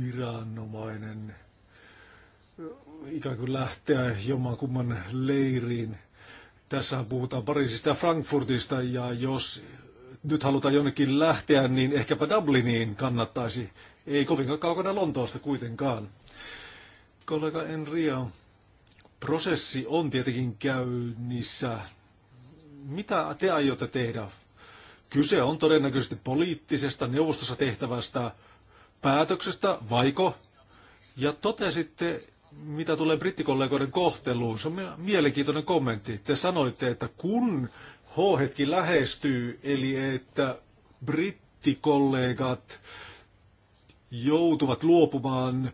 [SPEAKER 1] viranomainen ikään kuin lähteä jommankumman leiriin – tässä puhutaan Pariisista ja Frankfurtista, ja jos nyt halutaan jonnekin lähteä, niin ehkäpä Dubliniin kannattaisi. Ei kovinkaan kaukana Lontoosta kuitenkaan. Kollega Enrio, prosessi on tietenkin käynnissä. Mitä te aiotte tehdä? Kyse on todennäköisesti poliittisesta neuvostossa tehtävästä päätöksestä, vaiko? Ja totesitte, mitä tulee brittikollegoiden kohteluun, se on mielenkiintoinen kommentti. Te sanoitte, että kun H-hetki lähestyy, eli että brittikollegat joutuvat luopumaan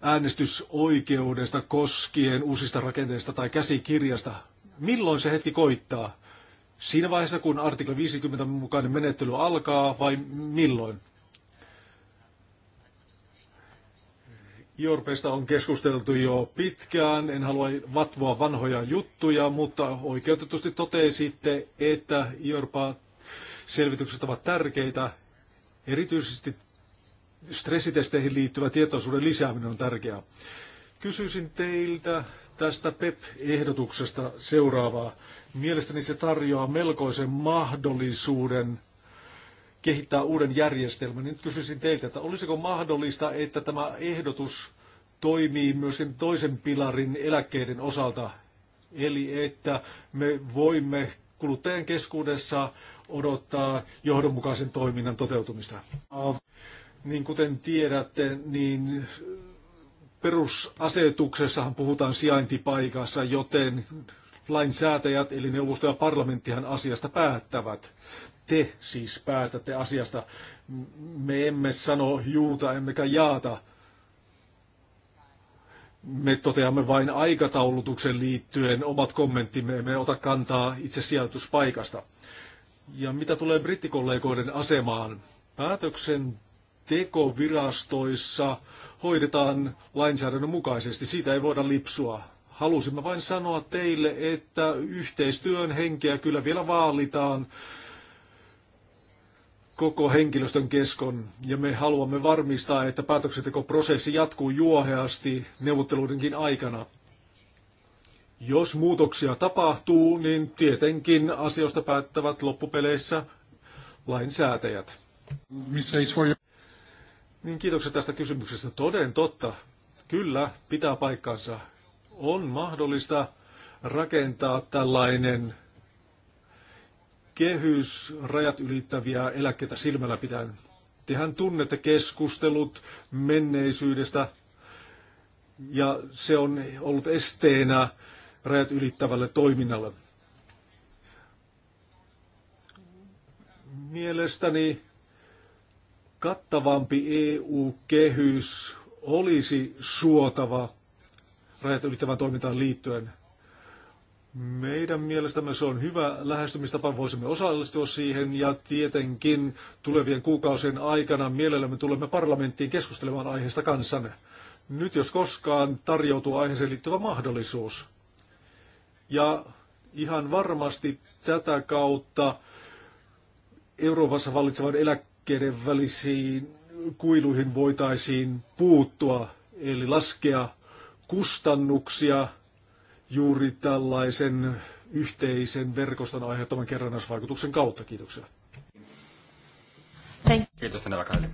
[SPEAKER 1] äänestysoikeudesta koskien uusista rakenteista tai käsikirjasta, milloin se hetki koittaa? Siinä vaiheessa, kun artikla 50 mukainen menettely alkaa vai milloin? Jorpesta on keskusteltu jo pitkään, en halua vatvoa vanhoja juttuja, mutta oikeutetusti totesitte, että Jorpa-selvitykset ovat tärkeitä. Erityisesti stressitesteihin liittyvä tietoisuuden lisääminen on tärkeää. Kysyisin teiltä tästä PEP-ehdotuksesta seuraavaa. Mielestäni se tarjoaa melkoisen mahdollisuuden kehittää uuden järjestelmän. Nyt kysyisin teiltä, että olisiko mahdollista, että tämä ehdotus toimii myöskin toisen pilarin eläkkeiden osalta, eli että me voimme kuluttajan keskuudessa odottaa johdonmukaisen toiminnan toteutumista. Niin kuten tiedätte, niin perusasetuksessahan puhutaan sijaintipaikassa, joten lainsäätäjät eli neuvosto ja parlamenttihan asiasta päättävät te siis päätätte asiasta. Me emme sano juuta emmekä jaata. Me toteamme vain aikataulutuksen liittyen omat kommenttimme, emme ota kantaa itse sijoituspaikasta. Ja mitä tulee brittikollegoiden asemaan, päätöksen tekovirastoissa hoidetaan lainsäädännön mukaisesti. Siitä ei voida lipsua. Halusimme vain sanoa teille, että yhteistyön henkeä kyllä vielä vaalitaan koko henkilöstön keskon ja me haluamme varmistaa, että päätöksentekoprosessi jatkuu juoheasti neuvotteluidenkin aikana. Jos muutoksia tapahtuu, niin tietenkin asioista päättävät loppupeleissä lainsäätäjät. Niin kiitoksia tästä kysymyksestä. Toden totta. Kyllä, pitää paikkansa. On mahdollista rakentaa tällainen kehys rajat ylittäviä eläkkeitä silmällä pitäen. Tehän tunnette keskustelut menneisyydestä ja se on ollut esteenä rajat ylittävälle toiminnalle. Mielestäni kattavampi EU-kehys olisi suotava rajat ylittävän toimintaan liittyen. Meidän mielestämme se on hyvä lähestymistapa, voisimme osallistua siihen ja tietenkin tulevien kuukausien aikana mielellämme tulemme parlamenttiin keskustelemaan aiheesta kanssanne. Nyt jos koskaan tarjoutuu aiheeseen liittyvä mahdollisuus. Ja ihan varmasti tätä kautta Euroopassa vallitsevan eläkkeiden välisiin kuiluihin voitaisiin puuttua, eli laskea kustannuksia – juuri tällaisen yhteisen verkoston aiheuttaman kerrannaisvaikutuksen kautta. Kiitoksia. Hei. Kiitos Anne Kaili.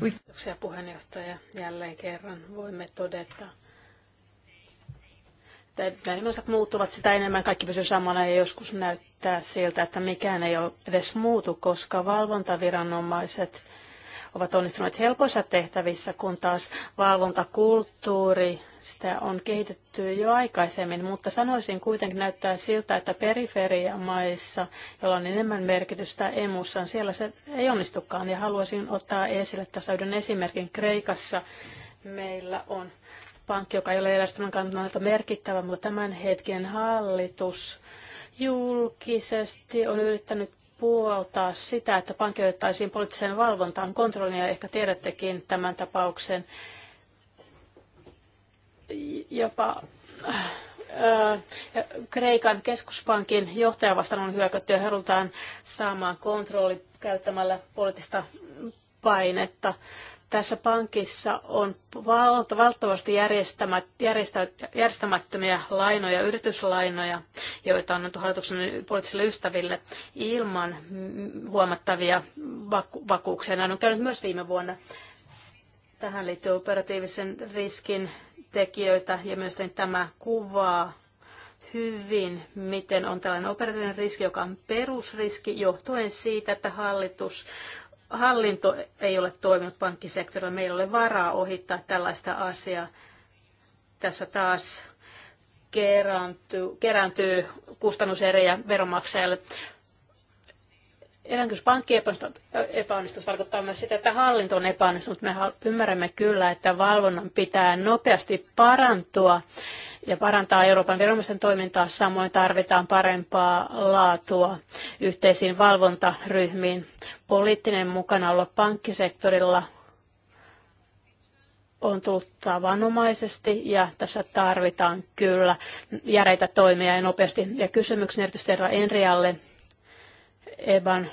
[SPEAKER 3] Kiitoksia puheenjohtaja. Jälleen kerran voimme todeta, että näin muuttuvat sitä enemmän, kaikki pysyy samana ja joskus näyttää siltä, että mikään ei ole edes muutu, koska valvontaviranomaiset ovat onnistuneet helpoissa tehtävissä, kun taas valvontakulttuuri sitä on kehitetty jo aikaisemmin, mutta sanoisin kuitenkin näyttää siltä, että periferiamaissa, joilla on enemmän merkitystä emussa, siellä se ei onnistukaan. Ja haluaisin ottaa esille tässä yhden esimerkin. Kreikassa meillä on pankki, joka ei ole järjestelmän kannalta merkittävä, mutta tämän hetken hallitus julkisesti on yrittänyt puoltaa sitä, että pankki otettaisiin poliittiseen valvontaan ja Ehkä tiedättekin tämän tapauksen jopa äh, äh, Kreikan keskuspankin johtaja vastaan on hyökätty ja halutaan saamaan kontrolli käyttämällä poliittista painetta. Tässä pankissa on valtavasti järjestämättömiä lainoja, yrityslainoja, joita on annettu hallituksen poliittisille ystäville ilman huomattavia vaku- vakuuksia. Näin on käynyt myös viime vuonna. Tähän liittyy operatiivisen riskin tekijöitä ja myös tämä kuvaa hyvin, miten on tällainen operatiivinen riski, joka on perusriski johtuen siitä, että hallitus, hallinto ei ole toiminut pankkisektorilla. Meillä ei ole varaa ohittaa tällaista asiaa. Tässä taas kerääntyy, kerääntyy kustannuseriä veronmaksajalle pankki epäonnistus tarkoittaa myös sitä, että hallinto on epäonnistunut. Me ymmärrämme kyllä, että valvonnan pitää nopeasti parantua ja parantaa Euroopan viranomaisten toimintaa. Samoin tarvitaan parempaa laatua yhteisiin valvontaryhmiin. Poliittinen mukanaolo pankkisektorilla on tullut tavanomaisesti ja tässä tarvitaan kyllä järeitä toimia ja nopeasti. Ja kysymyksen erityisesti herra Enrialle EBAN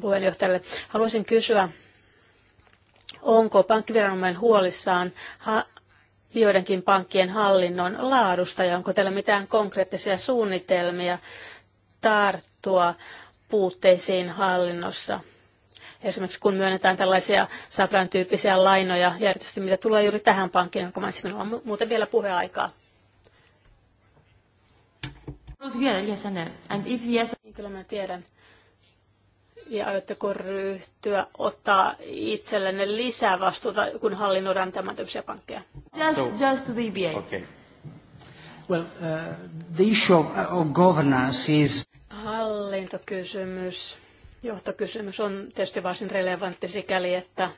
[SPEAKER 3] puheenjohtajalle. Haluaisin kysyä, onko pankkiviranomainen huolissaan joidenkin pankkien hallinnon laadusta ja onko teillä mitään konkreettisia suunnitelmia tarttua puutteisiin hallinnossa? Esimerkiksi kun myönnetään tällaisia Sabran tyyppisiä lainoja, ja erityisesti mitä tulee juuri tähän pankkiin, jonka mainitsin, minulla on muuten vielä puheaikaa. Niin, kyllä minä tiedän. Ja aiotteko ryhtyä ottaa itsellenne lisää vastuuta, kun hallinnoidaan tämän tyyppisiä pankkeja? Just, just the EBA. Okay. Well, uh, the issue of governance is... Hallintokysymys, johtokysymys on tietysti varsin relevantti sikäli, että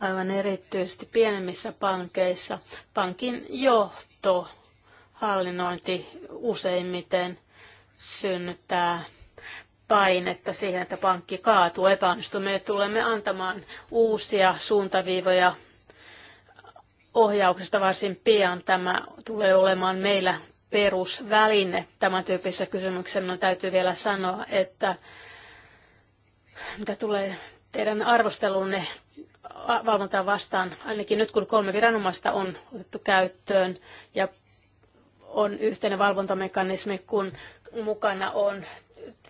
[SPEAKER 3] aivan erityisesti pienemmissä pankeissa pankin johto, hallinnointi useimmiten synnyttää painetta siihen, että pankki kaatuu, epäonnistuu. Me tulemme antamaan uusia suuntaviivoja ohjauksesta varsin pian. Tämä tulee olemaan meillä perusväline tämän tyyppisessä kysymyksessä. Minun täytyy vielä sanoa, että mitä tulee teidän arvostelunne valvontaa vastaan, ainakin nyt kun kolme viranomaista on otettu käyttöön ja on yhteinen valvontamekanismi, kun mukana on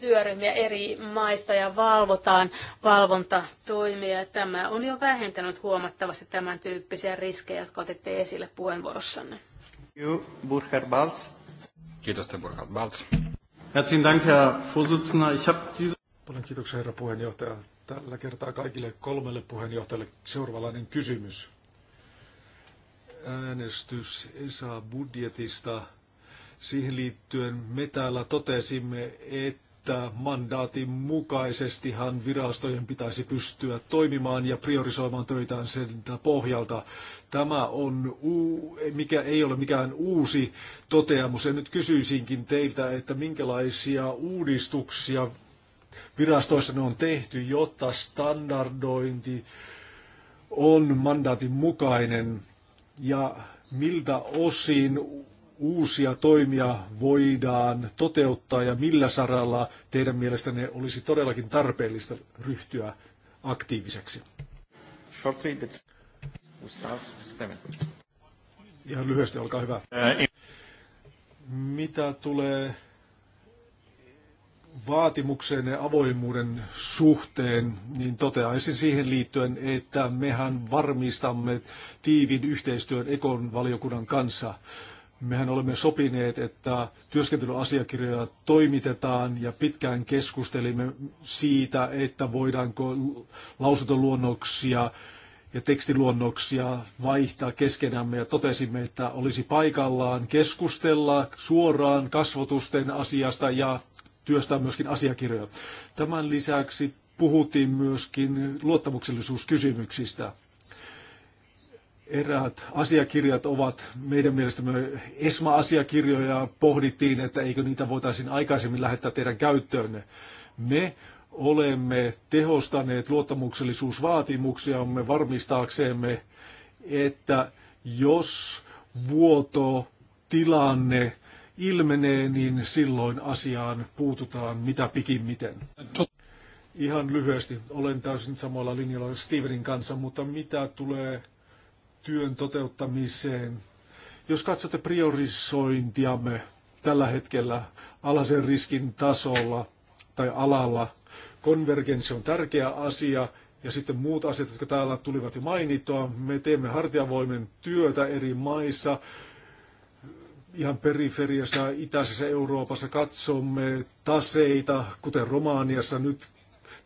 [SPEAKER 3] työryhmiä eri maista ja valvotaan valvontatoimia. Tämä on jo vähentänyt huomattavasti tämän tyyppisiä riskejä, jotka otitte esille puheenvuorossanne. Kiitos, Burkhard
[SPEAKER 2] Balz.
[SPEAKER 1] Herzlichen Dank, Herr Vorsitzender. Paljon kiitoksia, herra puheenjohtaja. Tällä kertaa kaikille kolmelle puheenjohtajalle seuraavanlainen kysymys. Äänestys ESA-budjetista. Siihen liittyen me täällä totesimme, että että mandaatin mukaisestihan virastojen pitäisi pystyä toimimaan ja priorisoimaan töitään sen pohjalta. Tämä on, mikä ei ole mikään uusi toteamus. Ja nyt kysyisinkin teiltä, että minkälaisia uudistuksia virastoissa ne on tehty, jotta standardointi on mandaatin mukainen ja miltä osin uusia toimia voidaan toteuttaa ja millä saralla teidän mielestänne olisi todellakin tarpeellista ryhtyä aktiiviseksi? Ihan lyhyesti, olkaa hyvä. Uh, Mitä tulee vaatimukseen ja avoimuuden suhteen, niin toteaisin siihen liittyen, että mehän varmistamme tiivin yhteistyön Ekon valiokunnan kanssa. Mehän olemme sopineet, että työskentelyasiakirjoja toimitetaan ja pitkään keskustelimme siitä, että voidaanko lausuntoluonnoksia ja tekstiluonnoksia vaihtaa keskenämme ja totesimme, että olisi paikallaan keskustella suoraan kasvotusten asiasta ja työstää myöskin asiakirjoja. Tämän lisäksi puhuttiin myöskin luottamuksellisuuskysymyksistä eräät asiakirjat ovat meidän mielestämme ESMA-asiakirjoja. Pohdittiin, että eikö niitä voitaisiin aikaisemmin lähettää teidän käyttöönne. Me olemme tehostaneet luottamuksellisuusvaatimuksiamme varmistaaksemme, että jos vuoto tilanne ilmenee, niin silloin asiaan puututaan mitä pikimmiten. Ihan lyhyesti, olen täysin samalla linjalla Stevenin kanssa, mutta mitä tulee työn toteuttamiseen. Jos katsotte priorisointiamme tällä hetkellä alhaisen riskin tasolla tai alalla, konvergenssi on tärkeä asia ja sitten muut asiat, jotka täällä tulivat jo mainittua. Me teemme hartiavoimen työtä eri maissa, ihan periferiassa, itäisessä Euroopassa katsomme taseita, kuten Romaaniassa nyt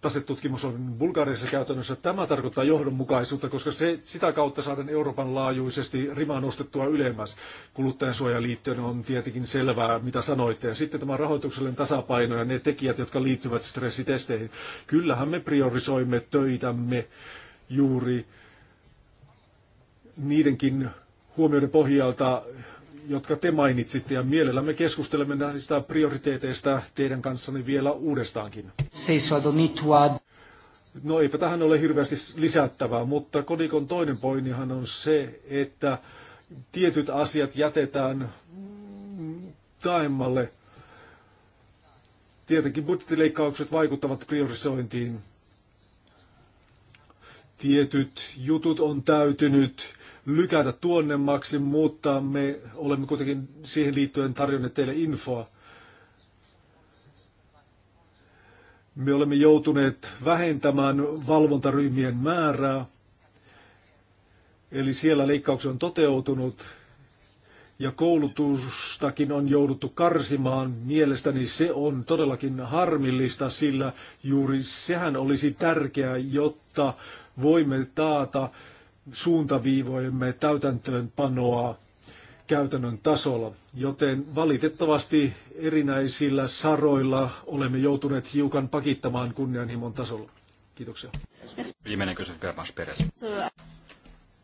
[SPEAKER 1] tasetutkimus on Bulgariassa käytännössä. Tämä tarkoittaa johdonmukaisuutta, koska se, sitä kautta saadaan Euroopan laajuisesti rimaa nostettua ylemmäs. Kuluttajansuojan liittyen on tietenkin selvää, mitä sanoitte. Ja sitten tämä rahoituksellinen tasapaino ja ne tekijät, jotka liittyvät stressitesteihin. Kyllähän me priorisoimme töitämme juuri niidenkin huomioiden pohjalta, jotka te mainitsitte, ja mielellämme keskustelemme näistä prioriteeteista teidän kanssanne vielä uudestaankin. No eipä tähän ole hirveästi lisättävää, mutta kodikon toinen poinihan on se, että tietyt asiat jätetään taemmalle. Tietenkin budjettileikkaukset vaikuttavat priorisointiin. Tietyt jutut on täytynyt lykätä tuonnemmaksi, mutta me olemme kuitenkin siihen liittyen tarjonneet teille infoa. Me olemme joutuneet vähentämään valvontaryhmien määrää, eli siellä leikkaukset on toteutunut ja koulutustakin on jouduttu karsimaan. Mielestäni se on todellakin harmillista, sillä juuri sehän olisi tärkeää, jotta voimme taata suuntaviivojemme täytäntöönpanoa käytännön tasolla, joten valitettavasti erinäisillä saroilla olemme joutuneet hiukan pakittamaan kunnianhimon tasolla. Kiitoksia.
[SPEAKER 2] Viimeinen kysymys Permas Peres.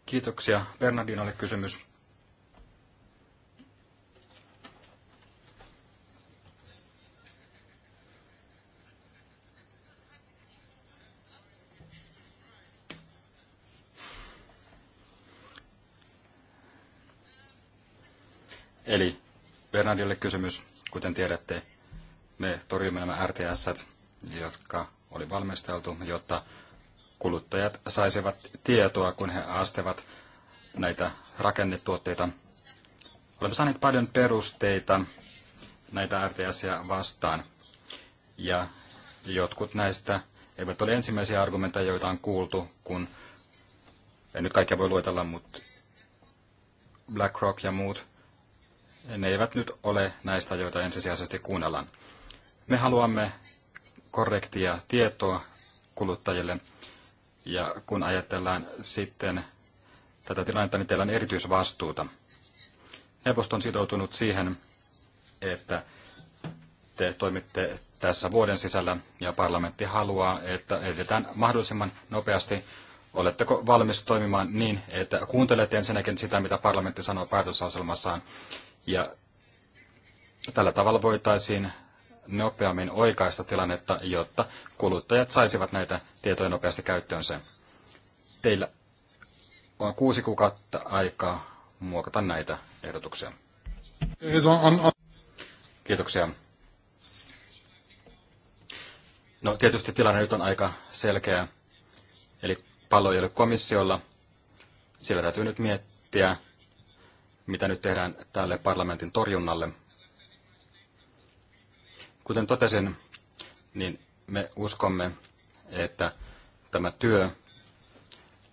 [SPEAKER 2] Kiitoksia. Bernardinalle kysymys. Eli Bernardille kysymys, kuten tiedätte, me torjumme nämä RTS, jotka oli valmisteltu, jotta kuluttajat saisivat tietoa, kun he astevat näitä rakennetuotteita. Olemme saaneet paljon perusteita näitä RTS vastaan. Ja jotkut näistä eivät ole ensimmäisiä argumentteja, joita on kuultu, kun en nyt kaikkia voi luetella, mutta BlackRock ja muut ne eivät nyt ole näistä, joita ensisijaisesti kuunnellaan. Me haluamme korrektia tietoa kuluttajille, ja kun ajatellaan sitten tätä tilannetta, niin teillä on erityisvastuuta. Neuvosto on sitoutunut siihen, että te toimitte tässä vuoden sisällä ja parlamentti haluaa, että edetään mahdollisimman nopeasti. Oletteko valmis toimimaan niin, että kuuntelette ensinnäkin sitä, mitä parlamentti sanoo päätösasemassaan. Ja tällä tavalla voitaisiin nopeammin oikaista tilannetta, jotta kuluttajat saisivat näitä tietoja nopeasti käyttöönsä. Teillä on kuusi kuukautta aikaa muokata näitä ehdotuksia. Kiitoksia. No tietysti tilanne nyt on aika selkeä, eli pallo ei ole komissiolla. Siellä täytyy nyt miettiä, mitä nyt tehdään tälle parlamentin torjunnalle. Kuten totesin, niin me uskomme, että tämä työ,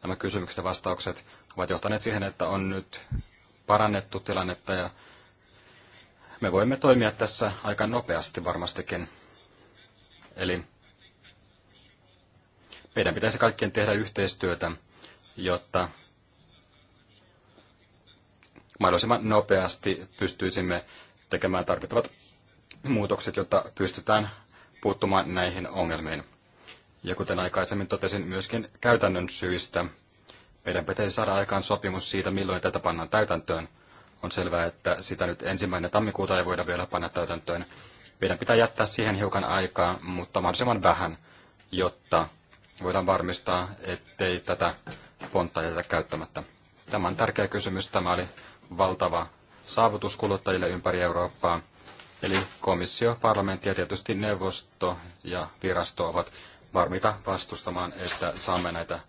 [SPEAKER 2] nämä kysymykset ja vastaukset ovat johtaneet siihen, että on nyt parannettu tilannetta ja me voimme toimia tässä aika nopeasti varmastikin. Eli meidän pitäisi kaikkien tehdä yhteistyötä, jotta mahdollisimman nopeasti pystyisimme tekemään tarvittavat muutokset, jotta pystytään puuttumaan näihin ongelmiin. Ja kuten aikaisemmin totesin, myöskin käytännön syistä meidän pitäisi saada aikaan sopimus siitä, milloin tätä pannaan täytäntöön. On selvää, että sitä nyt ensimmäinen tammikuuta ei voida vielä panna täytäntöön. Meidän pitää jättää siihen hiukan aikaa, mutta mahdollisimman vähän, jotta voidaan varmistaa, ettei tätä pontta jätetä käyttämättä. Tämä on tärkeä kysymys. Tämä oli valtava saavutus kuluttajille ympäri Eurooppaa. Eli komissio, parlamentti ja tietysti neuvosto ja virasto ovat varmita vastustamaan, että saamme näitä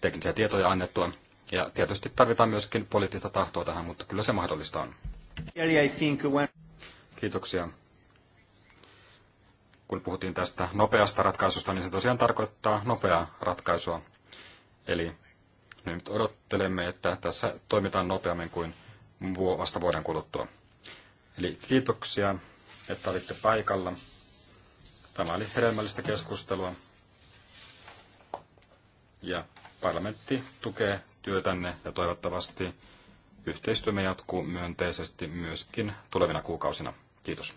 [SPEAKER 2] teknisiä tietoja annettua. Ja tietysti tarvitaan myöskin poliittista tahtoa tähän, mutta kyllä se mahdollista on. Kiitoksia. Kun puhuttiin tästä nopeasta ratkaisusta, niin se tosiaan tarkoittaa nopeaa ratkaisua. Eli nyt odottelemme, että tässä toimitaan nopeammin kuin vasta vuoden kuluttua. Eli kiitoksia, että olitte paikalla. Tämä oli hedelmällistä keskustelua. Ja parlamentti tukee työtänne ja toivottavasti yhteistyömme jatkuu myönteisesti myöskin tulevina kuukausina. Kiitos.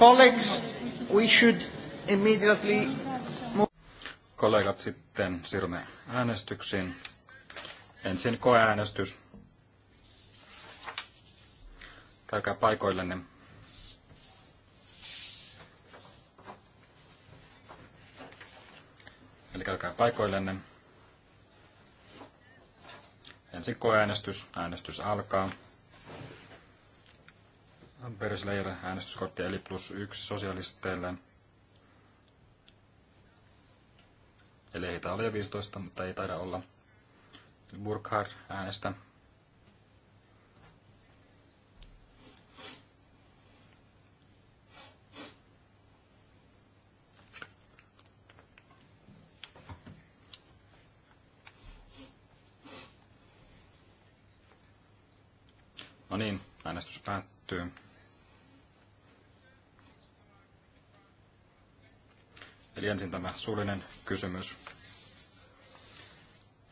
[SPEAKER 1] Colleagues, we should immediately move.
[SPEAKER 2] Kollegat, sitten siirrymme äänestyksiin. Ensin koeäänestys. Käykää paikoillenne. Eli käykää paikoillenne. Ensin koeäänestys. Äänestys alkaa. Berisillä äänestyskortti eli plus yksi sosialisteille. Eli ei ole jo 15, mutta ei taida olla. Burkhard äänestä. No niin, äänestys päättyy. Eli ensin tämä suullinen kysymys.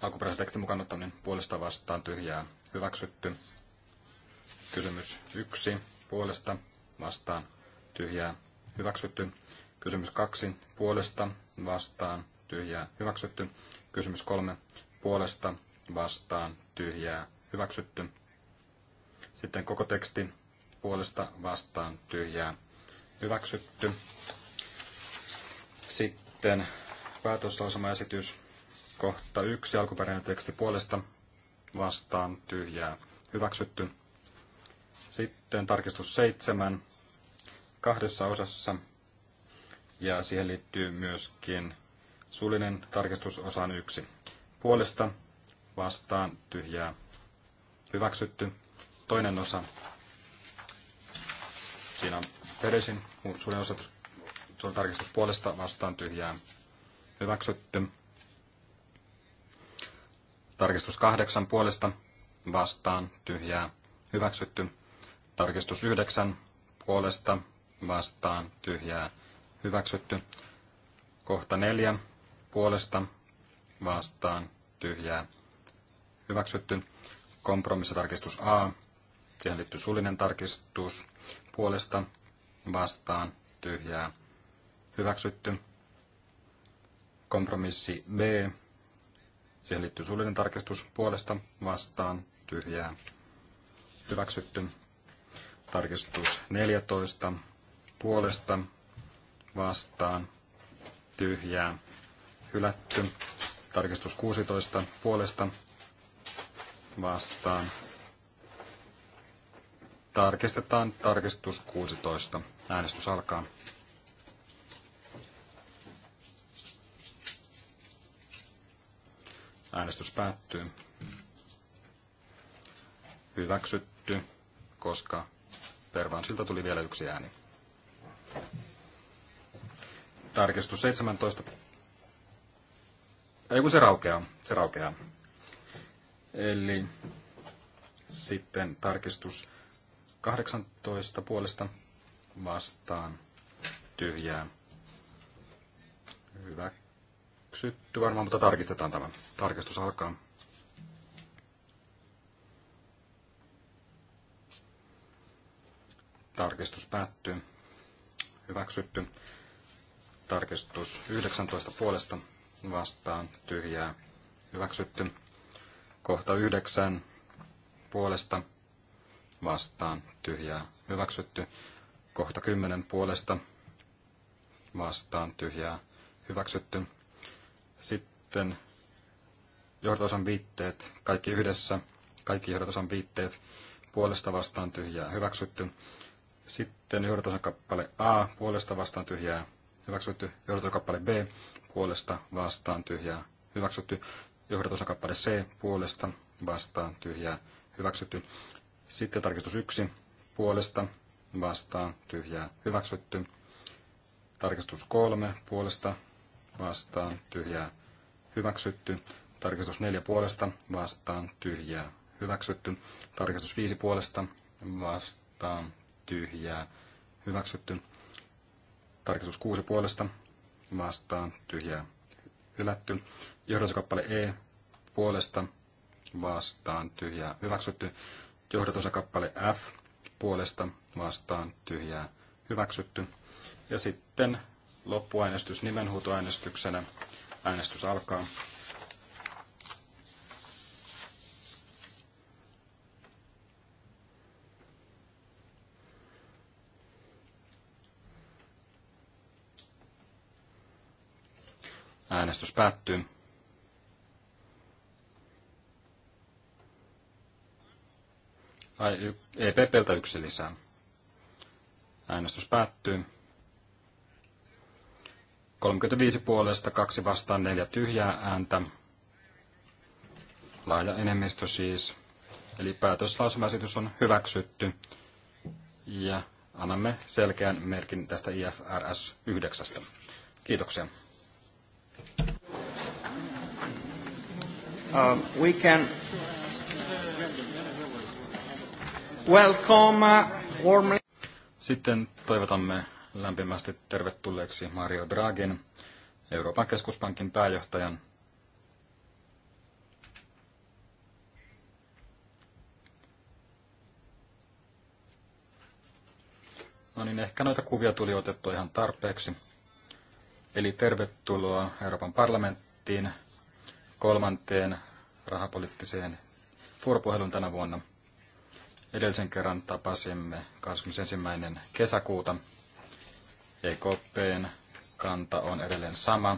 [SPEAKER 2] Alkuperäisen tekstin mukaan ottaminen puolesta vastaan tyhjää hyväksytty. Kysymys yksi puolesta vastaan tyhjää hyväksytty. Kysymys kaksi puolesta vastaan tyhjää hyväksytty. Kysymys kolme puolesta vastaan tyhjää hyväksytty. Sitten koko teksti puolesta vastaan tyhjää hyväksytty. Sitten päätöslausumaesitys kohta yksi alkuperäinen teksti puolesta vastaan tyhjää hyväksytty. Sitten tarkistus seitsemän kahdessa osassa ja siihen liittyy myöskin suullinen tarkistus osaan yksi. Puolesta vastaan tyhjää hyväksytty. Toinen osa. Siinä on peresin suullinen osatus tuon tarkistus puolesta vastaan tyhjää hyväksytty. Tarkistus kahdeksan puolesta vastaan tyhjää hyväksytty. Tarkistus yhdeksän puolesta vastaan tyhjää hyväksytty. Kohta neljä puolesta vastaan tyhjää hyväksytty. Kompromissitarkistus A. Siihen liittyy suullinen tarkistus puolesta vastaan tyhjää hyväksytty. Kompromissi B, siihen liittyy suullinen tarkistus puolesta vastaan tyhjää hyväksytty. Tarkistus 14 puolesta vastaan tyhjää hylätty. Tarkistus 16 puolesta vastaan. Tarkistetaan tarkistus 16. Äänestys alkaa. Äänestys päättyy. Hyväksytty, koska Pervansilta tuli vielä yksi ääni. Tarkistus 17. Ei kun se raukeaa. Se raukeaa. Eli sitten tarkistus 18 puolesta vastaan tyhjää. Hyväksytty syttyy varmaan, mutta tarkistetaan tämä. Tarkistus alkaa. Tarkistus päättyy. Hyväksytty. Tarkistus 19 puolesta vastaan tyhjää. Hyväksytty. Kohta 9 puolesta vastaan tyhjää. Hyväksytty. Kohta 10 puolesta vastaan tyhjää. Hyväksytty sitten johdotosan viitteet, kaikki yhdessä, kaikki johdotosan viitteet, puolesta vastaan tyhjää hyväksytty. Sitten johdotosan kappale A, puolesta vastaan tyhjää hyväksytty. Johdotosan kappale B, puolesta vastaan tyhjää hyväksytty. Johdotosan kappale C, puolesta vastaan tyhjää hyväksytty. Sitten tarkistus 1, puolesta vastaan tyhjää hyväksytty. Tarkistus 3, puolesta vastaan tyhjää hyväksytty. Tarkistus 4 puolesta vastaan tyhjää hyväksytty. Tarkistus 5 puolesta vastaan tyhjää hyväksytty. Tarkistus 6 puolesta vastaan tyhjää hylätty. Johdatuskappale E puolesta vastaan tyhjää hyväksytty. Johdatusakappale F puolesta vastaan tyhjää hyväksytty. Ja sitten Loppuäänestys nimenhuutoäänestyksenä. Äänestys alkaa. Äänestys päättyy. Ai, EPPltä yksi lisää. Äänestys päättyy. 35 puolesta, kaksi vastaan, neljä tyhjää ääntä. Laaja enemmistö siis. Eli päätöslausumäsitys on hyväksytty. Ja annamme selkeän merkin tästä IFRS 9. Kiitoksia. Uh, we can welcome uh, warmly. Sitten toivotamme lämpimästi tervetulleeksi Mario Draghin, Euroopan keskuspankin pääjohtajan. No niin, ehkä noita kuvia tuli otettua ihan tarpeeksi. Eli tervetuloa Euroopan parlamenttiin kolmanteen rahapoliittiseen vuoropuheluun tänä vuonna. Edellisen kerran tapasimme 21. kesäkuuta EKPn kanta on edelleen sama.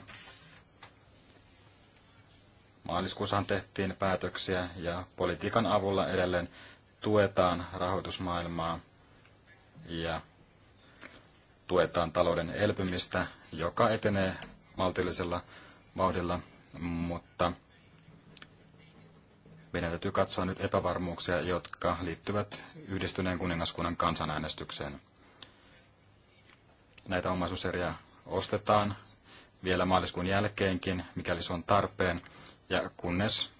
[SPEAKER 2] Maaliskuussahan tehtiin päätöksiä ja politiikan avulla edelleen tuetaan rahoitusmaailmaa ja tuetaan talouden elpymistä, joka etenee maltillisella vauhdilla, mutta meidän täytyy katsoa nyt epävarmuuksia, jotka liittyvät yhdistyneen kuningaskunnan kansanäänestykseen näitä omaisuuseriä ostetaan vielä maaliskuun jälkeenkin, mikäli se on tarpeen, ja kunnes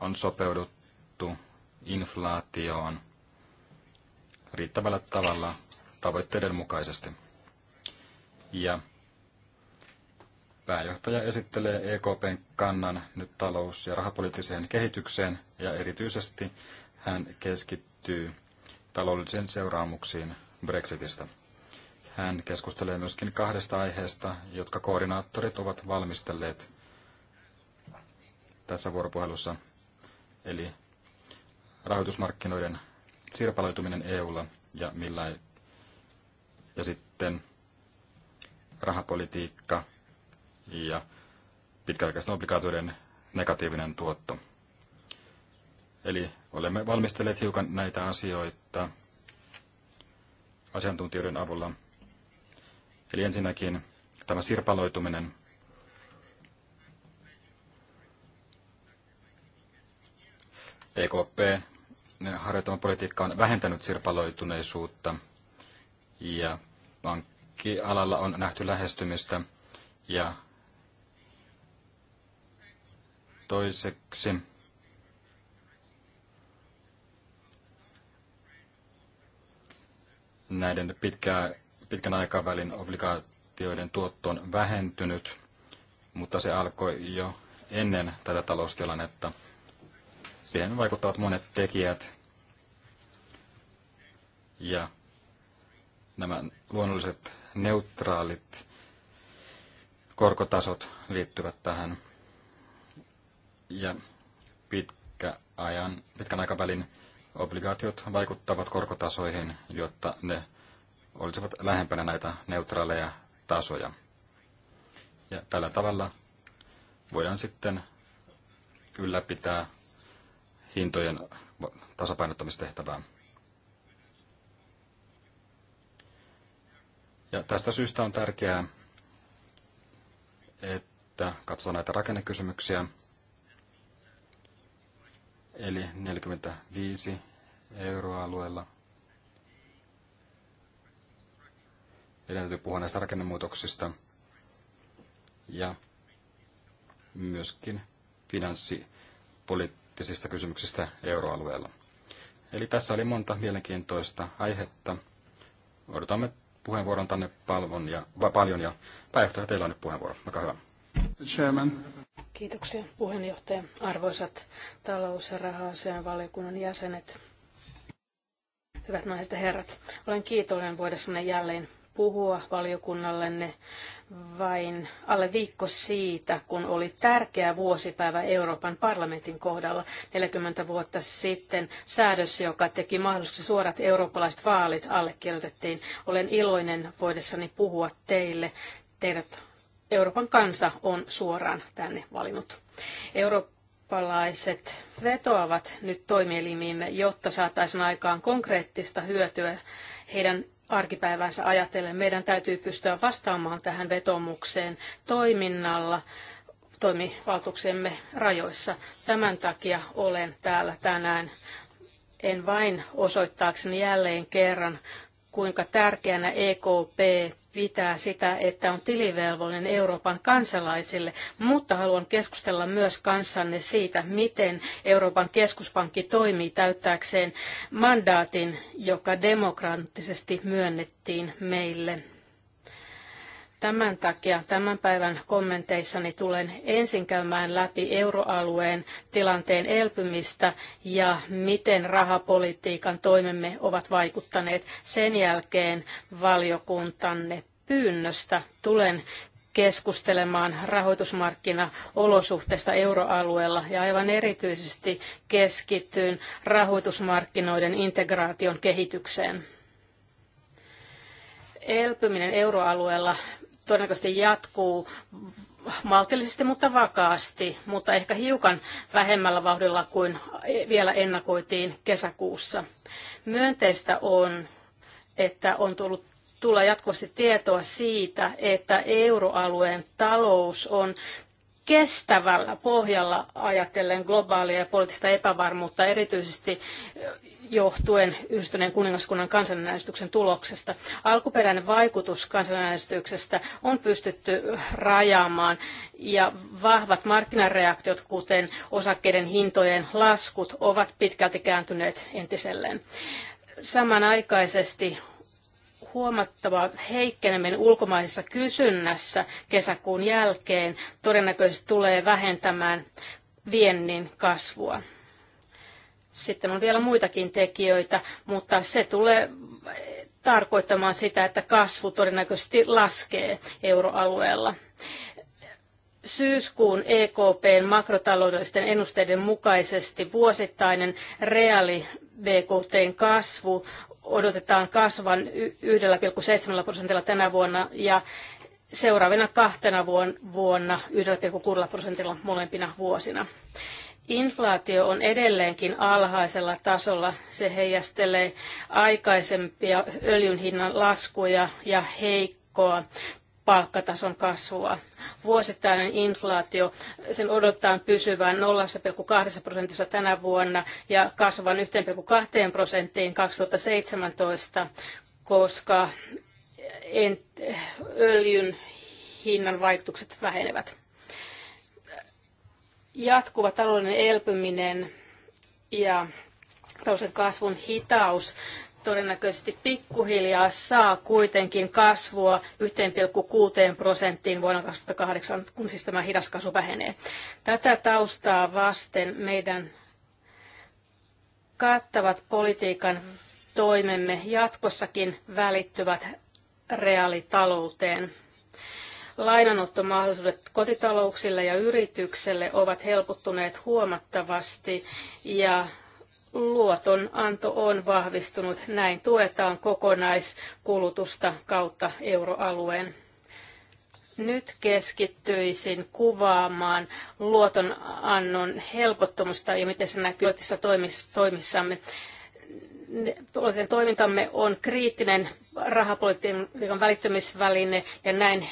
[SPEAKER 2] on sopeuduttu inflaatioon riittävällä tavalla tavoitteiden mukaisesti. Ja pääjohtaja esittelee EKPn kannan nyt talous- ja rahapoliittiseen kehitykseen ja erityisesti hän keskittyy taloudellisiin seuraamuksiin Brexitistä. Hän keskustelee myöskin kahdesta aiheesta, jotka koordinaattorit ovat valmistelleet tässä vuoropuhelussa, eli rahoitusmarkkinoiden sirpaloituminen EUlla ja, millä, ja sitten rahapolitiikka ja pitkäaikaisten obligaatioiden negatiivinen tuotto. Eli olemme valmistelleet hiukan näitä asioita asiantuntijoiden avulla Eli ensinnäkin tämä sirpaloituminen. EKP harjoittama politiikka on vähentänyt sirpaloituneisuutta ja pankkialalla on nähty lähestymistä ja toiseksi näiden pitkää pitkän aikavälin obligaatioiden tuotto on vähentynyt, mutta se alkoi jo ennen tätä taloustilannetta. Siihen vaikuttavat monet tekijät ja nämä luonnolliset neutraalit korkotasot liittyvät tähän. Ja pitkä ajan, pitkän aikavälin obligaatiot vaikuttavat korkotasoihin, jotta ne olisivat lähempänä näitä neutraaleja tasoja. Ja tällä tavalla voidaan sitten ylläpitää hintojen tasapainottamistehtävää. Ja tästä syystä on tärkeää, että katsotaan näitä rakennekysymyksiä. Eli 45 euroalueella Meidän täytyy puhua näistä rakennemuutoksista ja myöskin finanssipoliittisista kysymyksistä euroalueella. Eli tässä oli monta mielenkiintoista aihetta. Odotamme puheenvuoron tänne palvon ja, va, paljon ja pääjohtaja, teillä on nyt puheenvuoro. Olkaa hyvä.
[SPEAKER 1] Chairman.
[SPEAKER 3] Kiitoksia puheenjohtaja. Arvoisat talous- ja raha valiokunnan jäsenet, hyvät naiset ja herrat, olen kiitollinen voidessanne jälleen puhua valiokunnallenne vain alle viikko siitä, kun oli tärkeä vuosipäivä Euroopan parlamentin kohdalla 40 vuotta sitten. Säädös, joka teki mahdollisesti suorat eurooppalaiset vaalit, allekirjoitettiin. Olen iloinen voidessani puhua teille. Teidät Euroopan kansa on suoraan tänne valinnut. Eurooppalaiset vetoavat nyt toimielimiimme, jotta saataisiin aikaan konkreettista hyötyä heidän arkipäivänsä ajatellen. Meidän täytyy pystyä vastaamaan tähän vetomukseen toiminnalla toimivaltuuksiemme rajoissa. Tämän takia olen täällä tänään en vain osoittaakseni jälleen kerran, kuinka tärkeänä EKP pitää sitä, että on tilivelvollinen Euroopan kansalaisille, mutta haluan keskustella myös kanssanne siitä, miten Euroopan keskuspankki toimii täyttääkseen mandaatin, joka demokraattisesti myönnettiin meille. Tämän takia tämän päivän kommenteissani tulen ensin käymään läpi euroalueen tilanteen elpymistä ja miten rahapolitiikan toimemme ovat vaikuttaneet. Sen jälkeen valiokuntanne pyynnöstä tulen keskustelemaan rahoitusmarkkinaolosuhteista euroalueella ja aivan erityisesti keskittyyn rahoitusmarkkinoiden integraation kehitykseen. Elpyminen euroalueella todennäköisesti jatkuu maltillisesti, mutta vakaasti, mutta ehkä hiukan vähemmällä vauhdilla kuin vielä ennakoitiin kesäkuussa. Myönteistä on, että on tullut tulla jatkuvasti tietoa siitä, että euroalueen talous on kestävällä pohjalla ajatellen globaalia ja poliittista epävarmuutta, erityisesti eh, johtuen yhdistyneen kuningaskunnan kansanäänestyksen tuloksesta. Alkuperäinen vaikutus kansanäänestyksestä on pystytty eh, rajaamaan ja vahvat markkinareaktiot, kuten osakkeiden hintojen laskut, ovat pitkälti kääntyneet entiselleen. Samanaikaisesti huomattava heikkeneminen ulkomaisessa kysynnässä kesäkuun jälkeen todennäköisesti tulee vähentämään viennin kasvua. Sitten on vielä muitakin tekijöitä, mutta se tulee tarkoittamaan sitä, että kasvu todennäköisesti laskee euroalueella. Syyskuun EKPn makrotaloudellisten ennusteiden mukaisesti vuosittainen reaali BKTn kasvu odotetaan kasvan 1,7 prosentilla tänä vuonna ja seuraavina kahtena vuonna 1,6 prosentilla molempina vuosina. Inflaatio on edelleenkin alhaisella tasolla. Se heijastelee aikaisempia öljyn hinnan laskuja ja heikkoa palkkatason kasvua. Vuosittainen inflaatio, sen odotetaan pysyvään 0,2 prosentissa tänä vuonna ja kasvavan 1,2 prosenttiin 2017, koska öljyn hinnan vaikutukset vähenevät. Jatkuva taloudellinen elpyminen ja talousen kasvun hitaus todennäköisesti pikkuhiljaa saa kuitenkin kasvua 1,6 prosenttiin vuonna 2008, kun siis tämä hidas kasvu vähenee. Tätä taustaa vasten meidän kattavat politiikan toimemme jatkossakin välittyvät reaalitalouteen. Lainanottomahdollisuudet kotitalouksille ja yritykselle ovat helpottuneet huomattavasti ja luotonanto on vahvistunut. Näin tuetaan kokonaiskulutusta kautta euroalueen. Nyt keskittyisin kuvaamaan luotonannon helpottumista ja miten se näkyy toimissamme toimintamme on kriittinen rahapolitiikan välittymisväline ja näin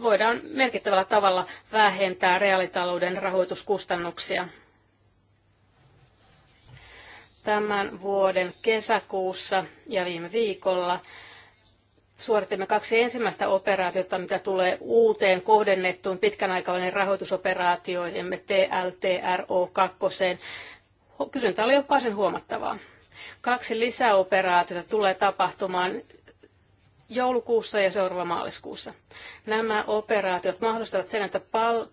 [SPEAKER 3] voidaan merkittävällä tavalla vähentää reaalitalouden rahoituskustannuksia. Tämän vuoden kesäkuussa ja viime viikolla suoritimme kaksi ensimmäistä operaatiota, mitä tulee uuteen kohdennettuun pitkän aikavälin rahoitusoperaatioihimme TLTRO2. Kysyntä oli jopa sen huomattavaa. Kaksi lisäoperaatiota tulee tapahtumaan joulukuussa ja seuraava maaliskuussa. Nämä operaatiot mahdollistavat sen, että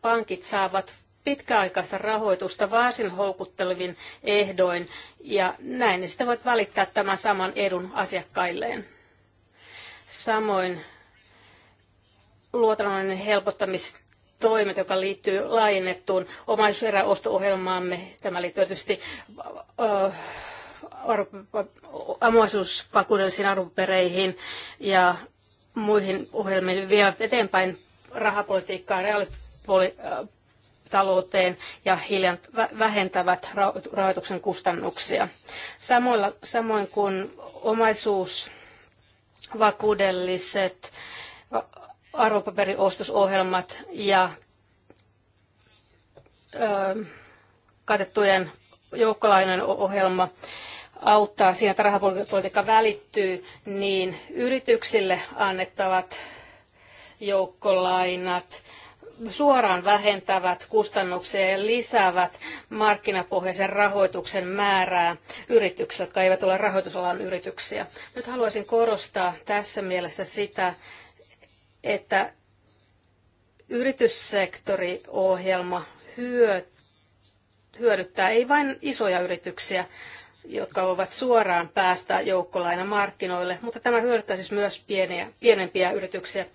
[SPEAKER 3] pankit saavat pitkäaikaista rahoitusta varsin houkuttelevin ehdoin, ja näin ne sitten voivat välittää tämän saman edun asiakkailleen. Samoin luotannollinen helpottamistoimet, toimet, joka liittyy laajennettuun omaisuuseräosto-ohjelmaamme. Tämä liittyy tietysti äh, omaisuuspakuudellisiin arvopereihin ja muihin ohjelmiin vielä eteenpäin rahapolitiikkaa, reaalipuoli, äh, talouteen ja hiljan vähentävät rahoituksen kustannuksia. Samoilla, samoin kuin omaisuusvakuudelliset arvopaperiostosohjelmat ja ö, katettujen joukkolainojen ohjelma auttaa siinä, että rahapolitiikka välittyy, niin yrityksille annettavat joukkolainat – suoraan vähentävät kustannuksia ja lisäävät markkinapohjaisen rahoituksen määrää yrityksille, jotka eivät ole rahoitusalan yrityksiä. Nyt haluaisin korostaa tässä mielessä sitä, että yrityssektoriohjelma hyödyttää ei vain isoja yrityksiä, jotka voivat suoraan päästä joukkolainamarkkinoille, mutta tämä hyödyttää siis myös pieniä, pienempiä yrityksiä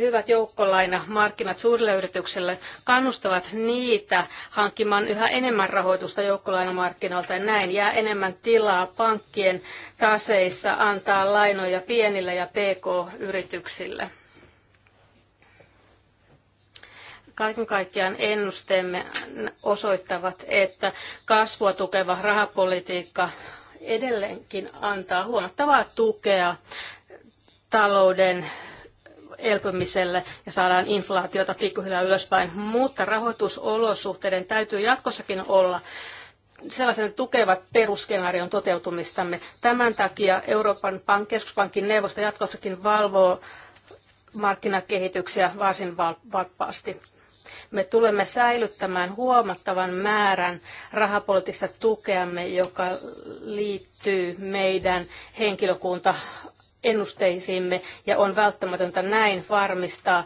[SPEAKER 3] hyvät joukkolaina markkinat suurille yrityksille kannustavat niitä hankkimaan yhä enemmän rahoitusta joukkolainamarkkinoilta ja näin jää enemmän tilaa pankkien taseissa antaa lainoja pienille ja pk-yrityksille. kaiken kaikkiaan ennusteemme osoittavat, että kasvua tukeva rahapolitiikka edelleenkin antaa huomattavaa tukea talouden elpymiselle ja saadaan inflaatiota pikkuhiljaa ylöspäin, mutta rahoitusolosuhteiden täytyy jatkossakin olla sellaisen tukevat perusskenaarion toteutumistamme. Tämän takia Euroopan pank, keskuspankin neuvosto jatkossakin valvoo markkinakehityksiä varsin vapaasti. Me tulemme säilyttämään huomattavan määrän rahapoliittista tukeamme, joka liittyy meidän henkilökunta ennusteisiimme ja on välttämätöntä näin varmistaa,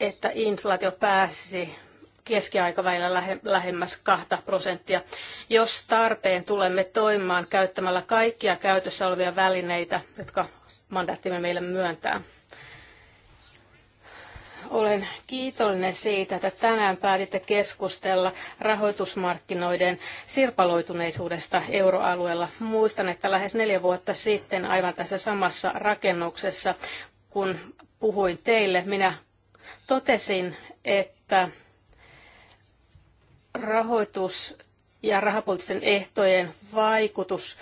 [SPEAKER 3] että inflaatio pääsisi keskiaikavälillä lähemmäs 2 prosenttia. Jos tarpeen tulemme toimimaan käyttämällä kaikkia käytössä olevia välineitä, jotka mandaattimme meille myöntää. Olen kiitollinen siitä, että tänään päätitte keskustella rahoitusmarkkinoiden sirpaloituneisuudesta euroalueella. Muistan, että lähes neljä vuotta sitten aivan tässä samassa rakennuksessa, kun puhuin teille, minä totesin, että rahoitus ja rahapoliittisten ehtojen vaikutus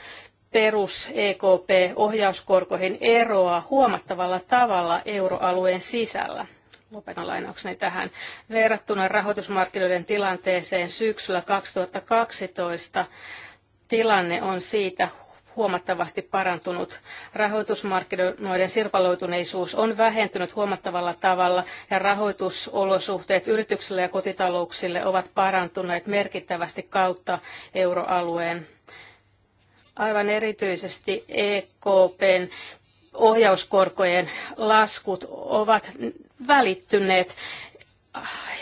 [SPEAKER 3] perus EKP ohjauskorkoihin eroaa huomattavalla tavalla euroalueen sisällä. Lopetan lainaukseni tähän. Verrattuna rahoitusmarkkinoiden tilanteeseen syksyllä 2012 tilanne on siitä huomattavasti parantunut. Rahoitusmarkkinoiden sirpaloituneisuus on vähentynyt huomattavalla tavalla ja rahoitusolosuhteet yrityksille ja kotitalouksille ovat parantuneet merkittävästi kautta euroalueen. Aivan erityisesti EKPn ohjauskorkojen laskut ovat välittyneet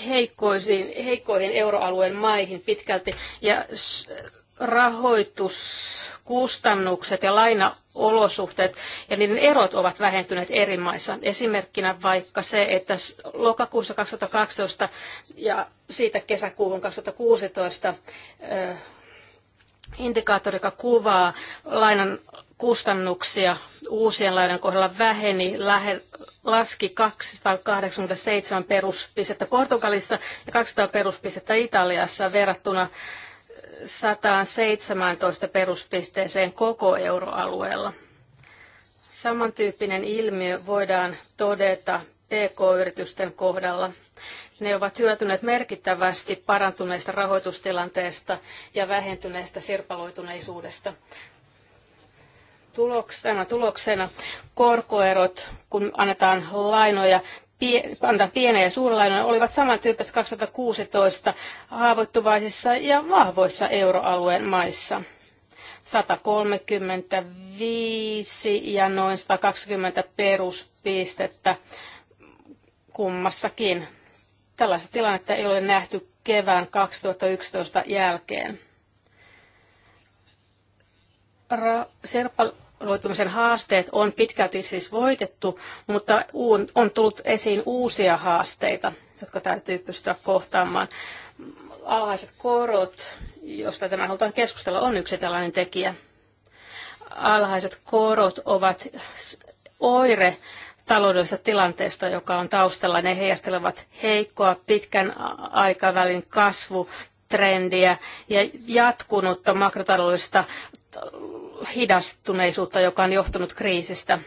[SPEAKER 3] heikkoisiin, heikkoihin euroalueen maihin pitkälti ja rahoituskustannukset ja lainaolosuhteet ja niiden erot ovat vähentyneet eri maissa. Esimerkkinä vaikka se, että lokakuussa 2012 ja siitä kesäkuuhun 2016 indikaattori, joka kuvaa lainan kustannuksia uusien lainojen kohdalla väheni, lähe, laski 287 peruspistettä Portugalissa ja 200 peruspistettä Italiassa verrattuna 117 peruspisteeseen koko euroalueella. Samantyyppinen ilmiö voidaan todeta PK-yritysten kohdalla. Ne ovat hyötyneet merkittävästi parantuneesta rahoitustilanteesta ja vähentyneestä sirpaloituneisuudesta tuloksena, tuloksena korkoerot, kun annetaan lainoja, pie, antaa pieniä ja suurlainoja, olivat samantyyppiset 2016 haavoittuvaisissa ja vahvoissa euroalueen maissa. 135 ja noin 120 peruspistettä kummassakin. Tällaista tilannetta ei ole nähty kevään 2011 jälkeen serpaloitumisen haasteet on pitkälti siis voitettu, mutta on tullut esiin uusia haasteita, jotka täytyy pystyä kohtaamaan. Alhaiset korot, josta tämä halutaan keskustella, on yksi tällainen tekijä. Alhaiset korot ovat oire taloudellisesta tilanteesta, joka on taustalla. Ne heijastelevat heikkoa pitkän aikavälin kasvu, trendiä ja jatkunutta makrotaloudellista hidastuneisuutta, joka on johtunut kriisistä.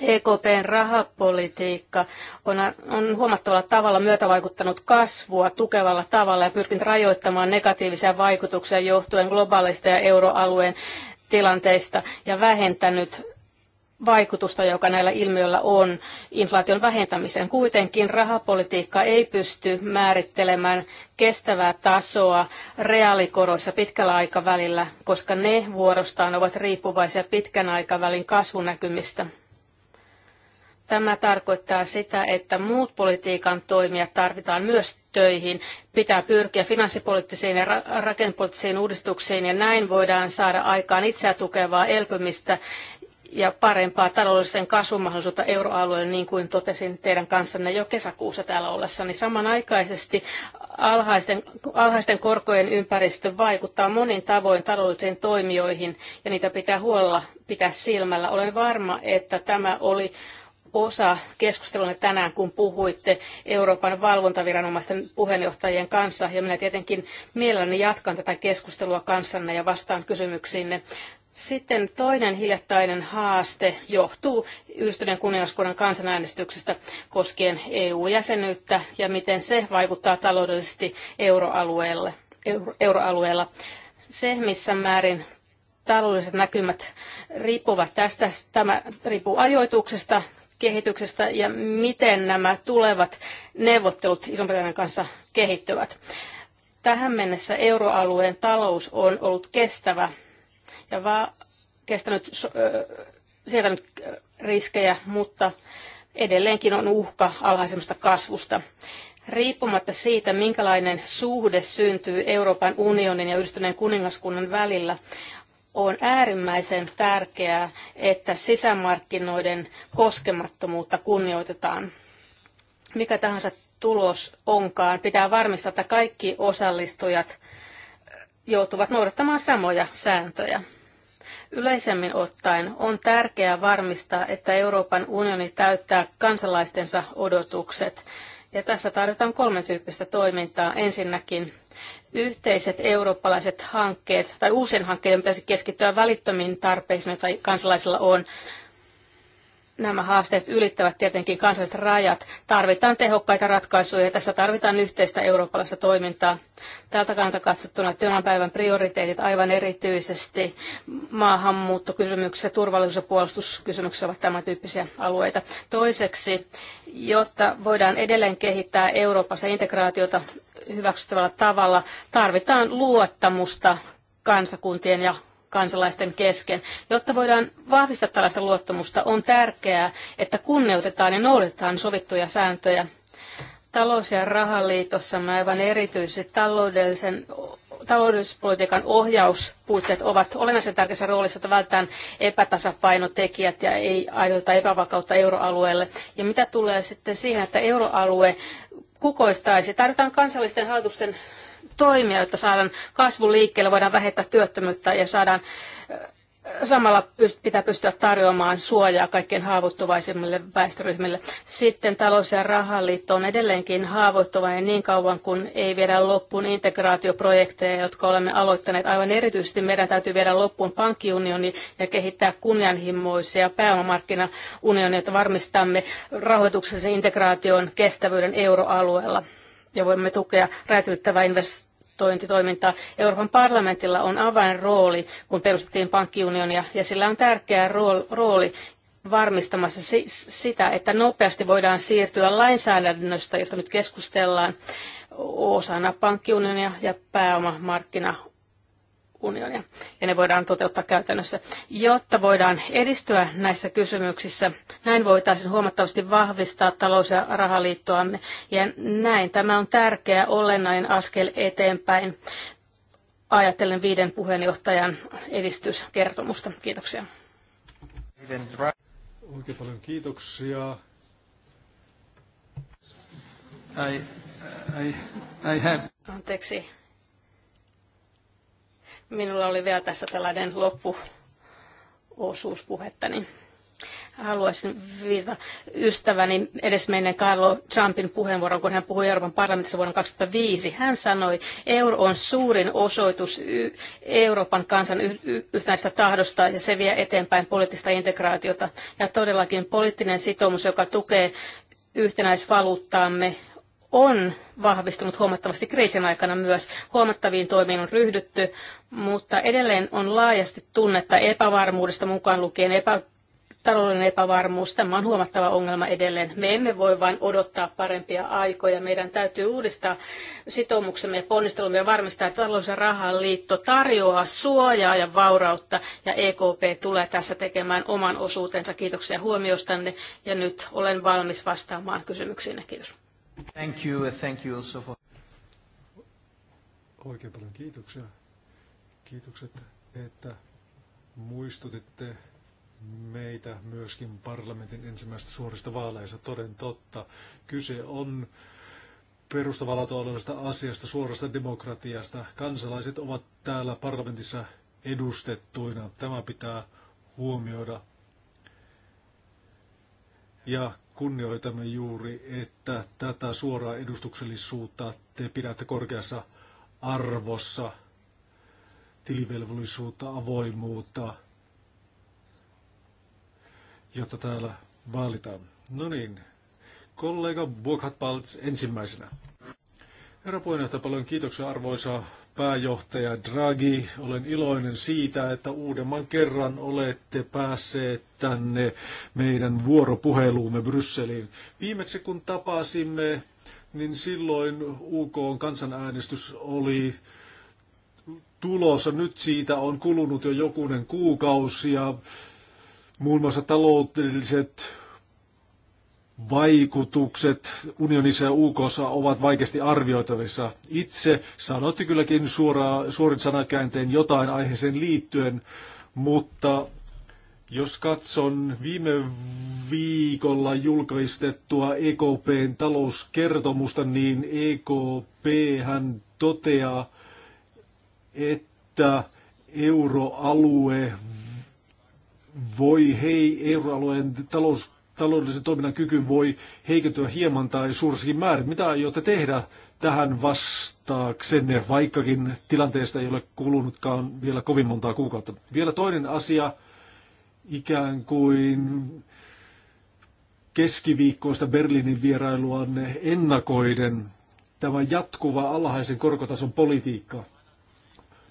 [SPEAKER 3] EKPn rahapolitiikka on, on huomattavalla tavalla myötävaikuttanut kasvua tukevalla tavalla ja pyrkinyt rajoittamaan negatiivisia vaikutuksia johtuen globaalista ja euroalueen tilanteista ja vähentänyt vaikutusta, joka näillä ilmiöillä on inflaation vähentämiseen. Kuitenkin rahapolitiikka ei pysty määrittelemään kestävää tasoa reaalikoroissa pitkällä aikavälillä, koska ne vuorostaan ovat riippuvaisia pitkän aikavälin kasvunäkymistä. Tämä tarkoittaa sitä, että muut politiikan toimijat tarvitaan myös töihin. Pitää pyrkiä finanssipoliittisiin ja rakennepoliittisiin uudistuksiin ja näin voidaan saada aikaan itseä tukevaa elpymistä ja parempaa taloudellisen kasvumahdollisuutta euroalueelle, niin kuin totesin teidän kanssanne jo kesäkuussa täällä ollessani. Samanaikaisesti alhaisten, alhaisten korkojen ympäristö vaikuttaa monin tavoin taloudellisiin toimijoihin, ja niitä pitää huolella pitää silmällä. Olen varma, että tämä oli osa keskustelunne tänään, kun puhuitte Euroopan valvontaviranomaisten puheenjohtajien kanssa. Ja minä tietenkin mielelläni jatkan tätä keskustelua kanssanne ja vastaan kysymyksiinne. Sitten toinen hiljattainen haaste johtuu Yhdistyneen kuningaskunnan kansanäänestyksestä koskien EU-jäsenyyttä ja miten se vaikuttaa taloudellisesti euroalueelle, euro, euroalueella. Se, missä määrin taloudelliset näkymät riippuvat tästä, tämä riippuu ajoituksesta, kehityksestä ja miten nämä tulevat neuvottelut Iso-Britannian kanssa kehittyvät. Tähän mennessä euroalueen talous on ollut kestävä ja vaan kestänyt, sietänyt riskejä, mutta edelleenkin on uhka alhaisemmasta kasvusta. Riippumatta siitä, minkälainen suhde syntyy Euroopan unionin ja yhdistyneen kuningaskunnan välillä, on äärimmäisen tärkeää, että sisämarkkinoiden koskemattomuutta kunnioitetaan. Mikä tahansa tulos onkaan, pitää varmistaa, että kaikki osallistujat joutuvat noudattamaan samoja sääntöjä. Yleisemmin ottaen on tärkeää varmistaa, että Euroopan unioni täyttää kansalaistensa odotukset. Ja tässä tarvitaan kolmen tyyppistä toimintaa. Ensinnäkin yhteiset eurooppalaiset hankkeet tai uusien hankkeiden pitäisi keskittyä välittömiin tarpeisiin, joita kansalaisilla on. Nämä haasteet ylittävät tietenkin kansalliset rajat. Tarvitaan tehokkaita ratkaisuja ja tässä tarvitaan yhteistä eurooppalaista toimintaa. Tältä kannalta katsottuna tämän päivän prioriteetit aivan erityisesti maahanmuuttokysymyksissä, turvallisuus- ja puolustuskysymyksissä ovat tämän tyyppisiä alueita. Toiseksi, jotta voidaan edelleen kehittää Euroopassa integraatiota hyväksyttävällä tavalla, tarvitaan luottamusta kansakuntien ja kansalaisten kesken. Jotta voidaan vahvistaa tällaista luottamusta, on tärkeää, että kunnioitetaan ja noudatetaan sovittuja sääntöjä. Talous- ja rahaliitossa aivan erityisesti taloudellisen taloudellispolitiikan ohjauspuutteet ovat olennaisen tärkeässä roolissa, että vältetään epätasapainotekijät ja ei aiheuta epävakautta euroalueelle. Ja mitä tulee sitten siihen, että euroalue kukoistaisi. Tarvitaan kansallisten hallitusten toimia, jotta saadaan kasvu liikkeelle, voidaan vähentää työttömyyttä ja saadaan samalla pitää pystyä tarjoamaan suojaa kaikkein haavoittuvaisimmille väestöryhmille. Sitten talous- ja rahaliitto on edelleenkin haavoittuvainen niin kauan, kun ei viedä loppuun integraatioprojekteja, jotka olemme aloittaneet. Aivan erityisesti meidän täytyy viedä loppuun pankkiunioni ja kehittää kunnianhimoisia pääomamarkkinaunionia, että varmistamme rahoituksellisen integraation kestävyyden euroalueella ja voimme tukea räätyyttävää investointia raportointitoiminta. Euroopan parlamentilla on avainrooli, kun perustettiin pankkiunionia, ja sillä on tärkeä rooli varmistamassa sitä, että nopeasti voidaan siirtyä lainsäädännöstä, josta nyt keskustellaan, osana pankkiunionia ja pääomamarkkinaunionia unionia, ja ne voidaan toteuttaa käytännössä. Jotta voidaan edistyä näissä kysymyksissä, näin voitaisiin huomattavasti vahvistaa talous- ja rahaliittoamme, ja näin tämä on tärkeä olennainen askel eteenpäin. Ajattelen viiden puheenjohtajan edistyskertomusta. Kiitoksia.
[SPEAKER 1] Oikein paljon kiitoksia. I, I, I have...
[SPEAKER 3] Anteeksi, Minulla oli vielä tässä tällainen loppuosuuspuhetta, niin Haluaisin viitata ystäväni edesmenneen Carlo Trumpin puheenvuoron, kun hän puhui Euroopan parlamentissa vuonna 2005. Hän sanoi, euro on suurin osoitus Euroopan kansan yhtenäistä tahdosta ja se vie eteenpäin poliittista integraatiota. Ja todellakin poliittinen sitoumus, joka tukee yhtenäisvaluuttaamme on vahvistunut huomattavasti kriisin aikana myös. Huomattaviin toimiin on ryhdytty, mutta edelleen on laajasti tunnetta epävarmuudesta mukaan lukien epä, talouden epävarmuus. Tämä on huomattava ongelma edelleen. Me emme voi vain odottaa parempia aikoja. Meidän täytyy uudistaa sitoumuksemme ja ponnistelumme ja varmistaa, että talous- ja rahaliitto tarjoaa suojaa ja vaurautta. Ja EKP tulee tässä tekemään oman osuutensa. Kiitoksia huomiostanne. Ja nyt olen valmis vastaamaan kysymyksiin. Kiitos. Thank you,
[SPEAKER 1] thank you also for... Oikein paljon kiitoksia. Kiitokset, että muistutitte meitä myöskin parlamentin ensimmäistä suorista vaaleista. Toden totta, kyse on perustavalla asiasta, suorasta demokratiasta. Kansalaiset ovat täällä parlamentissa edustettuina. Tämä pitää huomioida. Ja kunnioitamme juuri, että tätä suoraa edustuksellisuutta te pidätte korkeassa arvossa, tilivelvollisuutta, avoimuutta, jota täällä vaalitaan. No niin, kollega Burkhard Paltz ensimmäisenä. Herra puheenjohtaja, paljon kiitoksia arvoisa pääjohtaja Draghi, olen iloinen siitä, että uudemman kerran olette päässeet tänne meidän vuoropuheluumme Brysseliin. Viimeksi kun tapasimme, niin silloin UK kansanäänestys oli tulossa. Nyt siitä on kulunut jo jokunen kuukausi ja muun muassa taloudelliset vaikutukset unionissa ja UKssa ovat vaikeasti arvioitavissa. Itse sanoitte kylläkin suoraan, suorin sanakäänteen jotain aiheeseen liittyen, mutta jos katson viime viikolla julkaistettua EKPn talouskertomusta, niin EKP hän toteaa, että euroalue voi hei, euroalueen talous taloudellisen toiminnan kyky voi heikentyä hieman tai suurissakin määrin. Mitä aiotte tehdä tähän vastaaksenne, vaikkakin tilanteesta ei ole kulunutkaan vielä kovin montaa kuukautta? Vielä toinen asia, ikään kuin keskiviikkoista Berliinin vierailuanne ennakoiden tämä jatkuva alhaisen korkotason politiikka.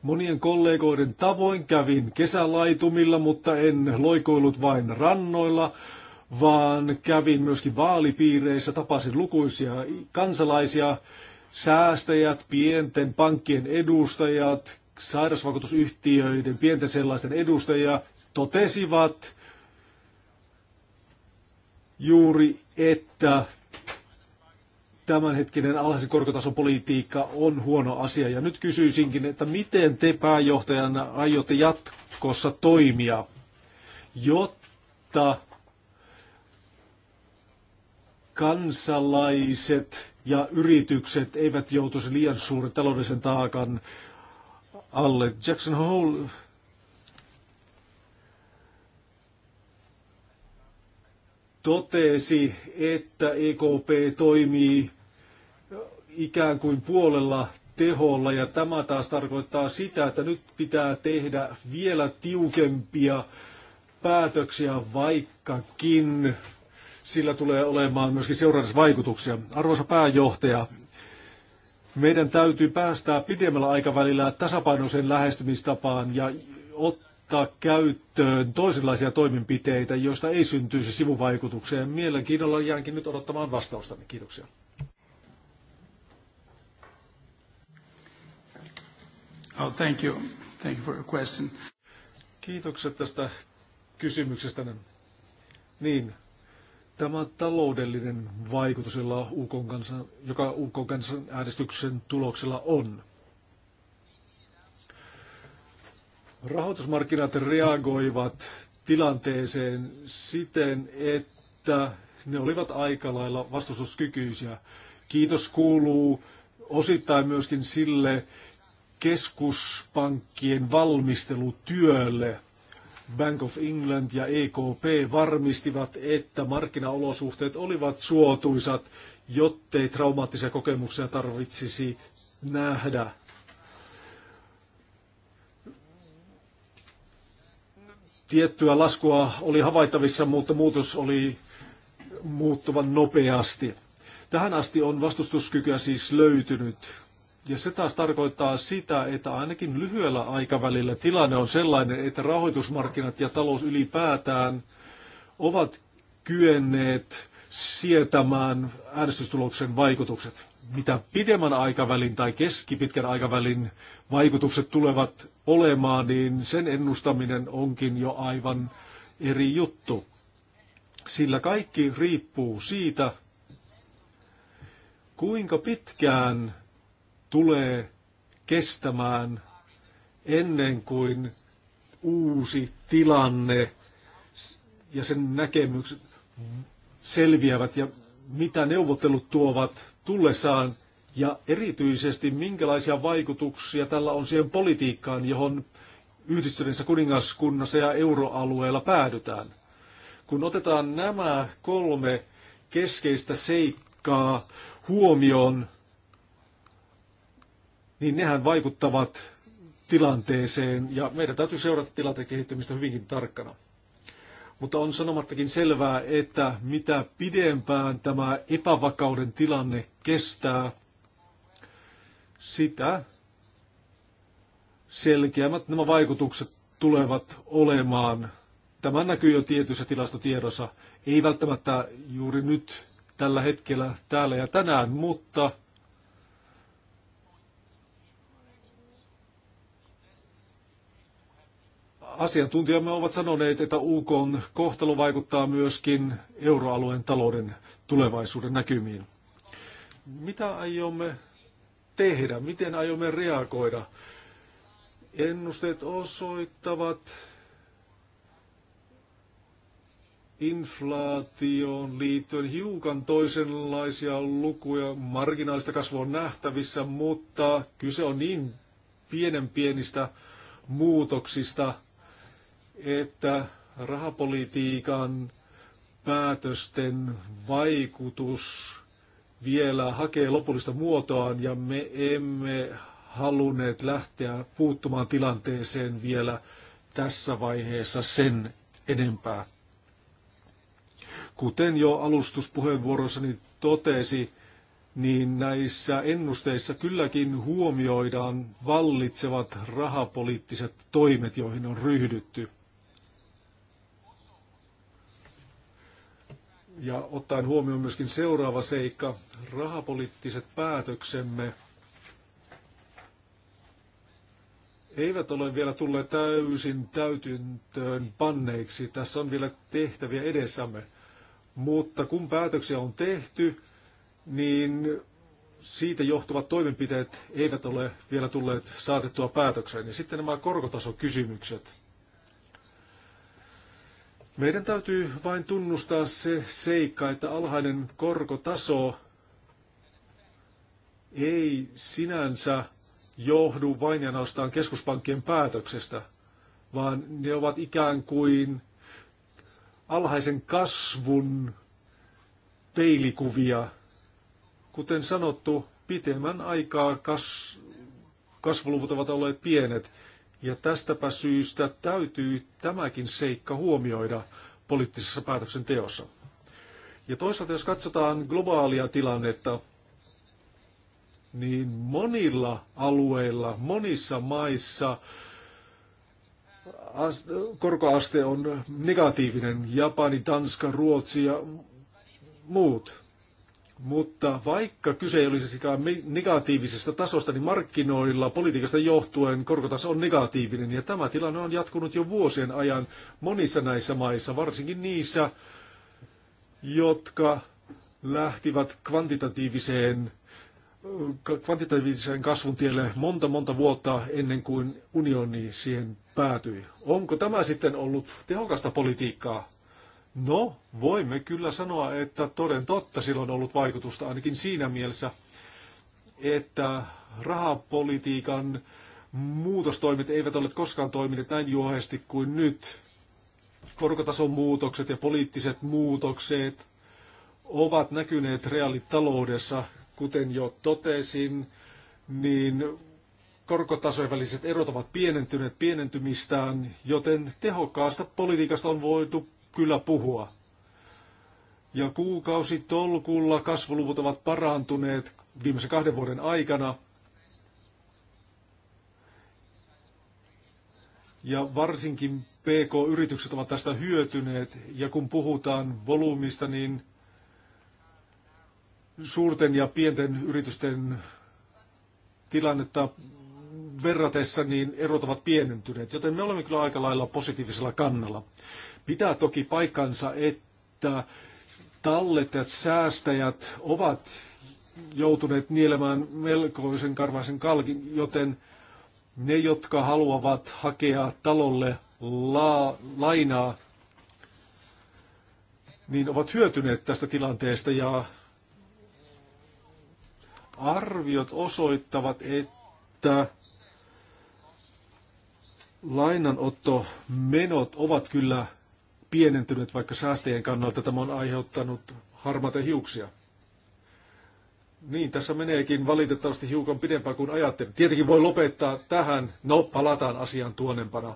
[SPEAKER 1] Monien kollegoiden tavoin kävin kesälaitumilla, mutta en loikoillut vain rannoilla, vaan kävin myöskin vaalipiireissä, tapasin lukuisia kansalaisia, säästäjät, pienten pankkien edustajat, sairausvakuutusyhtiöiden, pienten sellaisten edustajia totesivat juuri, että tämänhetkinen alhaisen korkotason politiikka on huono asia. Ja nyt kysyisinkin, että miten te pääjohtajana aiotte jatkossa toimia, jotta kansalaiset ja yritykset eivät joutuisi liian suuren taloudellisen taakan alle. Jackson Hole totesi, että EKP toimii ikään kuin puolella teholla ja tämä taas tarkoittaa sitä, että nyt pitää tehdä vielä tiukempia päätöksiä, vaikkakin sillä tulee olemaan myöskin seurannusvaikutuksia. Arvoisa pääjohtaja, meidän täytyy päästää pidemmällä aikavälillä tasapainoisen lähestymistapaan ja ottaa käyttöön toisenlaisia toimenpiteitä, joista ei syntyisi sivuvaikutuksia. Mielenkiinnolla jäänkin nyt odottamaan vastaustanne. Kiitoksia. Oh, thank you. Thank you for your question. Kiitokset tästä kysymyksestä. Niin, tämä taloudellinen vaikutus, jolla UK kansan, joka UK kansan äänestyksen tuloksella on? Rahoitusmarkkinat reagoivat tilanteeseen siten, että ne olivat aika lailla vastustuskykyisiä. Kiitos kuuluu osittain myöskin sille keskuspankkien valmistelutyölle, Bank of England ja EKP varmistivat, että markkinaolosuhteet olivat suotuisat, jottei traumaattisia kokemuksia tarvitsisi nähdä. Tiettyä laskua oli havaittavissa, mutta muutos oli muuttuvan nopeasti. Tähän asti on vastustuskykyä siis löytynyt ja se taas tarkoittaa sitä, että ainakin lyhyellä aikavälillä tilanne on sellainen, että rahoitusmarkkinat ja talous ylipäätään ovat kyenneet sietämään äänestystuloksen vaikutukset. Mitä pidemmän aikavälin tai keskipitkän aikavälin vaikutukset tulevat olemaan, niin sen ennustaminen onkin jo aivan eri juttu. Sillä kaikki riippuu siitä, kuinka pitkään tulee kestämään ennen kuin uusi tilanne ja sen näkemykset selviävät ja mitä neuvottelut tuovat tullessaan ja erityisesti minkälaisia vaikutuksia tällä on siihen politiikkaan, johon yhdistyneessä kuningaskunnassa ja euroalueella päädytään. Kun otetaan nämä kolme keskeistä seikkaa huomioon, niin nehän vaikuttavat tilanteeseen ja meidän täytyy seurata tilanteen kehittymistä hyvinkin tarkkana. Mutta on sanomattakin selvää, että mitä pidempään tämä epävakauden tilanne kestää, sitä selkeämmät nämä vaikutukset tulevat olemaan. Tämä näkyy jo tietyissä tilastotiedossa. Ei välttämättä juuri nyt tällä hetkellä täällä ja tänään, mutta asiantuntijamme ovat sanoneet, että UK on kohtalo vaikuttaa myöskin euroalueen talouden tulevaisuuden näkymiin. Mitä aiomme tehdä? Miten aiomme reagoida? Ennusteet osoittavat inflaatioon liittyen hiukan toisenlaisia lukuja. Marginaalista kasvua on nähtävissä, mutta kyse on niin pienen pienistä muutoksista, että rahapolitiikan päätösten vaikutus vielä hakee lopullista muotoaan ja me emme halunneet lähteä puuttumaan tilanteeseen vielä tässä vaiheessa sen enempää. Kuten jo alustuspuheenvuorossani totesi, niin näissä ennusteissa kylläkin huomioidaan vallitsevat rahapoliittiset toimet, joihin on ryhdytty. Ja ottaen huomioon myöskin seuraava seikka, rahapoliittiset päätöksemme eivät ole vielä tulleet täysin täytyntöön panneiksi. Tässä on vielä tehtäviä edessämme. Mutta kun päätöksiä on tehty, niin siitä johtuvat toimenpiteet eivät ole vielä tulleet saatettua päätökseen. Ja sitten nämä korkotasokysymykset. Meidän täytyy vain tunnustaa se seikka, että alhainen korkotaso ei sinänsä johdu vain ja ainoastaan keskuspankkien päätöksestä, vaan ne ovat ikään kuin alhaisen kasvun peilikuvia. Kuten sanottu, pitemmän aikaa kas, kasvuluvut ovat olleet pienet. Ja tästäpä syystä täytyy tämäkin seikka huomioida poliittisessa päätöksenteossa. Ja toisaalta, jos katsotaan globaalia tilannetta, niin monilla alueilla, monissa maissa korkoaste on negatiivinen. Japani, Tanska, Ruotsi ja muut. Mutta vaikka kyse ei olisi negatiivisesta tasosta, niin markkinoilla politiikasta johtuen korkotaso on negatiivinen. Ja tämä tilanne on jatkunut jo vuosien ajan monissa näissä maissa, varsinkin niissä, jotka lähtivät kvantitatiiviseen, kvantitatiivisen kasvun tielle monta monta vuotta ennen kuin unioni siihen päätyi. Onko tämä sitten ollut tehokasta politiikkaa? No, voimme kyllä sanoa, että toden totta sillä on ollut vaikutusta ainakin siinä mielessä, että rahapolitiikan muutostoimet eivät ole koskaan toimineet näin juohesti kuin nyt. Korkotason muutokset ja poliittiset muutokset ovat näkyneet reaalitaloudessa, kuten jo totesin, niin korkotasojen väliset erot ovat pienentyneet pienentymistään, joten tehokkaasta politiikasta on voitu kyllä puhua. Ja kuukausitolkulla kasvuluvut ovat parantuneet viimeisen kahden vuoden aikana. Ja varsinkin PK-yritykset ovat tästä hyötyneet. Ja kun puhutaan volyymista, niin suurten ja pienten yritysten tilannetta verratessa, niin erot ovat pienentyneet, joten me olemme kyllä aika lailla positiivisella kannalla. Pitää toki paikkansa, että talletet säästäjät ovat joutuneet nielemään melkoisen karvaisen kalkin, joten ne, jotka haluavat hakea talolle la- lainaa, niin ovat hyötyneet tästä tilanteesta ja arviot osoittavat, että lainanottomenot ovat kyllä pienentynyt, vaikka säästäjien kannalta tämä on aiheuttanut harmaita hiuksia. Niin, tässä meneekin valitettavasti hiukan pidempään kuin ajattelin. Tietenkin voi lopettaa tähän. No, palataan asiaan tuonempana.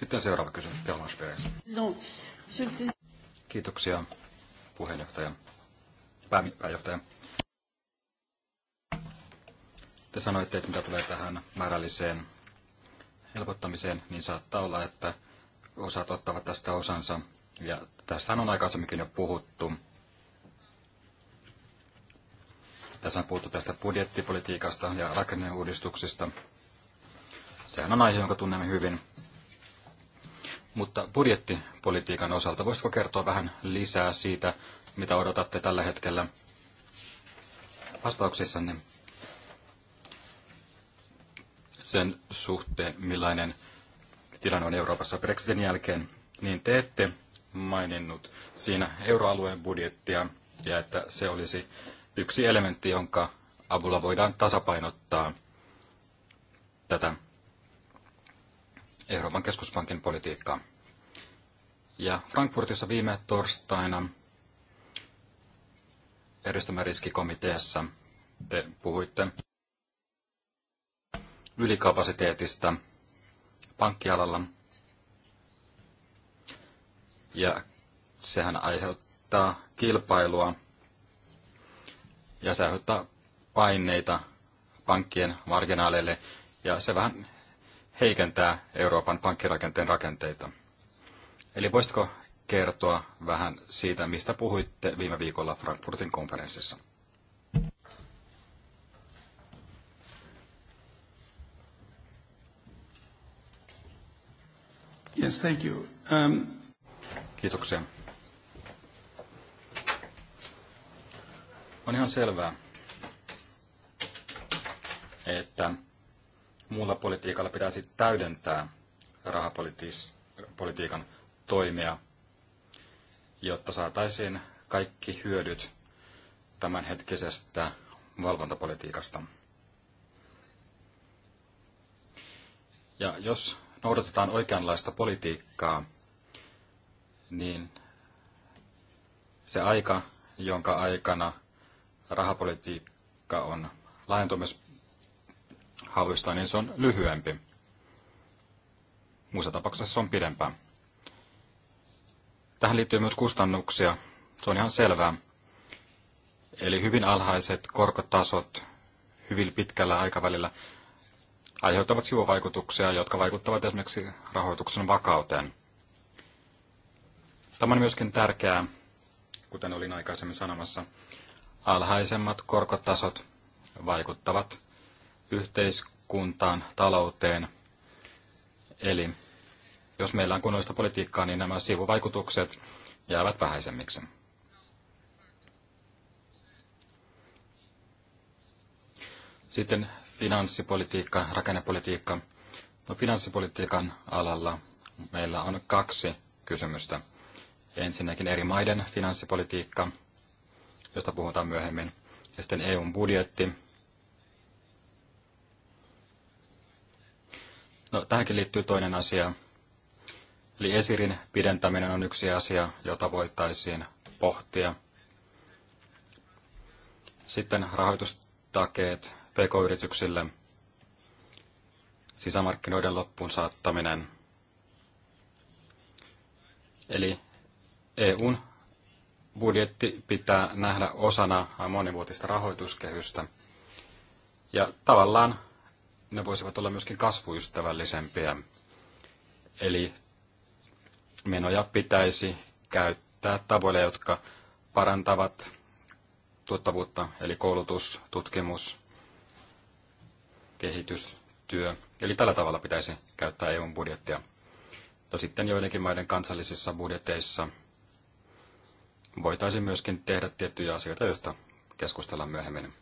[SPEAKER 2] Nyt on seuraava kysymys, Pelmas Perez. No, Kiitoksia, puheenjohtaja. pääjohtaja. Te sanoitte, että mitä tulee tähän määrälliseen helpottamiseen, niin saattaa olla, että osat ottavat tästä osansa. Ja tästä on aikaisemminkin jo puhuttu. Tässä on puhuttu tästä budjettipolitiikasta ja rakenneuudistuksista. Sehän on aihe, jonka tunnemme hyvin. Mutta budjettipolitiikan osalta voisitko kertoa vähän lisää siitä, mitä odotatte tällä hetkellä vastauksissanne? sen suhteen, millainen tilanne on Euroopassa Brexitin jälkeen, niin te ette maininnut siinä euroalueen budjettia ja että se olisi yksi elementti, jonka avulla voidaan tasapainottaa tätä Euroopan keskuspankin politiikkaa. Ja Frankfurtissa viime torstaina järjestelmäriskikomiteassa te puhuitte ylikapasiteetista pankkialalla. Ja sehän aiheuttaa kilpailua ja se aiheuttaa paineita pankkien marginaaleille ja se vähän heikentää Euroopan pankkirakenteen rakenteita. Eli voisitko kertoa vähän siitä, mistä puhuitte viime viikolla Frankfurtin konferenssissa?
[SPEAKER 1] Yes, thank you. Um,
[SPEAKER 2] Kiitoksia. On ihan selvää, että muulla politiikalla pitäisi täydentää rahapolitiikan toimia, jotta saataisiin kaikki hyödyt tämänhetkisestä valvontapolitiikasta. Ja jos noudatetaan oikeanlaista politiikkaa, niin se aika, jonka aikana rahapolitiikka on laajentumishaluista, niin se on lyhyempi. Muussa tapauksessa se on pidempää. Tähän liittyy myös kustannuksia. Se on ihan selvää. Eli hyvin alhaiset korkotasot hyvin pitkällä aikavälillä aiheuttavat sivuvaikutuksia, jotka vaikuttavat esimerkiksi rahoituksen vakauteen. Tämä on myöskin tärkeää, kuten olin aikaisemmin sanomassa, alhaisemmat korkotasot vaikuttavat yhteiskuntaan, talouteen. Eli jos meillä on kunnollista politiikkaa, niin nämä sivuvaikutukset jäävät vähäisemmiksi. Sitten finanssipolitiikka, rakennepolitiikka. No, finanssipolitiikan alalla meillä on kaksi kysymystä. Ensinnäkin eri maiden finanssipolitiikka, josta puhutaan myöhemmin, ja sitten EUn budjetti. No, tähänkin liittyy toinen asia. Eli esirin pidentäminen on yksi asia, jota voitaisiin pohtia. Sitten rahoitustakeet pk-yrityksille, sisämarkkinoiden loppuun saattaminen. Eli EUn budjetti pitää nähdä osana monivuotista rahoituskehystä. Ja tavallaan ne voisivat olla myöskin kasvuystävällisempiä. Eli menoja pitäisi käyttää tavoille, jotka parantavat tuottavuutta, eli koulutus, tutkimus, kehitystyö. Eli tällä tavalla pitäisi käyttää EUn budjettia. No sitten joidenkin maiden kansallisissa budjeteissa voitaisiin myöskin tehdä tiettyjä asioita, joista keskustellaan myöhemmin.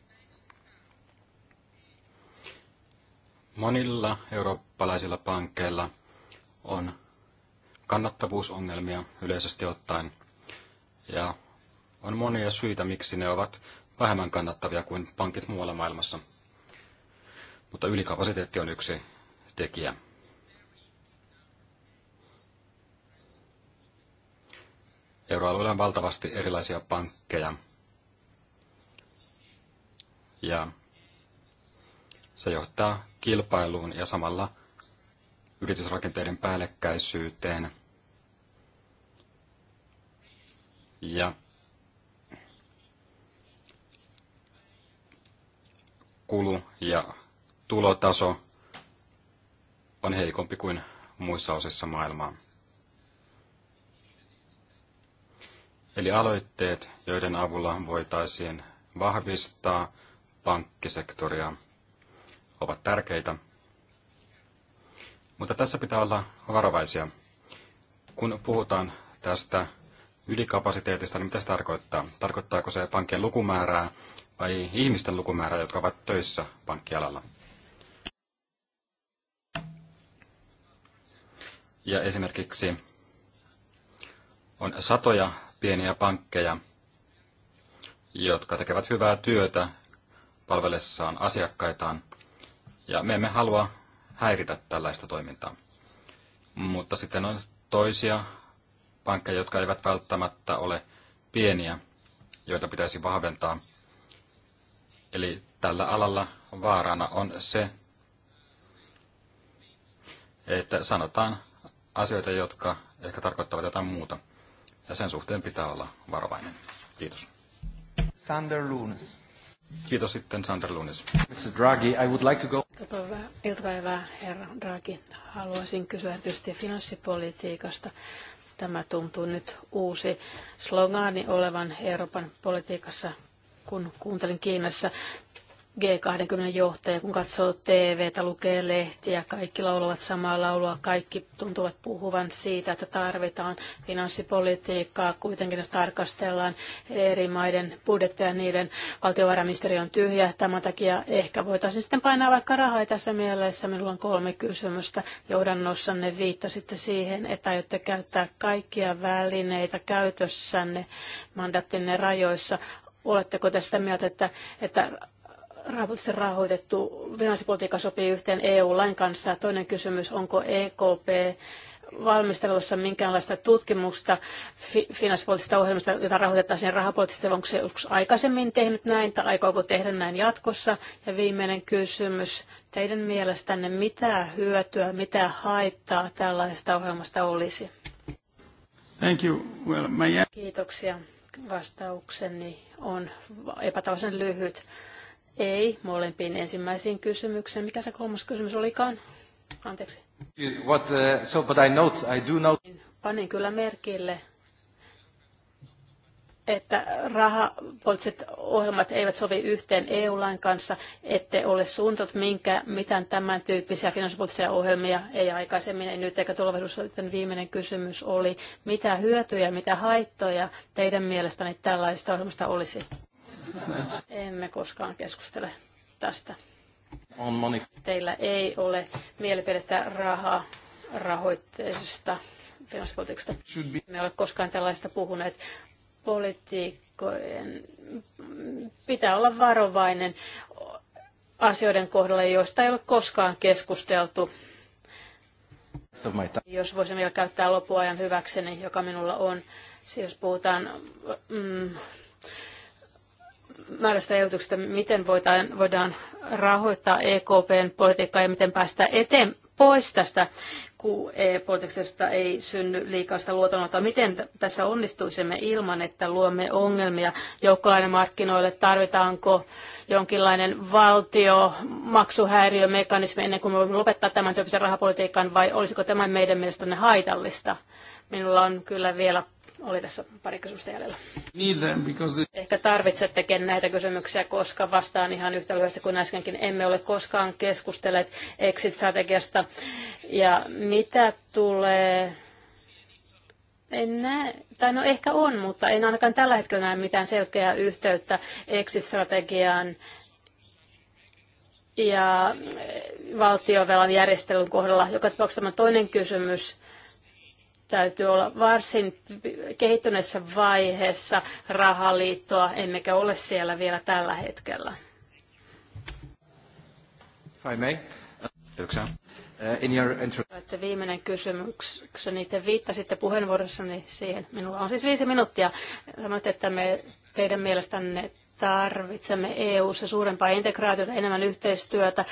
[SPEAKER 2] Monilla eurooppalaisilla pankeilla on kannattavuusongelmia yleisesti ottaen, ja on monia syitä, miksi ne ovat vähemmän kannattavia kuin pankit muualla maailmassa. Mutta ylikapasiteetti on yksi tekijä. Euroalueella on valtavasti erilaisia pankkeja. Ja se johtaa kilpailuun ja samalla yritysrakenteiden päällekkäisyyteen. Ja kulu- ja tulotaso on heikompi kuin muissa osissa maailmaa. Eli aloitteet, joiden avulla voitaisiin vahvistaa pankkisektoria, ovat tärkeitä. Mutta tässä pitää olla varovaisia. Kun puhutaan tästä ylikapasiteetista, niin mitä se tarkoittaa? Tarkoittaako se pankkien lukumäärää vai ihmisten lukumäärää, jotka ovat töissä pankkialalla? Ja esimerkiksi on satoja pieniä pankkeja, jotka tekevät hyvää työtä palvellessaan asiakkaitaan, ja me emme halua häiritä tällaista toimintaa. Mutta sitten on toisia pankkeja, jotka eivät välttämättä ole pieniä, joita pitäisi vahventaa. Eli tällä alalla vaarana on se, että sanotaan asioita, jotka ehkä tarkoittavat jotain muuta. Ja sen suhteen pitää olla varovainen. Kiitos. Sander Lunes. Kiitos sitten Sander Lunes. Mr. Draghi, I would like to go...
[SPEAKER 3] Iltapäivää, iltapäivää herra Draghi. Haluaisin kysyä erityisesti finanssipolitiikasta. Tämä tuntuu nyt uusi slogani olevan Euroopan politiikassa, kun kuuntelin Kiinassa G20-johtaja, kun katsoo TVtä, lukee lehtiä, kaikki laulavat samaa laulua, kaikki tuntuvat puhuvan siitä, että tarvitaan finanssipolitiikkaa, kuitenkin jos tarkastellaan eri maiden budjetteja, niiden valtiovarainministeri on tyhjä. Tämän takia ehkä voitaisiin sitten painaa vaikka rahaa tässä mielessä. Minulla on kolme kysymystä. Johdannossanne viittasitte siihen, että aiotte käyttää kaikkia välineitä käytössänne mandattinne rajoissa. Oletteko tästä mieltä, että, että rahoituksessa rahoitettu finanssipolitiikka sopii yhteen EU-lain kanssa. Toinen kysymys, onko EKP valmistelussa minkäänlaista tutkimusta fi- finanssipoliittisesta ohjelmasta, jota rahoitettaisiin rahapoliittisesti, onko se joskus aikaisemmin tehnyt näin tai aikooko tehdä näin jatkossa? Ja viimeinen kysymys, teidän mielestänne mitä hyötyä, mitä haittaa tällaisesta ohjelmasta olisi?
[SPEAKER 1] Thank you. Well, my...
[SPEAKER 3] Kiitoksia. Vastaukseni on epätavallisen lyhyt. Ei, molempiin ensimmäisiin kysymykseen. Mikä se kolmas kysymys olikaan? Anteeksi.
[SPEAKER 1] What, uh, so, but I note, I do note. Niin,
[SPEAKER 3] panin kyllä merkille, että rahapoliittiset ohjelmat eivät sovi yhteen EU-lain kanssa, ette ole suunnitellut minkä, mitään tämän tyyppisiä finanssipoliittisia ohjelmia, ei aikaisemmin, ei nyt eikä tulevaisuudessa. Viimeinen kysymys oli, mitä hyötyjä, mitä haittoja teidän mielestäni tällaista ohjelmasta olisi? Emme koskaan keskustele tästä. On moni. Teillä ei ole mielipidettä rahaa rahoitteisesta finanssipolitiikasta. Me ole koskaan tällaista puhuneet. Politiikkojen pitää olla varovainen asioiden kohdalla, joista ei ole koskaan keskusteltu. Jos voisin vielä käyttää lopuajan hyväkseni, joka minulla on, siis jos puhutaan mm, määrästä ehdotuksesta, miten voidaan, voidaan rahoittaa EKPn politiikkaa ja miten päästä eteen pois tästä QE-politiikasta ei synny liikaa sitä luotonottoa. Miten tässä onnistuisimme ilman, että luomme ongelmia joukkolainen markkinoille? Tarvitaanko jonkinlainen valtio, maksuhäiriömekanismi ennen kuin me voimme lopettaa tämän tyyppisen rahapolitiikan vai olisiko tämä meidän mielestämme haitallista? Minulla on kyllä vielä oli tässä pari kysymystä jäljellä.
[SPEAKER 1] Niin, because...
[SPEAKER 3] Ehkä tarvitsettekin näitä kysymyksiä, koska vastaan ihan yhtä lyhyesti kuin äskenkin. Emme ole koskaan keskustelleet exit-strategiasta. Ja mitä tulee en näe, tai no ehkä on, mutta en ainakaan tällä hetkellä näe mitään selkeää yhteyttä exit-strategiaan ja valtiovelan järjestelyn kohdalla. Joka tapauksessa tämä toinen kysymys täytyy olla varsin kehittyneessä vaiheessa rahaliittoa, emmekä ole siellä vielä tällä hetkellä.
[SPEAKER 2] If I may. Uh,
[SPEAKER 3] viimeinen kysymykseni. Te viittasitte puheenvuorossani siihen. Minulla on siis viisi minuuttia. Sanoitte, että me teidän mielestänne tarvitsemme EU-ssa suurempaa integraatiota, enemmän yhteistyötä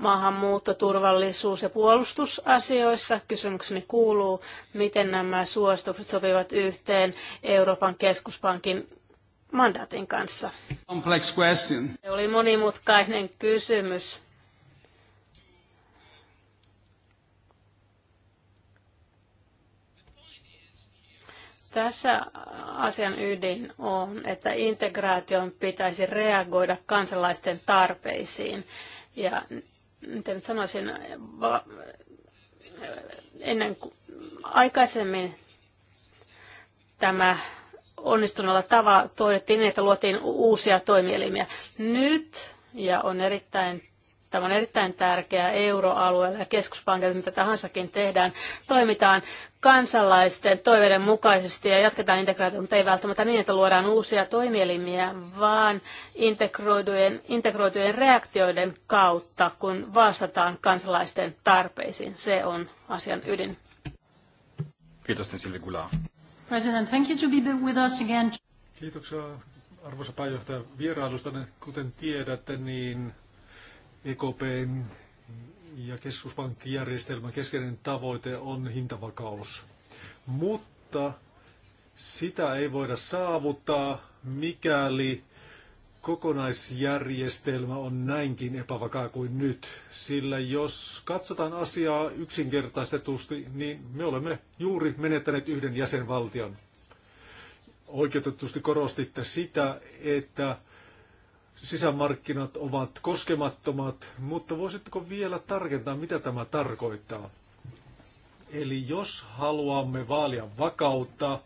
[SPEAKER 3] maahanmuutto, turvallisuus ja puolustusasioissa. Kysymykseni kuuluu, miten nämä suositukset sopivat yhteen Euroopan keskuspankin mandaatin kanssa.
[SPEAKER 1] Complex question.
[SPEAKER 3] Se oli monimutkainen kysymys. Tässä asian ydin on, että integraation pitäisi reagoida kansalaisten tarpeisiin. Ja miten nyt sanoisin, ennen aikaisemmin tämä onnistuneella tavalla toidettiin niin, että luotiin uusia toimielimiä. Nyt, ja on erittäin Tämä on erittäin tärkeää Euroalueella ja keskuspankilla, mitä tahansakin tehdään. Toimitaan kansalaisten toiveiden mukaisesti ja jatketaan integraatiota, mutta ei välttämättä niin, että luodaan uusia toimielimiä, vaan integroitujen, integroitujen reaktioiden kautta, kun vastataan kansalaisten tarpeisiin. Se on asian ydin. Kiitos, niin Silvi President, thank you to be with us again.
[SPEAKER 1] Kiitoksia arvoisa pääjohtaja vierailusta. Niin kuten tiedätte, niin EKPn ja keskuspankkijärjestelmän keskeinen tavoite on hintavakaus. Mutta sitä ei voida saavuttaa, mikäli kokonaisjärjestelmä on näinkin epävakaa kuin nyt. Sillä jos katsotaan asiaa yksinkertaistetusti, niin me olemme juuri menettäneet yhden jäsenvaltion. Oikeutetusti korostitte sitä, että sisämarkkinat ovat koskemattomat, mutta voisitteko vielä tarkentaa, mitä tämä tarkoittaa? Eli jos haluamme vaalia vakautta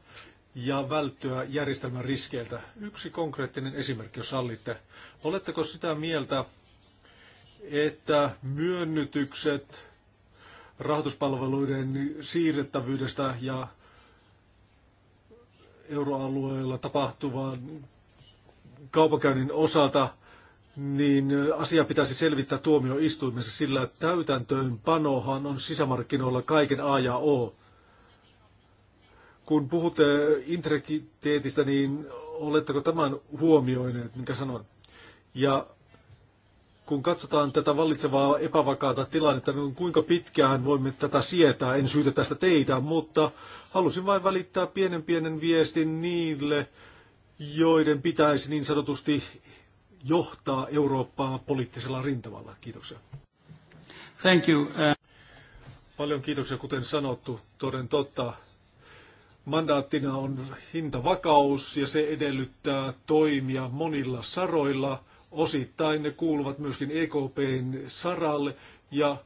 [SPEAKER 1] ja välttyä järjestelmän riskeiltä, yksi konkreettinen esimerkki, jos sallitte. Oletteko sitä mieltä, että myönnytykset rahoituspalveluiden siirrettävyydestä ja euroalueella tapahtuvan kaupankäynnin osalta, niin asia pitäisi selvittää tuomioistuimessa, sillä täytäntöönpanohan on sisämarkkinoilla kaiken A ja O. Kun puhutte integiteetistä, niin oletteko tämän huomioineet, minkä sanon? Ja kun katsotaan tätä vallitsevaa epävakaata tilannetta, niin kuinka pitkään voimme tätä sietää, en syytä tästä teitä, mutta halusin vain välittää pienen pienen viestin niille, joiden pitäisi niin sanotusti johtaa Eurooppaa poliittisella rintamalla. Kiitoksia. Thank you. Uh, Paljon kiitoksia, kuten sanottu, toden totta. Mandaattina on hintavakaus ja se edellyttää toimia monilla saroilla. Osittain ne kuuluvat myöskin EKPn saralle ja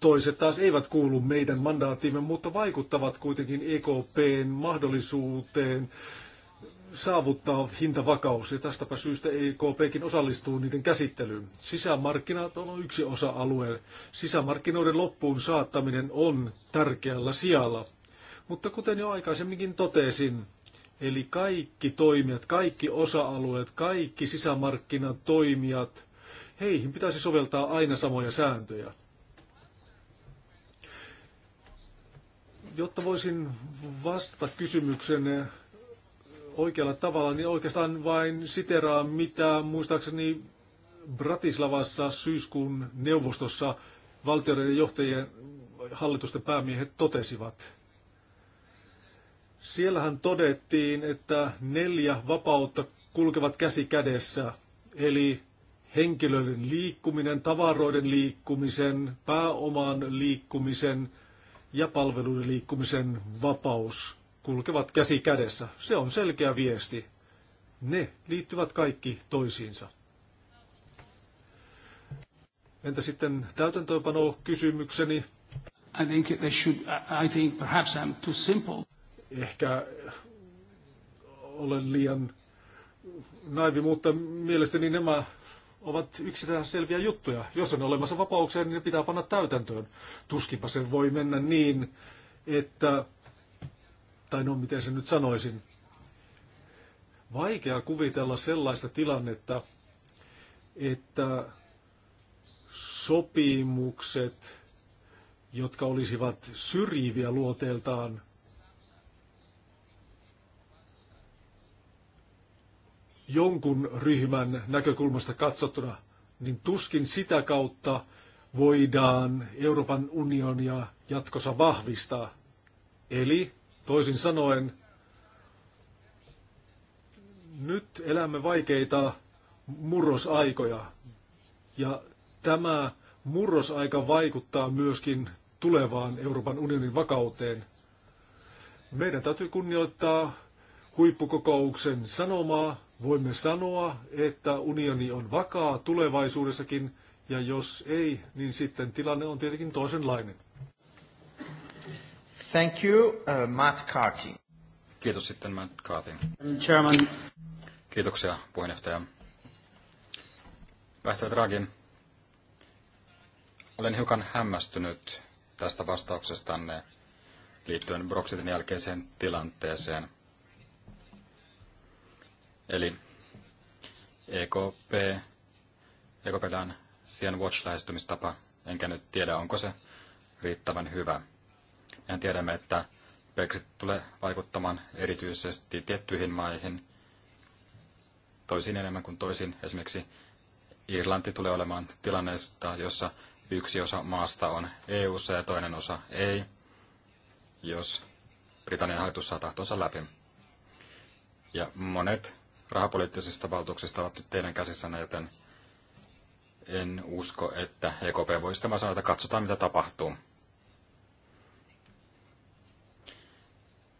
[SPEAKER 1] toiset taas eivät kuulu meidän mandaatiimme, mutta vaikuttavat kuitenkin EKPn mahdollisuuteen saavuttaa hintavakaus ja tästäpä syystä EKPkin osallistuu niiden käsittelyyn. Sisämarkkinat on yksi osa-alue. Sisämarkkinoiden loppuun saattaminen on tärkeällä sijalla. Mutta kuten jo aikaisemminkin totesin, eli kaikki toimijat, kaikki osa-alueet, kaikki toimijat, heihin pitäisi soveltaa aina samoja sääntöjä. Jotta voisin vastata kysymykseen, oikealla tavalla, niin oikeastaan vain siteraan, mitä muistaakseni Bratislavassa syyskuun neuvostossa valtioiden johtajien hallitusten päämiehet totesivat. Siellähän todettiin, että neljä vapautta kulkevat käsi kädessä, eli henkilöiden liikkuminen, tavaroiden liikkumisen, pääoman liikkumisen ja palveluiden liikkumisen vapaus kulkevat käsi kädessä. Se on selkeä viesti. Ne liittyvät kaikki toisiinsa. Entä sitten täytäntöönpano kysymykseni? I think they should, I think perhaps I'm too simple. Ehkä olen liian naivi, mutta mielestäni nämä ovat yksitään selviä juttuja. Jos on olemassa vapauksia, niin ne pitää panna täytäntöön. Tuskinpa se voi mennä niin, että tai no miten sen nyt sanoisin, vaikea kuvitella sellaista tilannetta, että sopimukset, jotka olisivat syrjiviä luoteeltaan, jonkun ryhmän näkökulmasta katsottuna, niin tuskin sitä kautta voidaan Euroopan unionia jatkossa vahvistaa. Eli Toisin sanoen, nyt elämme vaikeita murrosaikoja ja tämä murrosaika vaikuttaa myöskin tulevaan Euroopan unionin vakauteen. Meidän täytyy kunnioittaa huippukokouksen sanomaa. Voimme sanoa, että unioni on vakaa tulevaisuudessakin, ja jos ei, niin sitten tilanne on tietenkin toisenlainen.
[SPEAKER 3] Thank you, uh,
[SPEAKER 2] Matt Carty. Kiitos sitten Matt Carty. Chairman. Kiitoksia puheenjohtaja. Päihtäjä Draghi, olen hiukan hämmästynyt tästä vastauksestanne liittyen Brexitin jälkeiseen tilanteeseen. Eli EKP, EKP: on sien Watch-lähestymistapa, enkä nyt tiedä, onko se riittävän hyvä. Mehän tiedämme, että Brexit tulee vaikuttamaan erityisesti tiettyihin maihin, toisiin enemmän kuin toisiin. Esimerkiksi Irlanti tulee olemaan tilanneesta, jossa yksi osa maasta on eu ja toinen osa ei, jos Britannian hallitus saa tahtonsa läpi. Ja monet rahapoliittisista valtuuksista ovat nyt teidän käsissänne, joten en usko, että EKP voi tämä sanoa, että katsotaan mitä tapahtuu.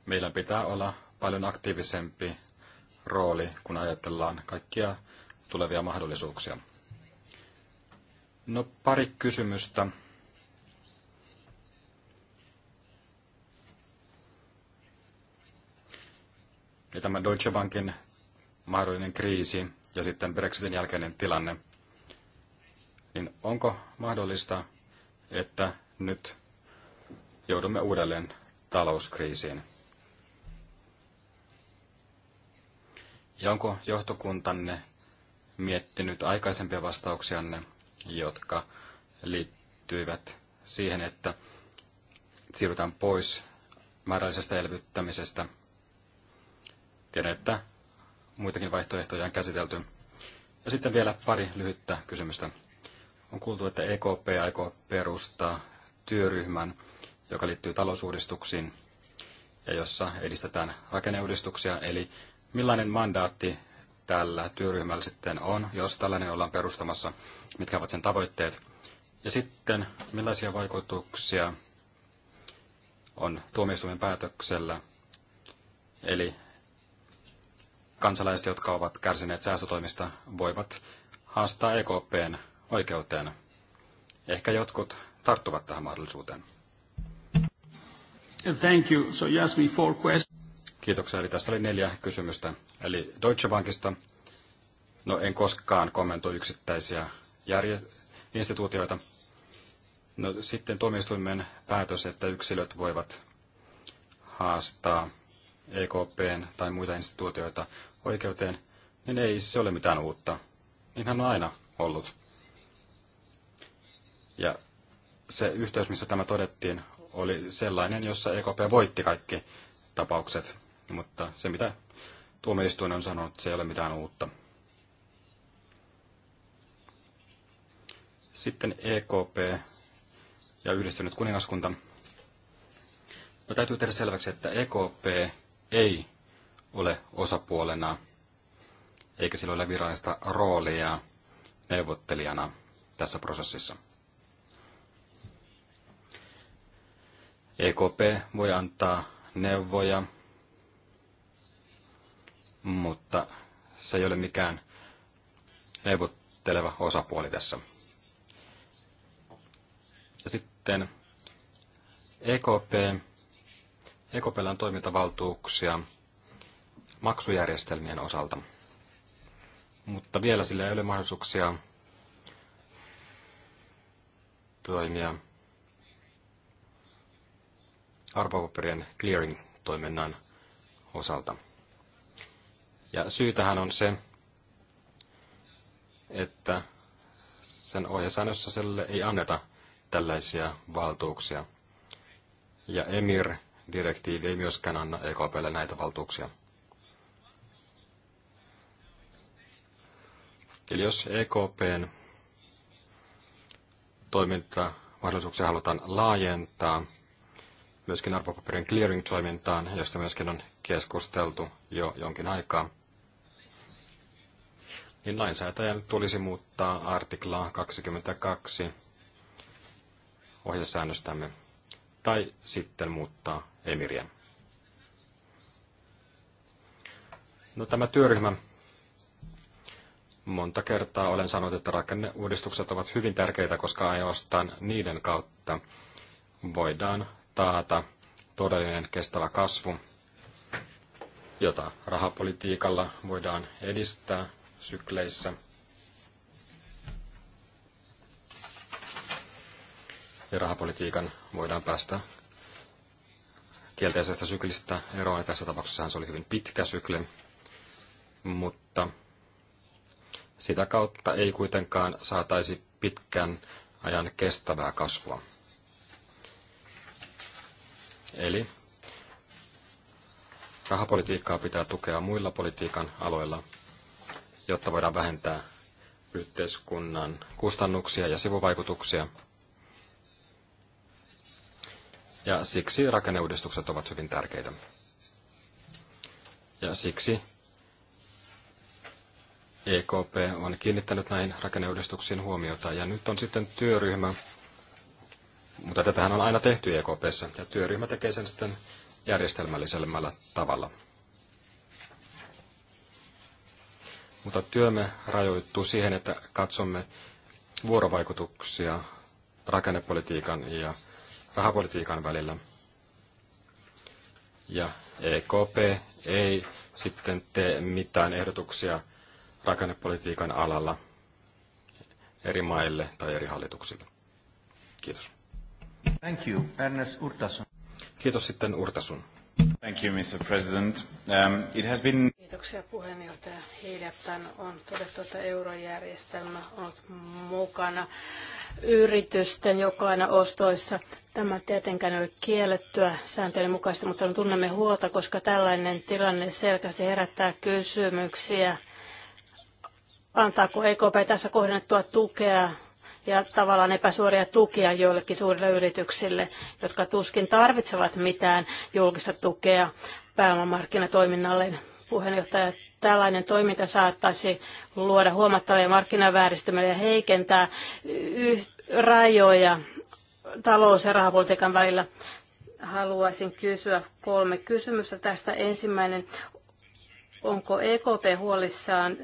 [SPEAKER 2] meillä pitää olla paljon aktiivisempi rooli, kun ajatellaan kaikkia tulevia mahdollisuuksia. No pari kysymystä. Ja tämä Deutsche Bankin mahdollinen kriisi ja sitten Brexitin jälkeinen tilanne. Niin onko mahdollista, että nyt joudumme uudelleen talouskriisiin? Ja onko johtokuntanne miettinyt aikaisempia vastauksianne, jotka liittyivät siihen, että siirrytään pois määrällisestä elvyttämisestä. Tiedän, että muitakin vaihtoehtoja on käsitelty. Ja sitten vielä pari lyhyttä kysymystä. On kuultu, että EKP aikoo perustaa työryhmän, joka liittyy talousuudistuksiin ja jossa edistetään rakenneuudistuksia, eli millainen mandaatti tällä työryhmällä sitten on, jos tällainen ollaan perustamassa, mitkä ovat sen tavoitteet. Ja sitten millaisia vaikutuksia on tuomioistuimen päätöksellä, eli kansalaiset, jotka ovat kärsineet säästötoimista, voivat haastaa EKPn oikeuteen. Ehkä jotkut tarttuvat tähän mahdollisuuteen.
[SPEAKER 1] Thank you. So you
[SPEAKER 2] asked me four questions. Kiitoksia. Eli tässä oli neljä kysymystä. Eli Deutsche Bankista. No en koskaan kommentoi yksittäisiä järje- instituutioita. No sitten tuomioistuimen päätös, että yksilöt voivat haastaa EKPn tai muita instituutioita oikeuteen, niin ei se ole mitään uutta. Niinhän on aina ollut. Ja se yhteys, missä tämä todettiin, oli sellainen, jossa EKP voitti kaikki tapaukset mutta se mitä tuomioistuin on sanonut, se ei ole mitään uutta. Sitten EKP ja yhdistynyt kuningaskunta. No, täytyy tehdä selväksi, että EKP ei ole osapuolena, eikä sillä ole virallista roolia neuvottelijana tässä prosessissa. EKP voi antaa neuvoja mutta se ei ole mikään neuvotteleva osapuoli tässä. Ja sitten EKP, EKPllä on toimintavaltuuksia maksujärjestelmien osalta, mutta vielä sillä ei ole mahdollisuuksia toimia arvopaperien clearing-toiminnan osalta. Ja syytähän on se, että sen ohjesäännössä sille ei anneta tällaisia valtuuksia. Ja EMIR-direktiivi ei myöskään anna EKPlle näitä valtuuksia. Eli jos EKPn toimintamahdollisuuksia halutaan laajentaa myöskin arvopaperin clearing-toimintaan, josta myöskin on keskusteltu jo jonkin aikaa, niin lainsäätäjän tulisi muuttaa artiklaa 22 ohjesäännöstämme tai sitten muuttaa emiriä. No tämä työryhmä. Monta kertaa olen sanonut, että rakenneuudistukset ovat hyvin tärkeitä, koska ainoastaan niiden kautta voidaan taata todellinen kestävä kasvu, jota rahapolitiikalla voidaan edistää sykleissä. Ja rahapolitiikan voidaan päästä kielteisestä syklistä eroon. Ja tässä tapauksessa se oli hyvin pitkä sykli, mutta sitä kautta ei kuitenkaan saataisi pitkän ajan kestävää kasvua. Eli rahapolitiikkaa pitää tukea muilla politiikan aloilla, jotta voidaan vähentää yhteiskunnan kustannuksia ja sivuvaikutuksia. Ja siksi rakenneuudistukset ovat hyvin tärkeitä. Ja siksi EKP on kiinnittänyt näihin rakenneuudistuksiin huomiota. Ja nyt on sitten työryhmä, mutta tätähän on aina tehty EKPssä, ja työryhmä tekee sen sitten järjestelmällisemmällä tavalla. Mutta työmme rajoittuu siihen, että katsomme vuorovaikutuksia rakennepolitiikan ja rahapolitiikan välillä. Ja EKP ei sitten tee mitään ehdotuksia rakennepolitiikan alalla eri maille tai eri hallituksille. Kiitos. Thank you, Ernest Urtasun. Kiitos sitten Urtasun. Thank you, Mr. President. Um, it has been...
[SPEAKER 3] Kiitoksia puheenjohtaja. Hiljattain on todettu, että eurojärjestelmä on ollut mukana yritysten jokaina ostoissa. Tämä tietenkään ei ole kiellettyä sääntelyn mukaista, mutta me tunnemme huolta, koska tällainen tilanne selkeästi herättää kysymyksiä. Antaako EKP tässä kohdennettua tukea ja tavallaan epäsuoria tukia joillekin suurille yrityksille, jotka tuskin tarvitsevat mitään julkista tukea pääomamarkkinatoiminnalleen puheenjohtaja, tällainen toiminta saattaisi luoda huomattavia markkinavääristymiä ja heikentää rajoja talous- ja rahapolitiikan välillä. Haluaisin kysyä kolme kysymystä tästä. Ensimmäinen, onko EKP huolissaan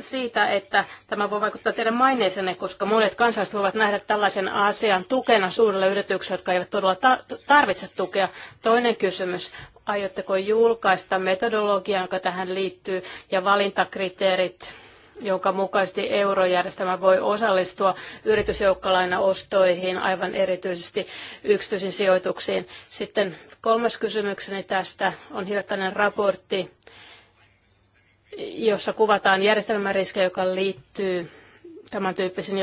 [SPEAKER 3] siitä, että tämä voi vaikuttaa teidän maineisenne, koska monet kansalaiset voivat nähdä tällaisen asian tukena suurille yrityksille, jotka eivät todella tarvitse tukea. Toinen kysymys, aiotteko julkaista metodologian, joka tähän liittyy, ja valintakriteerit, jonka mukaisesti eurojärjestelmä voi osallistua yritysjoukkolainaostoihin, aivan erityisesti yksityisiin sijoituksiin. Sitten kolmas kysymykseni tästä on hiljattainen raportti, jossa kuvataan järjestelmäriskejä, joka liittyy tämän tyyppisiin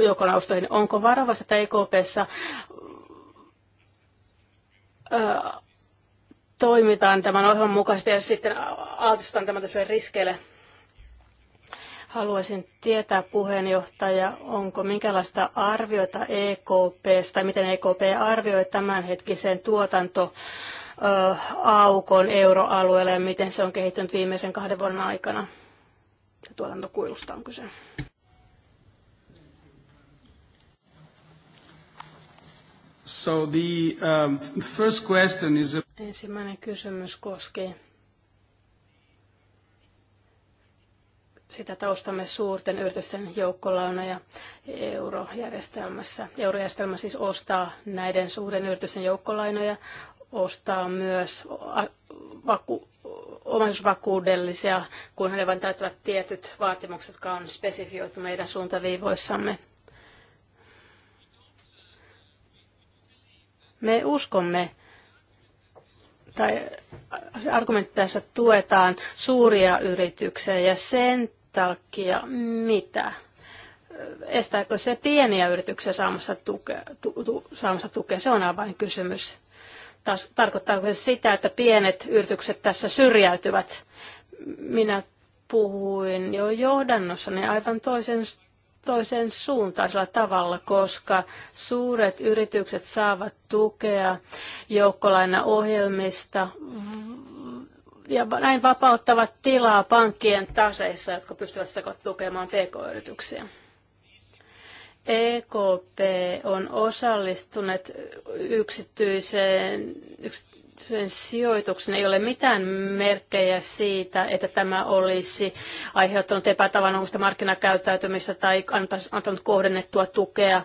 [SPEAKER 3] joukkolainaostoihin. Onko varovasta että EKPssä toimitaan tämän ohjelman mukaisesti ja sitten altistetaan tämän riskeille. Haluaisin tietää puheenjohtaja, onko minkälaista arviota EKPstä, miten EKP arvioi tämänhetkisen tuotanto aukon euroalueelle ja miten se on kehittynyt viimeisen kahden vuoden aikana. Tuotantokuilusta on kyse.
[SPEAKER 1] So the um, first question is...
[SPEAKER 3] Ensimmäinen kysymys koskee sitä taustamme suurten yritysten joukkolainoja eurojärjestelmässä. Eurojärjestelmä siis ostaa näiden suuren yritysten joukkolainoja, ostaa myös vaku- omaisuusvakuudellisia, kun ne vain täyttävät tietyt vaatimukset, jotka on spesifioitu meidän suuntaviivoissamme. Me uskomme, tai argumentti tässä tuetaan suuria yrityksiä ja sen takia mitä? Estääkö se pieniä yrityksiä saamassa tukea? Tu, tu, saamassa tukea? Se on kysymys. Taas, tarkoittaako se sitä, että pienet yritykset tässä syrjäytyvät? Minä puhuin jo johdannossa, niin aivan toisen toisen suuntaisella tavalla, koska suuret yritykset saavat tukea joukkolainaohjelmista ja näin vapauttavat tilaa pankkien taseissa, jotka pystyvät sitä tukemaan pk-yrityksiä. EKP on osallistunut yksityiseen, yks, sen sijoituksen ei ole mitään merkkejä siitä, että tämä olisi aiheuttanut epätavanomaista markkinakäyttäytymistä tai antanut kohdennettua tukea.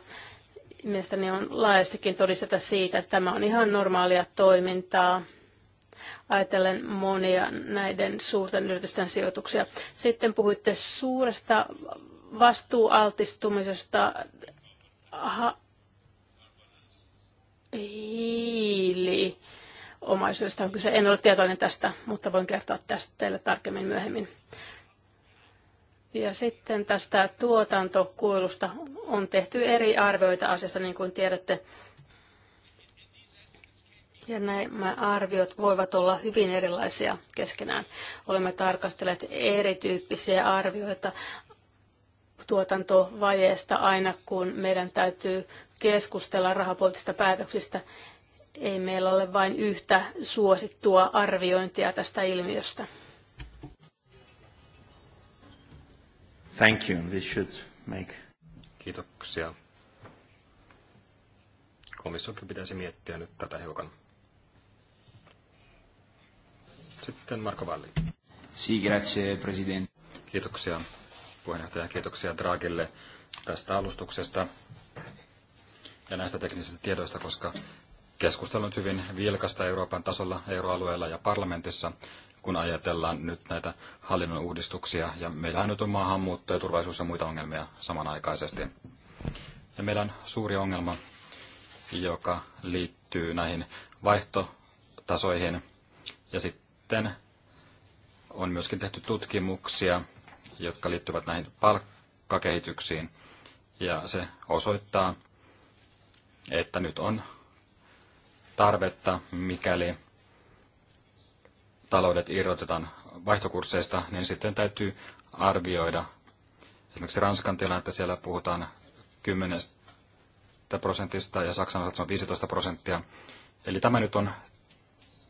[SPEAKER 3] Mielestäni on laajastikin todisteta siitä, että tämä on ihan normaalia toimintaa ajatellen monia näiden suurten yritysten sijoituksia. Sitten puhuitte suuresta vastuualtistumisesta Aha. hiili omaisuudesta on kyse. En ole tietoinen tästä, mutta voin kertoa tästä teille tarkemmin myöhemmin. Ja sitten tästä tuotantokuilusta on tehty eri arvioita asiasta, niin kuin tiedätte. Ja nämä arviot voivat olla hyvin erilaisia keskenään. Olemme tarkastelleet erityyppisiä arvioita tuotantovajeesta aina, kun meidän täytyy keskustella rahapoliittisista päätöksistä ei meillä ole vain yhtä suosittua arviointia tästä ilmiöstä.
[SPEAKER 2] Thank you. This should make... Kiitoksia. Komissiokin pitäisi miettiä nyt tätä hiukan. Sitten Marko Valli. Sì, grazie, Presidente. Kiitoksia puheenjohtaja, kiitoksia Draagille tästä alustuksesta ja näistä teknisistä tiedoista, koska Keskustelu on hyvin vilkasta Euroopan tasolla, euroalueella ja parlamentissa, kun ajatellaan nyt näitä hallinnon uudistuksia. Ja meillähän nyt on maahanmuutto ja turvallisuus ja muita ongelmia samanaikaisesti. Ja meillä on suuri ongelma, joka liittyy näihin vaihtotasoihin. Ja sitten on myöskin tehty tutkimuksia, jotka liittyvät näihin palkkakehityksiin. Ja se osoittaa, että nyt on tarvetta, mikäli taloudet irrotetaan vaihtokursseista, niin sitten täytyy arvioida. Esimerkiksi Ranskan tilannetta siellä puhutaan 10 prosentista ja Saksan osalta se on 15 prosenttia. Eli tämä nyt on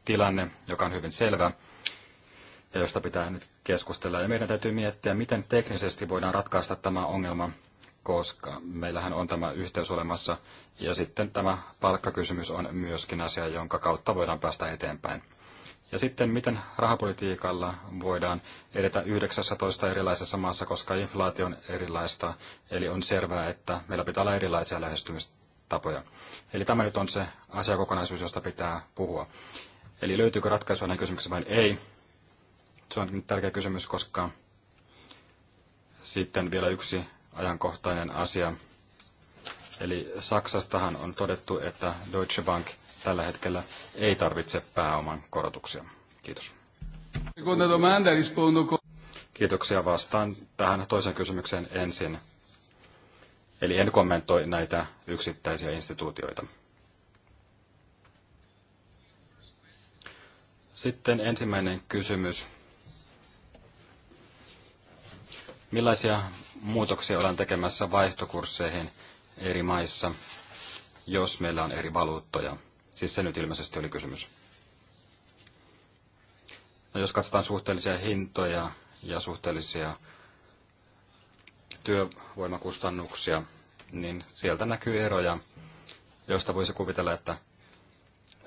[SPEAKER 2] tilanne, joka on hyvin selvä ja josta pitää nyt keskustella. Ja meidän täytyy miettiä, miten teknisesti voidaan ratkaista tämä ongelma koska meillähän on tämä yhteys olemassa. Ja sitten tämä palkkakysymys on myöskin asia, jonka kautta voidaan päästä eteenpäin. Ja sitten miten rahapolitiikalla voidaan edetä 19 erilaisessa maassa, koska inflaatio on erilaista, eli on selvää, että meillä pitää olla erilaisia lähestymistapoja. Eli tämä nyt on se asiakokonaisuus, josta pitää puhua. Eli löytyykö ratkaisua näin kysymyksiin vai ei? Se on nyt tärkeä kysymys, koska sitten vielä yksi ajankohtainen asia. Eli Saksastahan on todettu, että Deutsche Bank tällä hetkellä ei tarvitse pääoman korotuksia. Kiitos. Kiitoksia vastaan tähän toisen kysymykseen ensin. Eli en kommentoi näitä yksittäisiä instituutioita. Sitten ensimmäinen kysymys. Millaisia muutoksia ollaan tekemässä vaihtokursseihin eri maissa, jos meillä on eri valuuttoja. Siis se nyt ilmeisesti oli kysymys. No, jos katsotaan suhteellisia hintoja ja suhteellisia työvoimakustannuksia, niin sieltä näkyy eroja, joista voisi kuvitella, että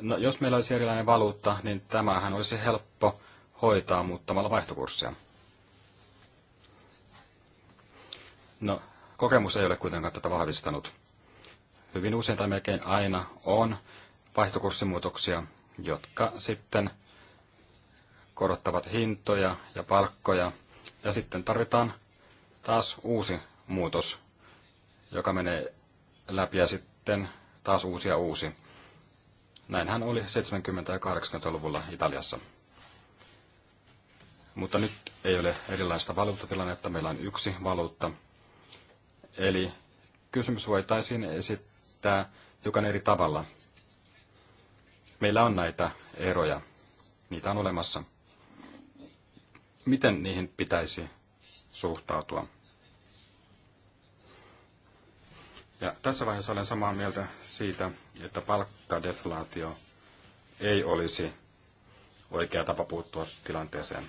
[SPEAKER 2] no, jos meillä olisi erilainen valuutta, niin tämähän olisi helppo hoitaa muuttamalla vaihtokurssia. No, kokemus ei ole kuitenkaan tätä vahvistanut. Hyvin usein tai melkein aina on vaihtokurssimuutoksia, jotka sitten korottavat hintoja ja palkkoja, ja sitten tarvitaan taas uusi muutos, joka menee läpi ja sitten taas uusi ja uusi. Näinhän oli 70- ja 80-luvulla Italiassa. Mutta nyt ei ole erilaista valuuttatilannetta, meillä on yksi valuutta – Eli kysymys voitaisiin esittää hiukan eri tavalla. Meillä on näitä eroja. Niitä on olemassa. Miten niihin pitäisi suhtautua? Ja tässä vaiheessa olen samaa mieltä siitä, että palkkadeflaatio ei olisi oikea tapa puuttua tilanteeseen.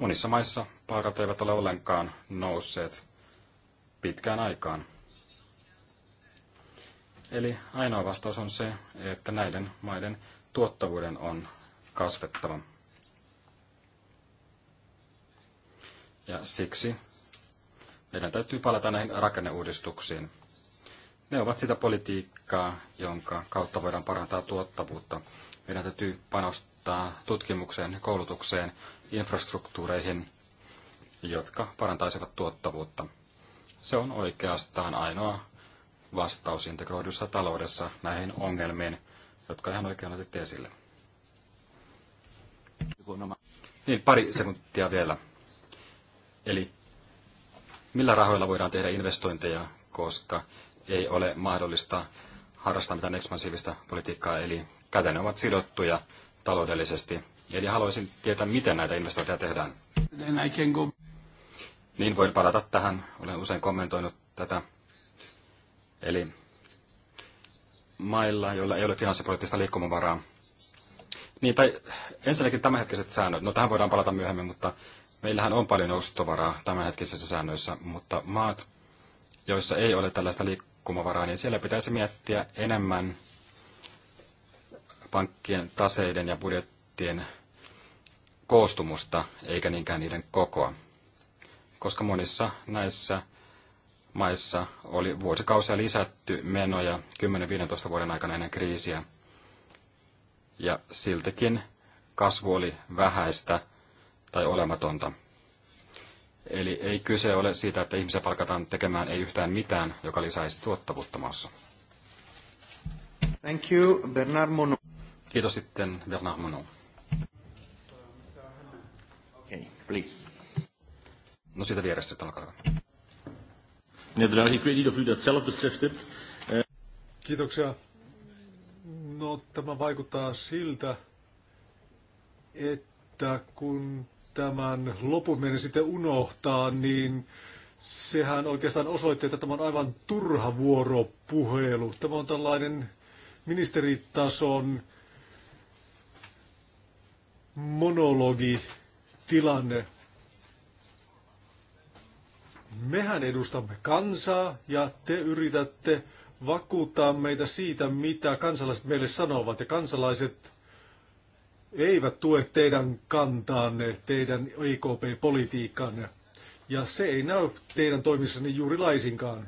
[SPEAKER 2] Monissa maissa palkat eivät ole ollenkaan nousseet pitkään aikaan. Eli ainoa vastaus on se, että näiden maiden tuottavuuden on kasvettava. Ja siksi meidän täytyy palata näihin rakenneuudistuksiin. Ne ovat sitä politiikkaa, jonka kautta voidaan parantaa tuottavuutta. Meidän täytyy panostaa tutkimukseen, koulutukseen, infrastruktuureihin, jotka parantaisivat tuottavuutta. Se on oikeastaan ainoa vastaus integroidussa taloudessa näihin ongelmiin, jotka ihan oikein otitte esille. Niin, pari sekuntia vielä. Eli millä rahoilla voidaan tehdä investointeja, koska ei ole mahdollista harrastaa mitään ekspansiivista politiikkaa, eli käteen ovat sidottuja taloudellisesti Eli haluaisin tietää, miten näitä investointeja tehdään. Then I can go. Niin voin palata tähän. Olen usein kommentoinut tätä. Eli mailla, joilla ei ole finanssipoliittista liikkumavaraa. Niin, tai ensinnäkin tämänhetkiset säännöt. No tähän voidaan palata myöhemmin, mutta meillähän on paljon ostovaraa tämänhetkisissä säännöissä, mutta maat, joissa ei ole tällaista liikkumavaraa, niin siellä pitäisi miettiä enemmän pankkien taseiden ja budjettien koostumusta eikä niinkään niiden kokoa, koska monissa näissä maissa oli vuosikausia lisätty menoja 10-15 vuoden aikana ennen kriisiä, ja siltikin kasvu oli vähäistä tai olematonta. Eli ei kyse ole siitä, että ihmisiä palkataan tekemään ei yhtään mitään, joka lisäisi tuottavuutta maassa. Thank you, Bernard Monod. Kiitos sitten Bernard Monod. please. No siitä vieressä, olkaa hyvä. Eh,
[SPEAKER 1] Kiitoksia. No, tämä vaikuttaa siltä, että kun tämän lopun menen sitten unohtaa, niin sehän oikeastaan osoitti, että tämä on aivan turha vuoropuhelu. Tämä on tällainen ministeritason monologi, tilanne. Mehän edustamme kansaa ja te yritätte vakuuttaa meitä siitä, mitä kansalaiset meille sanovat. Ja kansalaiset eivät tue teidän kantaanne, teidän ekp politiikkaanne Ja se ei näy teidän toimissanne juuri laisinkaan.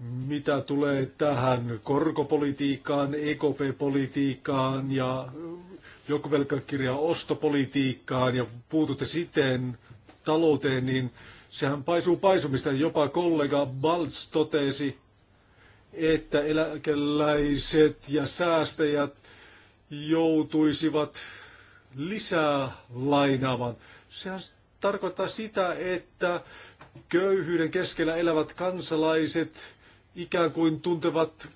[SPEAKER 1] Mitä tulee tähän korkopolitiikkaan, EKP-politiikkaan ja joukkovelkakirjan ostopolitiikkaan ja puututte siten talouteen, niin sehän paisuu paisumista. Jopa kollega Balz totesi, että eläkeläiset ja säästäjät joutuisivat lisää lainaamaan. Sehän tarkoittaa sitä, että köyhyyden keskellä elävät kansalaiset ikään kuin tuntevat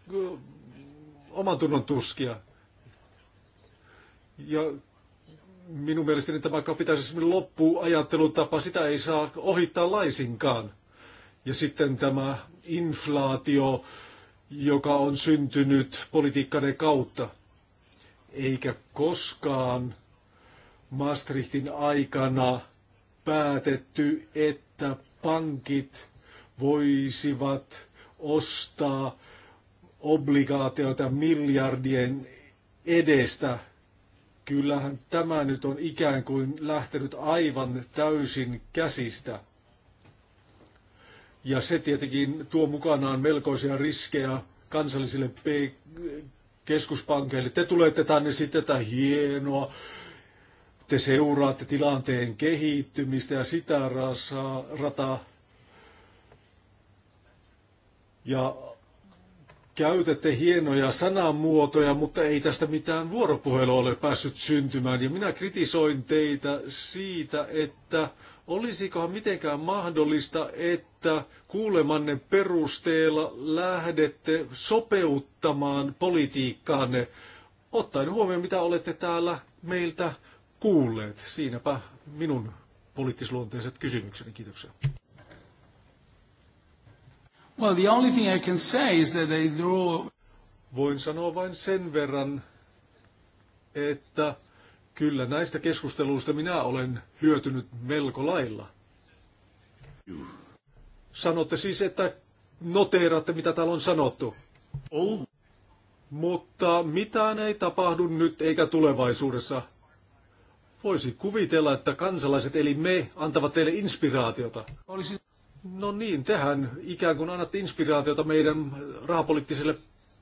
[SPEAKER 1] oman tunnon tuskia. Ja minun mielestäni tämä kapitalismin loppuajattelutapa, sitä ei saa ohittaa laisinkaan. Ja sitten tämä inflaatio, joka on syntynyt politiikkaiden kautta, eikä koskaan Maastrichtin aikana päätetty, että pankit voisivat ostaa obligaatioita miljardien edestä. Kyllähän tämä nyt on ikään kuin lähtenyt aivan täysin käsistä. Ja se tietenkin tuo mukanaan melkoisia riskejä kansallisille keskuspankeille. Te tulette tänne sitten tätä hienoa, te seuraatte tilanteen kehittymistä ja sitä rataa. Ja käytätte hienoja sanamuotoja, mutta ei tästä mitään vuoropuhelua ole päässyt syntymään. Ja minä kritisoin teitä siitä, että olisikohan mitenkään mahdollista, että kuulemanne perusteella lähdette sopeuttamaan politiikkaanne, ottaen huomioon, mitä olette täällä meiltä kuulleet. Siinäpä minun poliittisluonteiset kysymykseni. Kiitoksia. Well, the only thing I can say is that they draw... Voin sanoa vain sen verran, että kyllä näistä keskusteluista minä olen hyötynyt melko lailla. Sanotte siis, että noteeratte, mitä täällä on sanottu. Oh. Mutta mitään ei tapahdu nyt eikä tulevaisuudessa. Voisi kuvitella, että kansalaiset eli me antavat teille inspiraatiota. Olisi No niin, tehän ikään kuin annatte inspiraatiota meidän rahapoliittiselle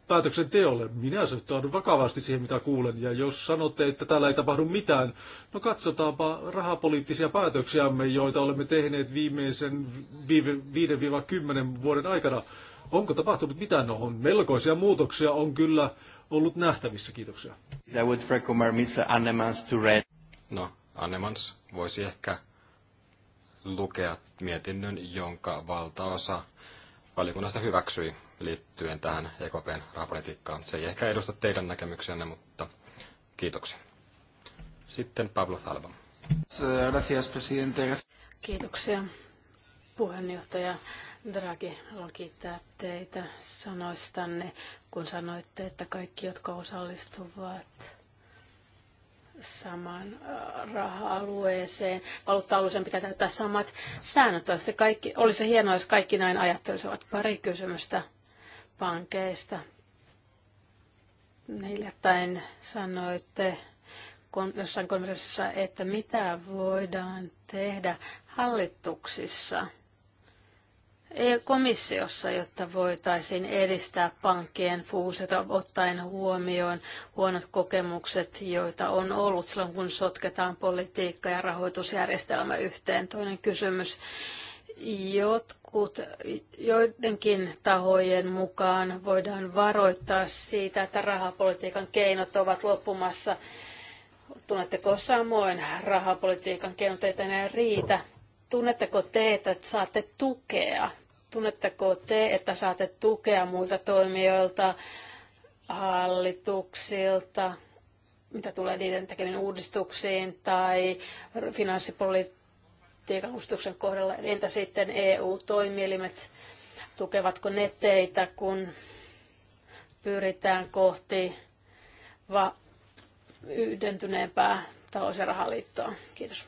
[SPEAKER 1] päätöksenteolle. Minä suhtaudun vakavasti siihen, mitä kuulen. Ja jos sanotte, että täällä ei tapahdu mitään, no katsotaanpa rahapoliittisia päätöksiämme, joita olemme tehneet viimeisen 5-10 vuoden aikana. Onko tapahtunut mitään? No on melkoisia muutoksia on kyllä ollut nähtävissä. Kiitoksia.
[SPEAKER 3] I would recommend Mr. Annemans to read.
[SPEAKER 2] No, Annemans voisi ehkä lukea mietinnön, jonka valtaosa valiokunnasta hyväksyi liittyen tähän EKPn rahapolitiikkaan. Se ei ehkä edusta teidän näkemyksenne, mutta kiitoksia. Sitten Pablo Salva.
[SPEAKER 1] presidente.
[SPEAKER 3] Kiitoksia, puheenjohtaja. Draghi, haluan kiittää teitä sanoistanne, kun sanoitte, että kaikki, jotka osallistuvat samaan äh, raha-alueeseen, valuutta-alueeseen pitää täyttää samat säännöt. Tästä kaikki, olisi hienoa, jos kaikki näin ajattelisivat. Pari kysymystä pankeista. Hiljattain sanoitte jossain konferenssissa, että mitä voidaan tehdä hallituksissa – komissiossa, jotta voitaisiin edistää pankkien fuusiota ottaen huomioon huonot kokemukset, joita on ollut silloin, kun sotketaan politiikka ja rahoitusjärjestelmä yhteen. Toinen kysymys. Jotkut, joidenkin tahojen mukaan voidaan varoittaa siitä, että rahapolitiikan keinot ovat loppumassa. Tunnetteko samoin rahapolitiikan keinot eivät enää riitä Tunnetteko te, että saatte tukea? Tunnetteko te, että saatte tukea muilta toimijoilta, hallituksilta, mitä tulee niiden tekeminen uudistuksiin tai finanssipolitiikan uudistuksen kohdalla? Entä sitten EU-toimielimet? Tukevatko ne teitä, kun pyritään kohti va- yhdentyneempää talous- ja rahaliittoa? Kiitos.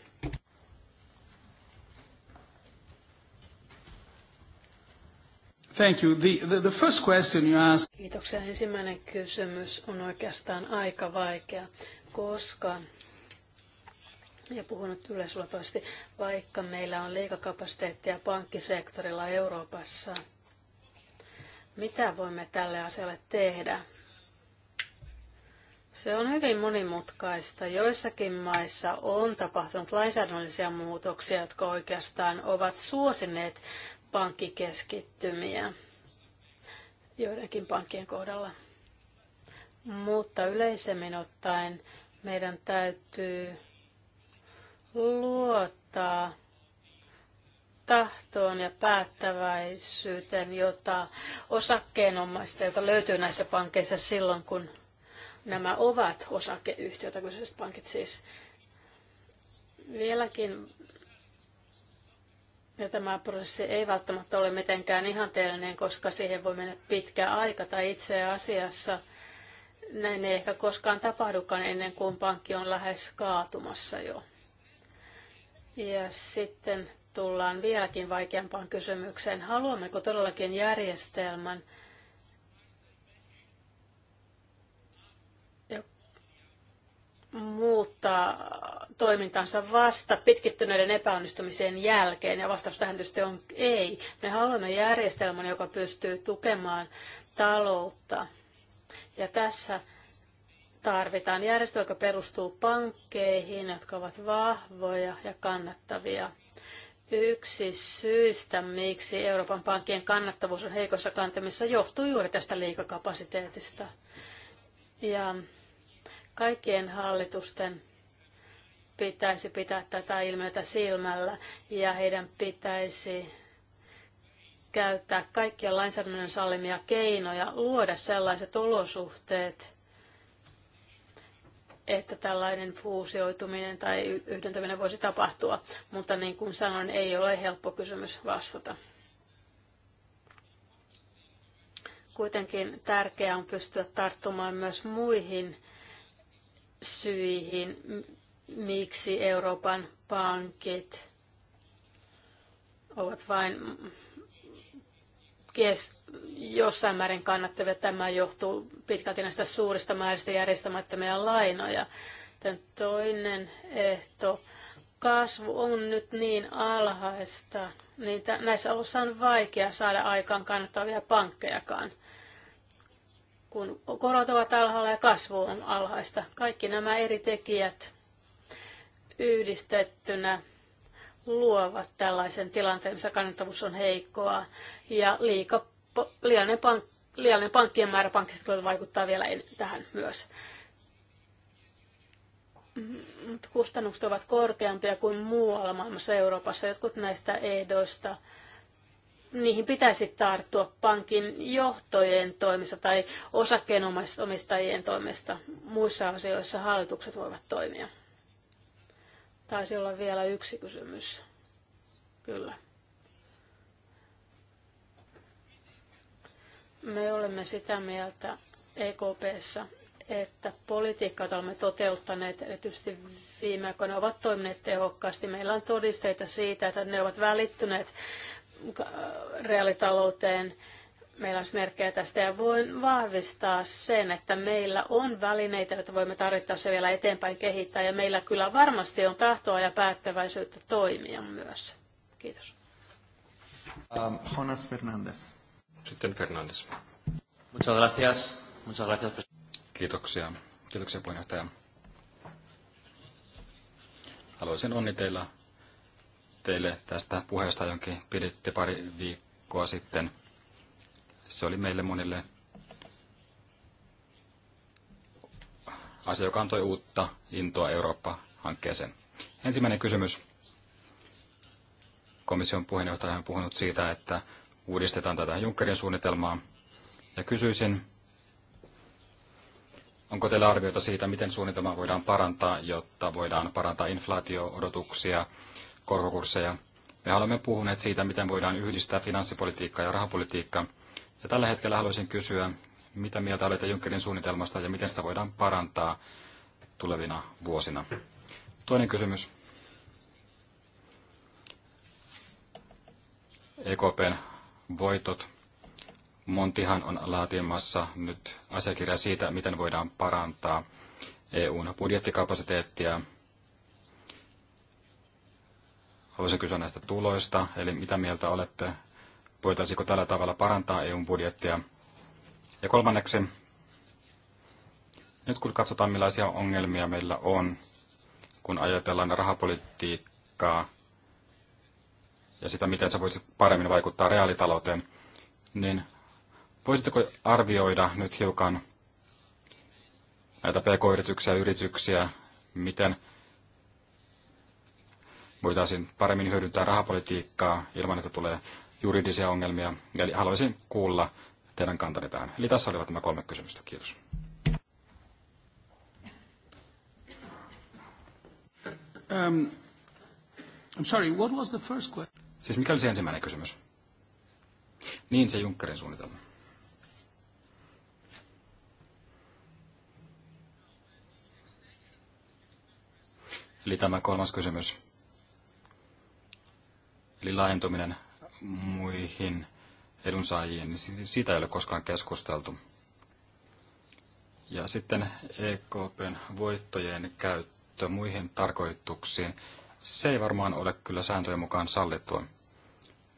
[SPEAKER 1] Thank you. The, the, the first question you asked...
[SPEAKER 3] Kiitoksia. Ensimmäinen kysymys on oikeastaan aika vaikea, koska ja puhun nyt yleisluotoisesti, vaikka meillä on liikakapasiteettia pankkisektorilla Euroopassa, mitä voimme tälle asialle tehdä? Se on hyvin monimutkaista. Joissakin maissa on tapahtunut lainsäädännöllisiä muutoksia, jotka oikeastaan ovat suosineet pankkikeskittymiä joidenkin pankkien kohdalla. Mutta yleisemmin ottaen meidän täytyy luottaa tahtoon ja päättäväisyyteen, jota osakkeenomaista, jota löytyy näissä pankeissa silloin, kun nämä ovat kun siis pankit siis. Vieläkin ja tämä prosessi ei välttämättä ole mitenkään ihanteellinen, koska siihen voi mennä pitkä aika tai itse asiassa näin ei ehkä koskaan tapahdukaan ennen kuin pankki on lähes kaatumassa jo. Ja sitten tullaan vieläkin vaikeampaan kysymykseen. Haluammeko todellakin järjestelmän, muuttaa toimintansa vasta pitkittyneiden epäonnistumisen jälkeen, ja vastaus tähän tietysti on ei. Me haluamme järjestelmän, joka pystyy tukemaan taloutta. Ja tässä tarvitaan järjestö, joka perustuu pankkeihin, jotka ovat vahvoja ja kannattavia. Yksi syistä, miksi Euroopan pankkien kannattavuus on heikossa kantamissa, johtuu juuri tästä liikakapasiteetista. Ja Kaikkien hallitusten pitäisi pitää tätä ilmiötä silmällä ja heidän pitäisi käyttää kaikkia lainsäädännön sallimia keinoja luoda sellaiset olosuhteet, että tällainen fuusioituminen tai yhdentäminen voisi tapahtua, mutta niin kuin sanoin, ei ole helppo kysymys vastata. Kuitenkin tärkeää on pystyä tarttumaan myös muihin syihin, miksi Euroopan pankit ovat vain kes- jossain määrin kannattavia. Tämä johtuu pitkälti näistä suurista määristä järjestämättömiä lainoja. Tämän toinen ehto, kasvu on nyt niin alhaista, niin näissä alussa on vaikea saada aikaan kannattavia pankkejakaan kun korot ovat alhaalla ja kasvu on alhaista. Kaikki nämä eri tekijät yhdistettynä luovat tällaisen tilanteen, missä kannattavuus on heikkoa ja liika, liiallinen, pank, liiallinen pankkien määrä pankkista vaikuttaa vielä tähän myös. Kustannukset ovat korkeampia kuin muualla maailmassa Euroopassa. Jotkut näistä ehdoista niihin pitäisi tarttua pankin johtojen toimesta tai osakkeenomistajien toimesta. Muissa asioissa hallitukset voivat toimia. Taisi olla vielä yksi kysymys. Kyllä. Me olemme sitä mieltä EKPssä, että politiikka, jota olemme toteuttaneet erityisesti viime aikoina, ovat toimineet tehokkaasti. Meillä on todisteita siitä, että ne ovat välittyneet reaalitalouteen. Meillä on merkkejä tästä ja voin vahvistaa sen, että meillä on välineitä, joita voimme tarvittaessa vielä eteenpäin kehittää ja meillä kyllä varmasti on tahtoa ja päättäväisyyttä toimia myös. Kiitos.
[SPEAKER 2] Um,
[SPEAKER 1] Jonas Fernandes.
[SPEAKER 2] Sitten Fernandes. Muchas gracias. Muchas gracias. Kiitoksia. Kiitoksia puheenjohtaja. Haluaisin onnitella teille tästä puheesta, jonkin piditte pari viikkoa sitten. Se oli meille monille asia, joka antoi uutta intoa Eurooppa-hankkeeseen. Ensimmäinen kysymys. Komission puheenjohtaja on puhunut siitä, että uudistetaan tätä Junckerin suunnitelmaa. Ja kysyisin, onko teillä arviota siitä, miten suunnitelmaa voidaan parantaa, jotta voidaan parantaa inflaatio-odotuksia, korkokursseja. Me olemme puhuneet siitä, miten voidaan yhdistää finanssipolitiikka ja rahapolitiikka, Ja tällä hetkellä haluaisin kysyä, mitä mieltä olette Junckerin suunnitelmasta ja miten sitä voidaan parantaa tulevina vuosina. Toinen kysymys. EKPn voitot. Montihan on laatimassa nyt asiakirja siitä, miten voidaan parantaa EUn budjettikapasiteettia Haluaisin kysyä näistä tuloista, eli mitä mieltä olette, voitaisiinko tällä tavalla parantaa EUn budjettia. Ja kolmanneksi, nyt kun katsotaan millaisia ongelmia meillä on, kun ajatellaan rahapolitiikkaa ja sitä, miten se voisi paremmin vaikuttaa reaalitalouteen, niin voisitteko arvioida nyt hiukan näitä pk-yrityksiä ja yrityksiä, miten – voitaisiin paremmin hyödyntää rahapolitiikkaa ilman, että tulee juridisia ongelmia. Eli haluaisin kuulla teidän kantani tähän. Eli tässä olivat nämä kolme kysymystä. Kiitos.
[SPEAKER 1] Um, I'm sorry, what was the first question?
[SPEAKER 2] Siis mikä oli se ensimmäinen kysymys? Niin, se Junckerin suunnitelma. Eli tämä kolmas kysymys eli laajentuminen muihin edunsaajiin, niin siitä ei ole koskaan keskusteltu. Ja sitten EKPn voittojen käyttö muihin tarkoituksiin, se ei varmaan ole kyllä sääntöjen mukaan sallittua.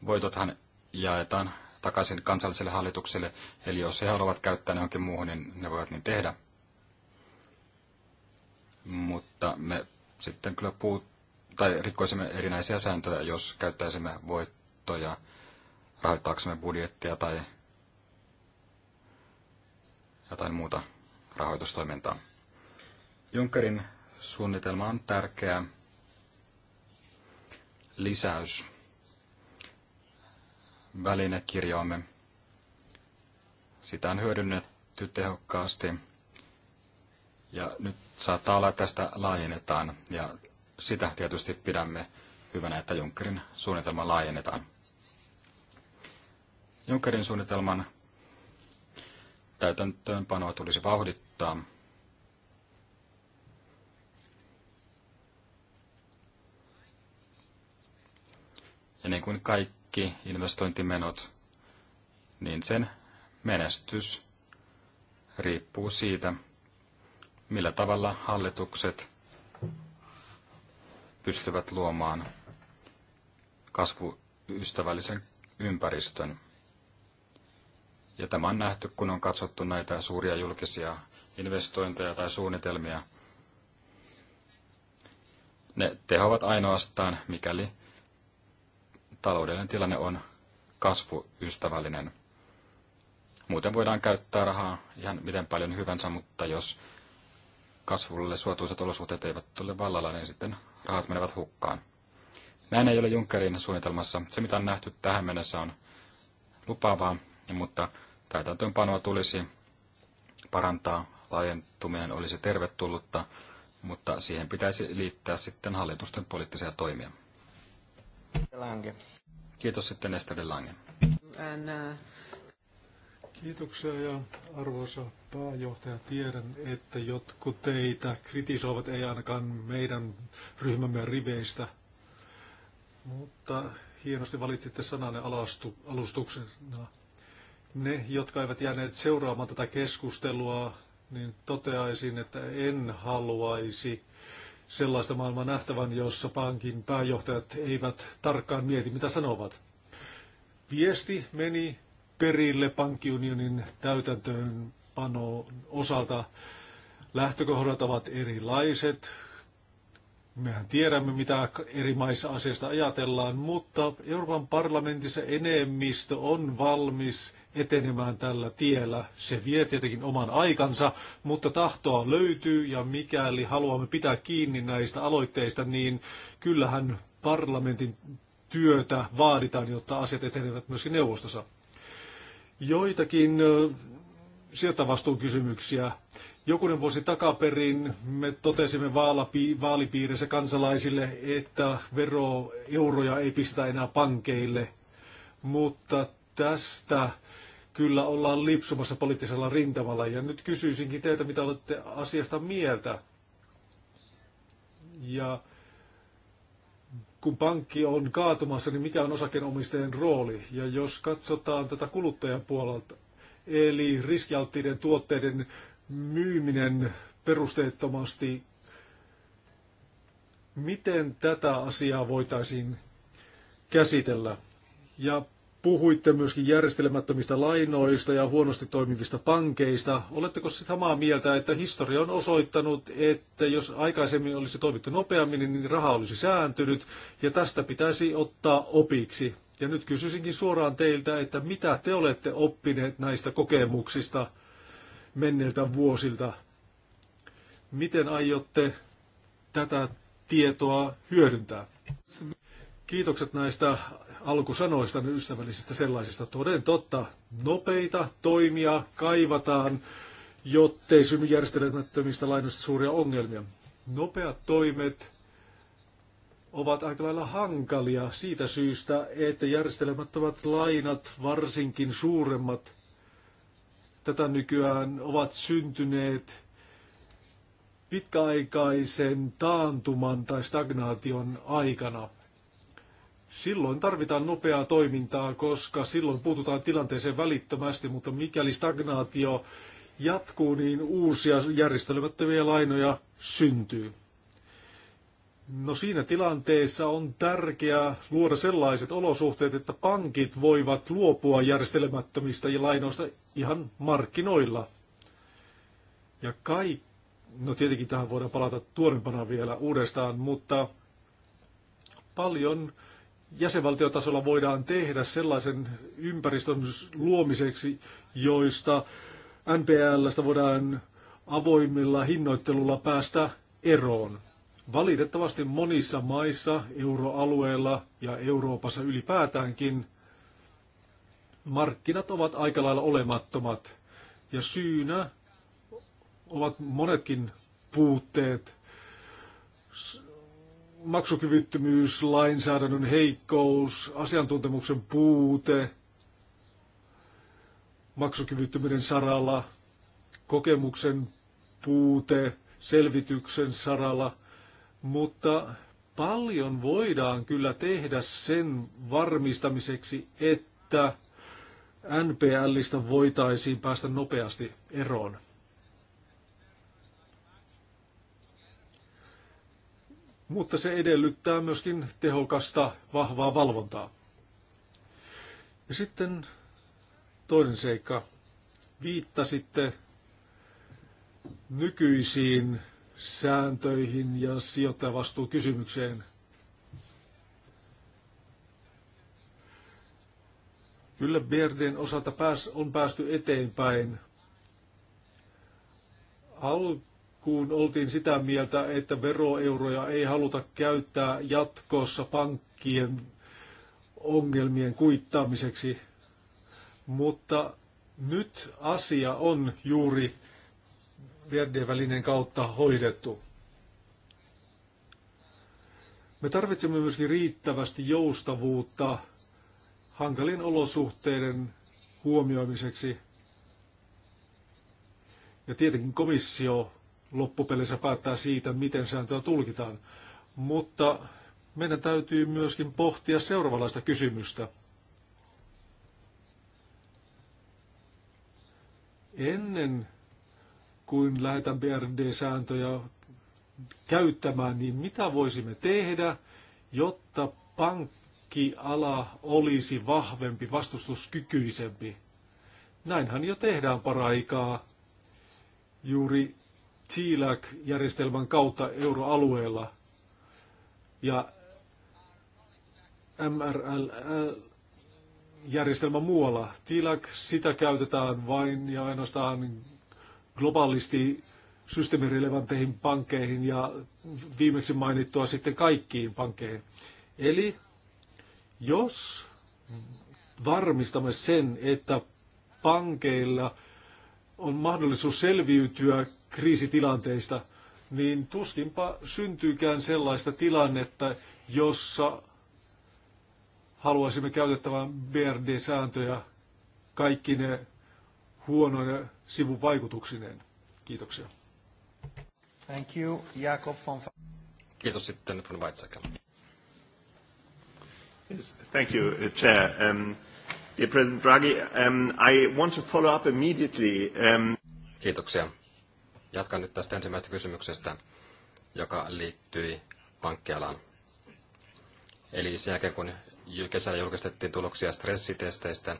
[SPEAKER 2] Voitothan jaetaan takaisin kansalliselle hallitukselle, eli jos he haluavat käyttää ne johonkin muuhun, niin ne voivat niin tehdä. Mutta me sitten kyllä puut tai rikkoisimme erinäisiä sääntöjä, jos käyttäisimme voittoja rahoittaaksemme budjettia tai jotain muuta rahoitustoimintaa. Junckerin suunnitelma on tärkeä lisäys välinekirjoamme. Sitä on hyödynnetty tehokkaasti ja nyt saattaa olla, että tästä laajennetaan ja sitä tietysti pidämme hyvänä, että Junckerin suunnitelma laajennetaan. Junckerin suunnitelman täytäntöönpanoa tulisi vauhdittaa. Ja niin kuin kaikki investointimenot, niin sen menestys riippuu siitä, millä tavalla hallitukset pystyvät luomaan kasvuystävällisen ympäristön. Ja tämä on nähty, kun on katsottu näitä suuria julkisia investointeja tai suunnitelmia. Ne tehovat ainoastaan, mikäli taloudellinen tilanne on kasvuystävällinen. Muuten voidaan käyttää rahaa ihan miten paljon hyvänsä, mutta jos kasvulle suotuisat olosuhteet eivät ole vallalla, niin sitten rahat menevät hukkaan. Näin ei ole Junckerin suunnitelmassa. Se, mitä on nähty tähän mennessä, on lupaavaa, mutta täytäntöönpanoa tulisi parantaa. Laajentuminen olisi tervetullutta, mutta siihen pitäisi liittää sitten hallitusten poliittisia toimia. Lange. Kiitos sitten Esteri Lange.
[SPEAKER 1] And, uh... Kiitoksia ja arvoisa pääjohtaja, tiedän, että jotkut teitä kritisoivat, ei ainakaan meidän ryhmämme riveistä, mutta hienosti valitsitte sananne alastu, alustuksena. Ne, jotka eivät jääneet seuraamaan tätä keskustelua, niin toteaisin, että en haluaisi sellaista maailmaa nähtävän, jossa pankin pääjohtajat eivät tarkkaan mieti, mitä sanovat. Viesti meni perille pankkiunionin täytäntöönpanon osalta. Lähtökohdat ovat erilaiset. Mehän tiedämme, mitä eri maissa asiasta ajatellaan, mutta Euroopan parlamentissa enemmistö on valmis etenemään tällä tiellä. Se vie tietenkin oman aikansa, mutta tahtoa löytyy ja mikäli haluamme pitää kiinni näistä aloitteista, niin kyllähän parlamentin työtä vaaditaan, jotta asiat etenevät myöskin neuvostossa joitakin kysymyksiä. Jokunen vuosi takaperin me totesimme vaalipiirissä kansalaisille, että veroeuroja ei pistetä enää pankeille, mutta tästä kyllä ollaan lipsumassa poliittisella rintamalla. Ja nyt kysyisinkin teiltä, mitä olette asiasta mieltä. Ja kun pankki on kaatumassa, niin mikä on osakkeenomistajien rooli? Ja jos katsotaan tätä kuluttajan puolelta, eli riskialttiiden tuotteiden myyminen perusteettomasti, miten tätä asiaa voitaisiin käsitellä? Ja Puhuitte myöskin järjestelemättömistä lainoista ja huonosti toimivista pankeista. Oletteko siis samaa mieltä, että historia on osoittanut, että jos aikaisemmin olisi toimittu nopeammin, niin raha olisi sääntynyt ja tästä pitäisi ottaa opiksi? Ja nyt kysyisinkin suoraan teiltä, että mitä te olette oppineet näistä kokemuksista menneiltä vuosilta? Miten aiotte tätä tietoa hyödyntää? Kiitokset näistä alkusanoista, ystävällisistä sellaisista. Toden totta, nopeita toimia kaivataan, jottei synny järjestelmättömistä lainoista suuria ongelmia. Nopeat toimet ovat aika lailla hankalia siitä syystä, että järjestelmättömät lainat, varsinkin suuremmat, tätä nykyään ovat syntyneet pitkäaikaisen taantuman tai stagnaation aikana – Silloin tarvitaan nopeaa toimintaa, koska silloin puututaan tilanteeseen välittömästi, mutta mikäli stagnaatio jatkuu, niin uusia järjestelmättömiä lainoja syntyy. No siinä tilanteessa on tärkeää luoda sellaiset olosuhteet, että pankit voivat luopua järjestelmättömistä ja lainoista ihan markkinoilla. Ja kai, no tietenkin tähän voidaan palata tuorempana vielä uudestaan, mutta paljon jäsenvaltiotasolla voidaan tehdä sellaisen ympäristön luomiseksi, joista NPLstä voidaan avoimilla hinnoittelulla päästä eroon. Valitettavasti monissa maissa, euroalueella ja Euroopassa ylipäätäänkin markkinat ovat aika lailla olemattomat. Ja syynä ovat monetkin puutteet maksukyvyttömyys, lainsäädännön heikkous, asiantuntemuksen puute maksukyvyttömyyden saralla, kokemuksen puute selvityksen saralla, mutta paljon voidaan kyllä tehdä sen varmistamiseksi, että NPListä voitaisiin päästä nopeasti eroon. mutta se edellyttää myöskin tehokasta, vahvaa valvontaa. Ja sitten toinen seikka. Viittasitte nykyisiin sääntöihin ja sijoittajavastuukysymykseen. Kyllä Berdin osalta pääs, on päästy eteenpäin. Al- kun oltiin sitä mieltä, että veroeuroja ei haluta käyttää jatkossa pankkien ongelmien kuittaamiseksi. Mutta nyt asia on juuri verdien kautta hoidettu. Me tarvitsemme myöskin riittävästi joustavuutta hankalien olosuhteiden huomioimiseksi. Ja tietenkin komissio loppupeleissä päättää siitä, miten sääntöä tulkitaan. Mutta meidän täytyy myöskin pohtia seuraavanlaista kysymystä. Ennen kuin lähetän BRD-sääntöjä käyttämään, niin mitä voisimme tehdä, jotta pankkiala olisi vahvempi, vastustuskykyisempi? Näinhän jo tehdään paraikaa juuri TLAC-järjestelmän kautta euroalueella. Ja MRL-järjestelmä muualla. TLAC, sitä käytetään vain ja ainoastaan globaalisti systeemirelevanteihin pankkeihin ja viimeksi mainittua sitten kaikkiin pankkeihin. Eli jos varmistamme sen, että pankeilla on mahdollisuus selviytyä kriisitilanteista, niin tuskinpa syntyykään sellaista tilannetta, jossa haluaisimme käytettävän BRD-sääntöjä kaikki ne huonoja sivuvaikutuksineen. Kiitoksia. Thank you, Jakob von...
[SPEAKER 2] Kiitos sitten von Weizsäcker.
[SPEAKER 3] Yes, thank you, uh, Chair. Um, dear President Draghi, um, I want to follow up immediately. Um...
[SPEAKER 2] Kiitoksia Jatkan nyt tästä ensimmäisestä kysymyksestä, joka liittyi pankkialaan. Eli sen jälkeen, kun kesällä julkistettiin tuloksia stressitesteistä,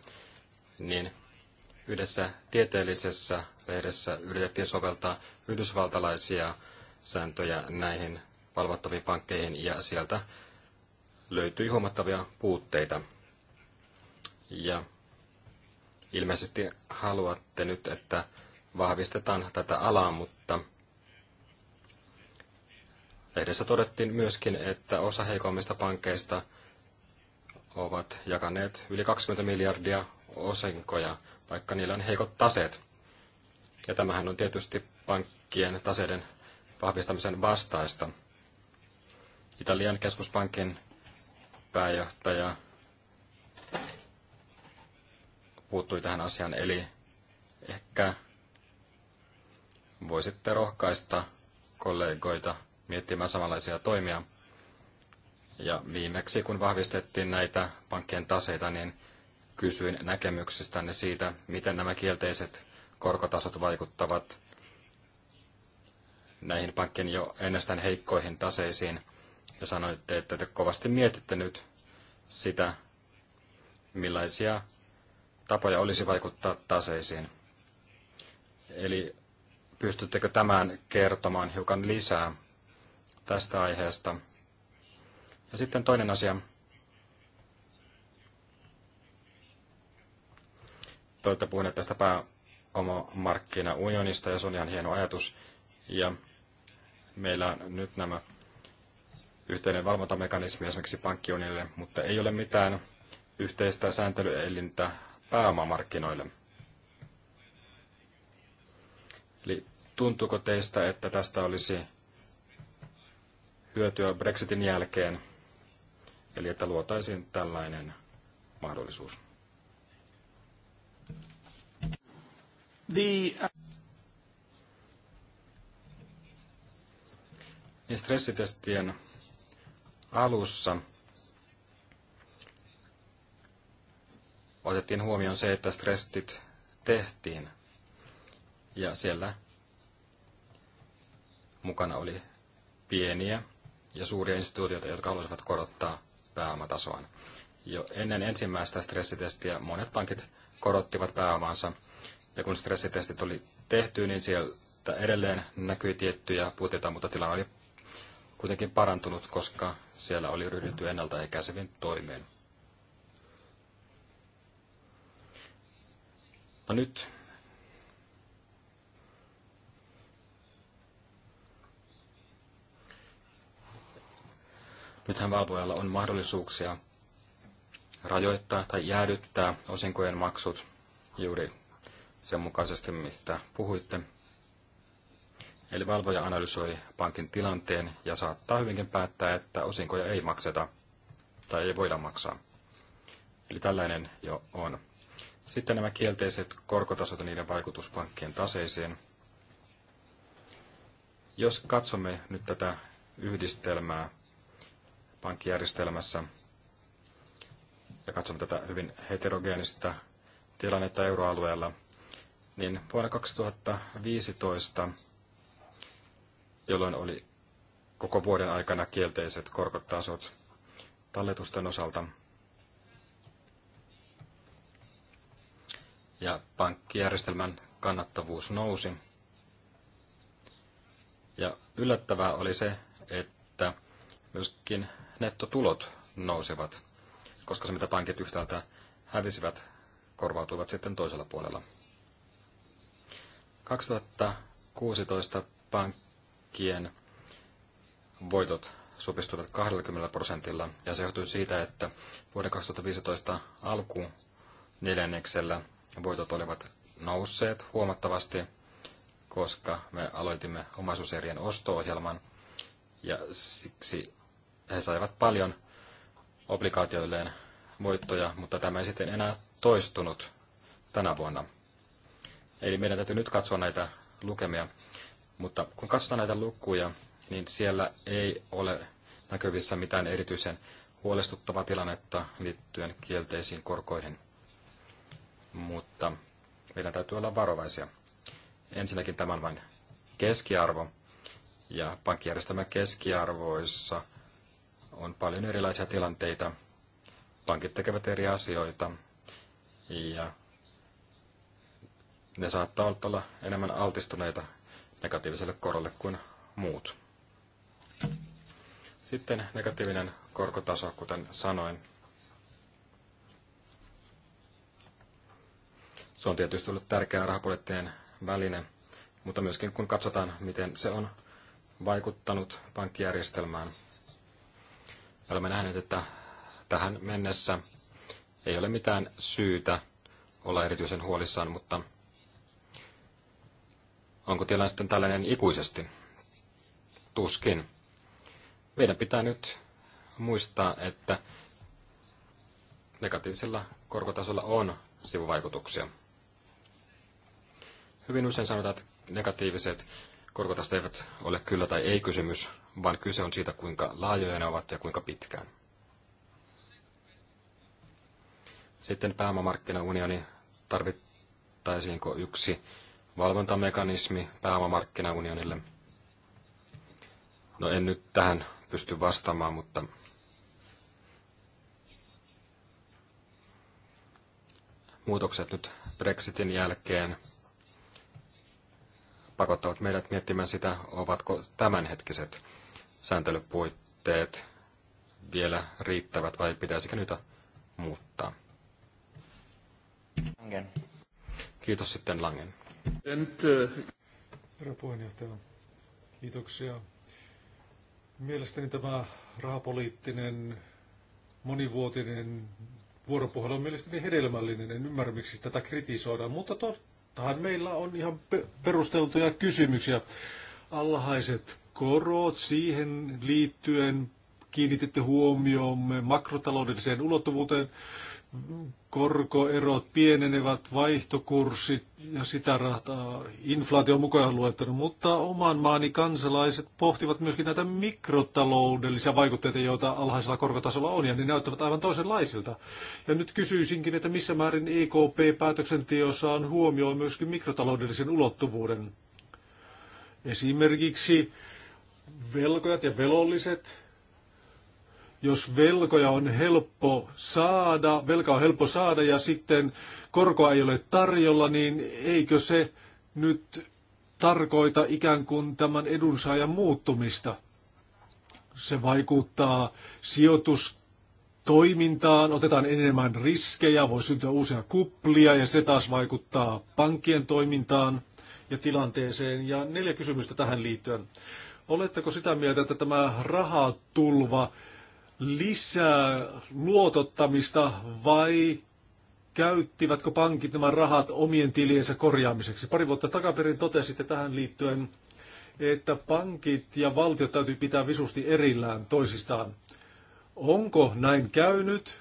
[SPEAKER 2] niin yhdessä tieteellisessä lehdessä yritettiin soveltaa yhdysvaltalaisia sääntöjä näihin valvottaviin pankkeihin, ja sieltä löytyi huomattavia puutteita. Ja ilmeisesti haluatte nyt, että vahvistetaan tätä alaa, mutta lehdessä todettiin myöskin, että osa heikoimmista pankeista ovat jakaneet yli 20 miljardia osinkoja, vaikka niillä on heikot taseet. Ja tämähän on tietysti pankkien taseiden vahvistamisen vastaista. Italian keskuspankin pääjohtaja puuttui tähän asiaan, eli ehkä voisitte rohkaista kollegoita miettimään samanlaisia toimia. Ja viimeksi, kun vahvistettiin näitä pankkien taseita, niin kysyin näkemyksistänne siitä, miten nämä kielteiset korkotasot vaikuttavat näihin pankkien jo ennestään heikkoihin taseisiin. Ja sanoitte, että te kovasti mietitte nyt sitä, millaisia tapoja olisi vaikuttaa taseisiin. Eli Pystyttekö tämän kertomaan hiukan lisää tästä aiheesta? Ja sitten toinen asia. Te olette puhuneet tästä pääomamarkkinaunionista ja se on ihan hieno ajatus. Ja meillä on nyt nämä yhteinen valvontamekanismi esimerkiksi pankkiunionille, mutta ei ole mitään yhteistä sääntelyelintä pääomamarkkinoille. Tuntuuko teistä, että tästä olisi hyötyä Brexitin jälkeen, eli että luotaisiin tällainen mahdollisuus? The, uh, niin stressitestien alussa otettiin huomioon se, että stressit tehtiin. Ja siellä mukana oli pieniä ja suuria instituutioita, jotka halusivat korottaa pääomatasoaan. Jo ennen ensimmäistä stressitestiä monet pankit korottivat pääomaansa, ja kun stressitestit oli tehty, niin sieltä edelleen näkyi tiettyjä puutteita, mutta tilanne oli kuitenkin parantunut, koska siellä oli ryhdytty ennaltaehkäisevin toimeen. No nyt Nythän valvojalla on mahdollisuuksia rajoittaa tai jäädyttää osinkojen maksut juuri sen mukaisesti, mistä puhuitte. Eli valvoja analysoi pankin tilanteen ja saattaa hyvinkin päättää, että osinkoja ei makseta tai ei voida maksaa. Eli tällainen jo on. Sitten nämä kielteiset korkotasot ja niiden vaikutus pankkien taseisiin. Jos katsomme nyt tätä yhdistelmää pankkijärjestelmässä. Ja katsomme tätä hyvin heterogeenista tilannetta euroalueella, niin vuonna 2015, jolloin oli koko vuoden aikana kielteiset korkotasot talletusten osalta, ja pankkijärjestelmän kannattavuus nousi. Ja yllättävää oli se, että myöskin nettotulot nousevat, koska se mitä pankit yhtäältä hävisivät, korvautuivat sitten toisella puolella. 2016 pankkien voitot supistuivat 20 prosentilla, ja se johtui siitä, että vuoden 2015 alku neljänneksellä voitot olivat nousseet huomattavasti, koska me aloitimme omaisuuserien osto-ohjelman, ja siksi he saivat paljon obligaatioilleen voittoja, mutta tämä ei sitten enää toistunut tänä vuonna. Eli meidän täytyy nyt katsoa näitä lukemia. Mutta kun katsotaan näitä lukuja, niin siellä ei ole näkyvissä mitään erityisen huolestuttavaa tilannetta liittyen kielteisiin korkoihin. Mutta meidän täytyy olla varovaisia. Ensinnäkin tämän vain keskiarvo. Ja pankkijärjestelmän keskiarvoissa on paljon erilaisia tilanteita. Pankit tekevät eri asioita ja ne saattaa olla enemmän altistuneita negatiiviselle korolle kuin muut. Sitten negatiivinen korkotaso, kuten sanoin. Se on tietysti ollut tärkeä rahapoliittinen väline, mutta myöskin kun katsotaan, miten se on vaikuttanut pankkijärjestelmään – Olemme nähneet, että tähän mennessä ei ole mitään syytä olla erityisen huolissaan, mutta onko tilanne sitten tällainen ikuisesti? Tuskin. Meidän pitää nyt muistaa, että negatiivisella korkotasolla on sivuvaikutuksia. Hyvin usein sanotaan, että negatiiviset korkotasot eivät ole kyllä tai ei kysymys, vaan kyse on siitä, kuinka laajoja ne ovat ja kuinka pitkään. Sitten pääomamarkkinaunioni, tarvittaisiinko yksi valvontamekanismi pääomamarkkinaunionille? No en nyt tähän pysty vastaamaan, mutta muutokset nyt Brexitin jälkeen pakottavat meidät miettimään sitä, ovatko tämänhetkiset sääntelypuitteet vielä riittävät vai pitäisikö niitä muuttaa? Langen. Kiitos sitten Langen.
[SPEAKER 1] Äh, Herra puheenjohtaja, kiitoksia. Mielestäni tämä rahapoliittinen monivuotinen vuoropuhelu on mielestäni hedelmällinen. En ymmärrä, miksi tätä kritisoidaan, mutta tottahan meillä on ihan perusteltuja kysymyksiä. Allahaiset korot siihen liittyen kiinnititte huomiomme makrotaloudelliseen ulottuvuuteen. Korkoerot pienenevät, vaihtokurssit ja sitä rataa inflaatio mukaan luettuna, mutta oman maani kansalaiset pohtivat myöskin näitä mikrotaloudellisia vaikutteita, joita alhaisella korkotasolla on, ja ne näyttävät aivan toisenlaisilta. Ja nyt kysyisinkin, että missä määrin EKP-päätöksenteossa on huomioon myöskin mikrotaloudellisen ulottuvuuden. Esimerkiksi velkojat ja velolliset. Jos velkoja on helppo saada, velka on helppo saada ja sitten korkoa ei ole tarjolla, niin eikö se nyt tarkoita ikään kuin tämän edunsaajan muuttumista? Se vaikuttaa sijoitus toimintaan, otetaan enemmän riskejä, voi syntyä uusia kuplia ja se taas vaikuttaa pankkien toimintaan ja tilanteeseen. Ja neljä kysymystä tähän liittyen. Oletteko sitä mieltä, että tämä rahatulva lisää luotottamista vai käyttivätkö pankit nämä rahat omien tiliensä korjaamiseksi? Pari vuotta takaperin totesitte tähän liittyen, että pankit ja valtiot täytyy pitää visusti erillään toisistaan. Onko näin käynyt?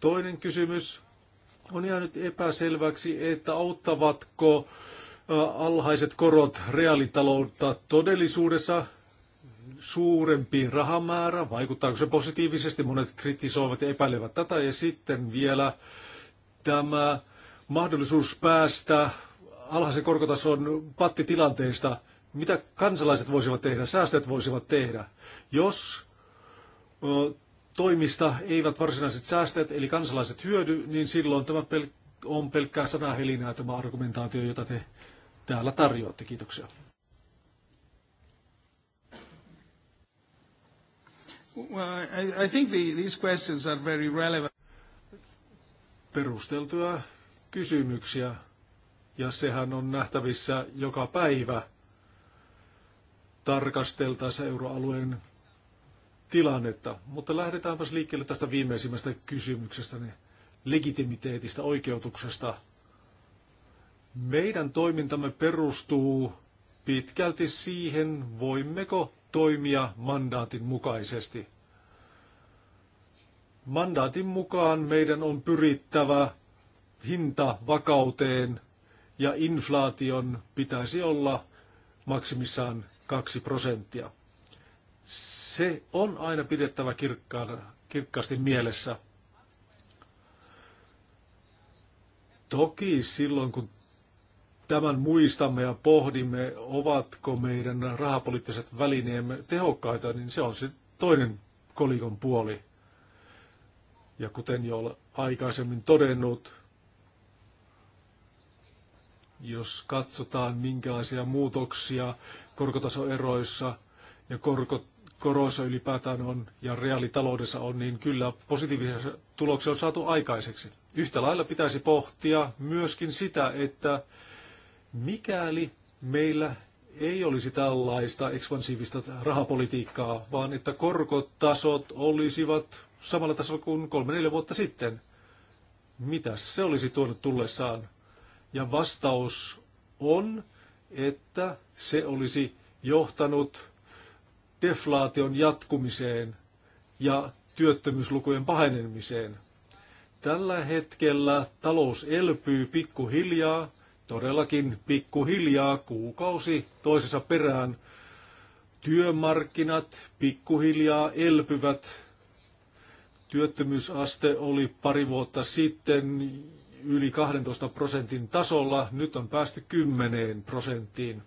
[SPEAKER 1] Toinen kysymys. On jäänyt epäselväksi, että auttavatko alhaiset korot reaalitaloutta todellisuudessa suurempi rahamäärä, vaikuttaako se positiivisesti, monet kritisoivat ja epäilevät tätä, ja sitten vielä tämä mahdollisuus päästä alhaisen korkotason pattitilanteesta, mitä kansalaiset voisivat tehdä, säästöt voisivat tehdä, jos toimista eivät varsinaiset säästöt, eli kansalaiset hyödy, niin silloin tämä pel- on pelkkää sanahelinää tämä argumentaatio, jota te täällä tarjoatte. Kiitoksia. Well, I think these questions are very relevant. Perusteltuja kysymyksiä, ja sehän on nähtävissä joka päivä tarkasteltaessa euroalueen tilannetta. Mutta lähdetäänpäs liikkeelle tästä viimeisimmästä kysymyksestä, niin legitimiteetistä, oikeutuksesta – meidän toimintamme perustuu pitkälti siihen, voimmeko toimia mandaatin mukaisesti. Mandaatin mukaan meidän on pyrittävä hinta vakauteen ja inflaation pitäisi olla maksimissaan 2 prosenttia. Se on aina pidettävä kirkkaasti mielessä. Toki silloin, kun tämän muistamme ja pohdimme, ovatko meidän rahapoliittiset välineemme tehokkaita, niin se on se toinen kolikon puoli. Ja kuten jo olen aikaisemmin todennut, jos katsotaan minkälaisia muutoksia korkotasoeroissa ja korko, koroissa ylipäätään on ja reaalitaloudessa on, niin kyllä positiivisia tuloksia on saatu aikaiseksi. Yhtä lailla pitäisi pohtia myöskin sitä, että Mikäli meillä ei olisi tällaista ekspansiivista rahapolitiikkaa, vaan että korkotasot olisivat samalla tasolla kuin kolme neljä vuotta sitten, mitä se olisi tuonut tullessaan? Ja vastaus on, että se olisi johtanut deflaation jatkumiseen ja työttömyyslukujen pahenemiseen. Tällä hetkellä talous elpyy pikkuhiljaa, todellakin pikkuhiljaa kuukausi toisessa perään työmarkkinat pikkuhiljaa elpyvät. Työttömyysaste oli pari vuotta sitten yli 12 prosentin tasolla, nyt on päästy 10 prosenttiin.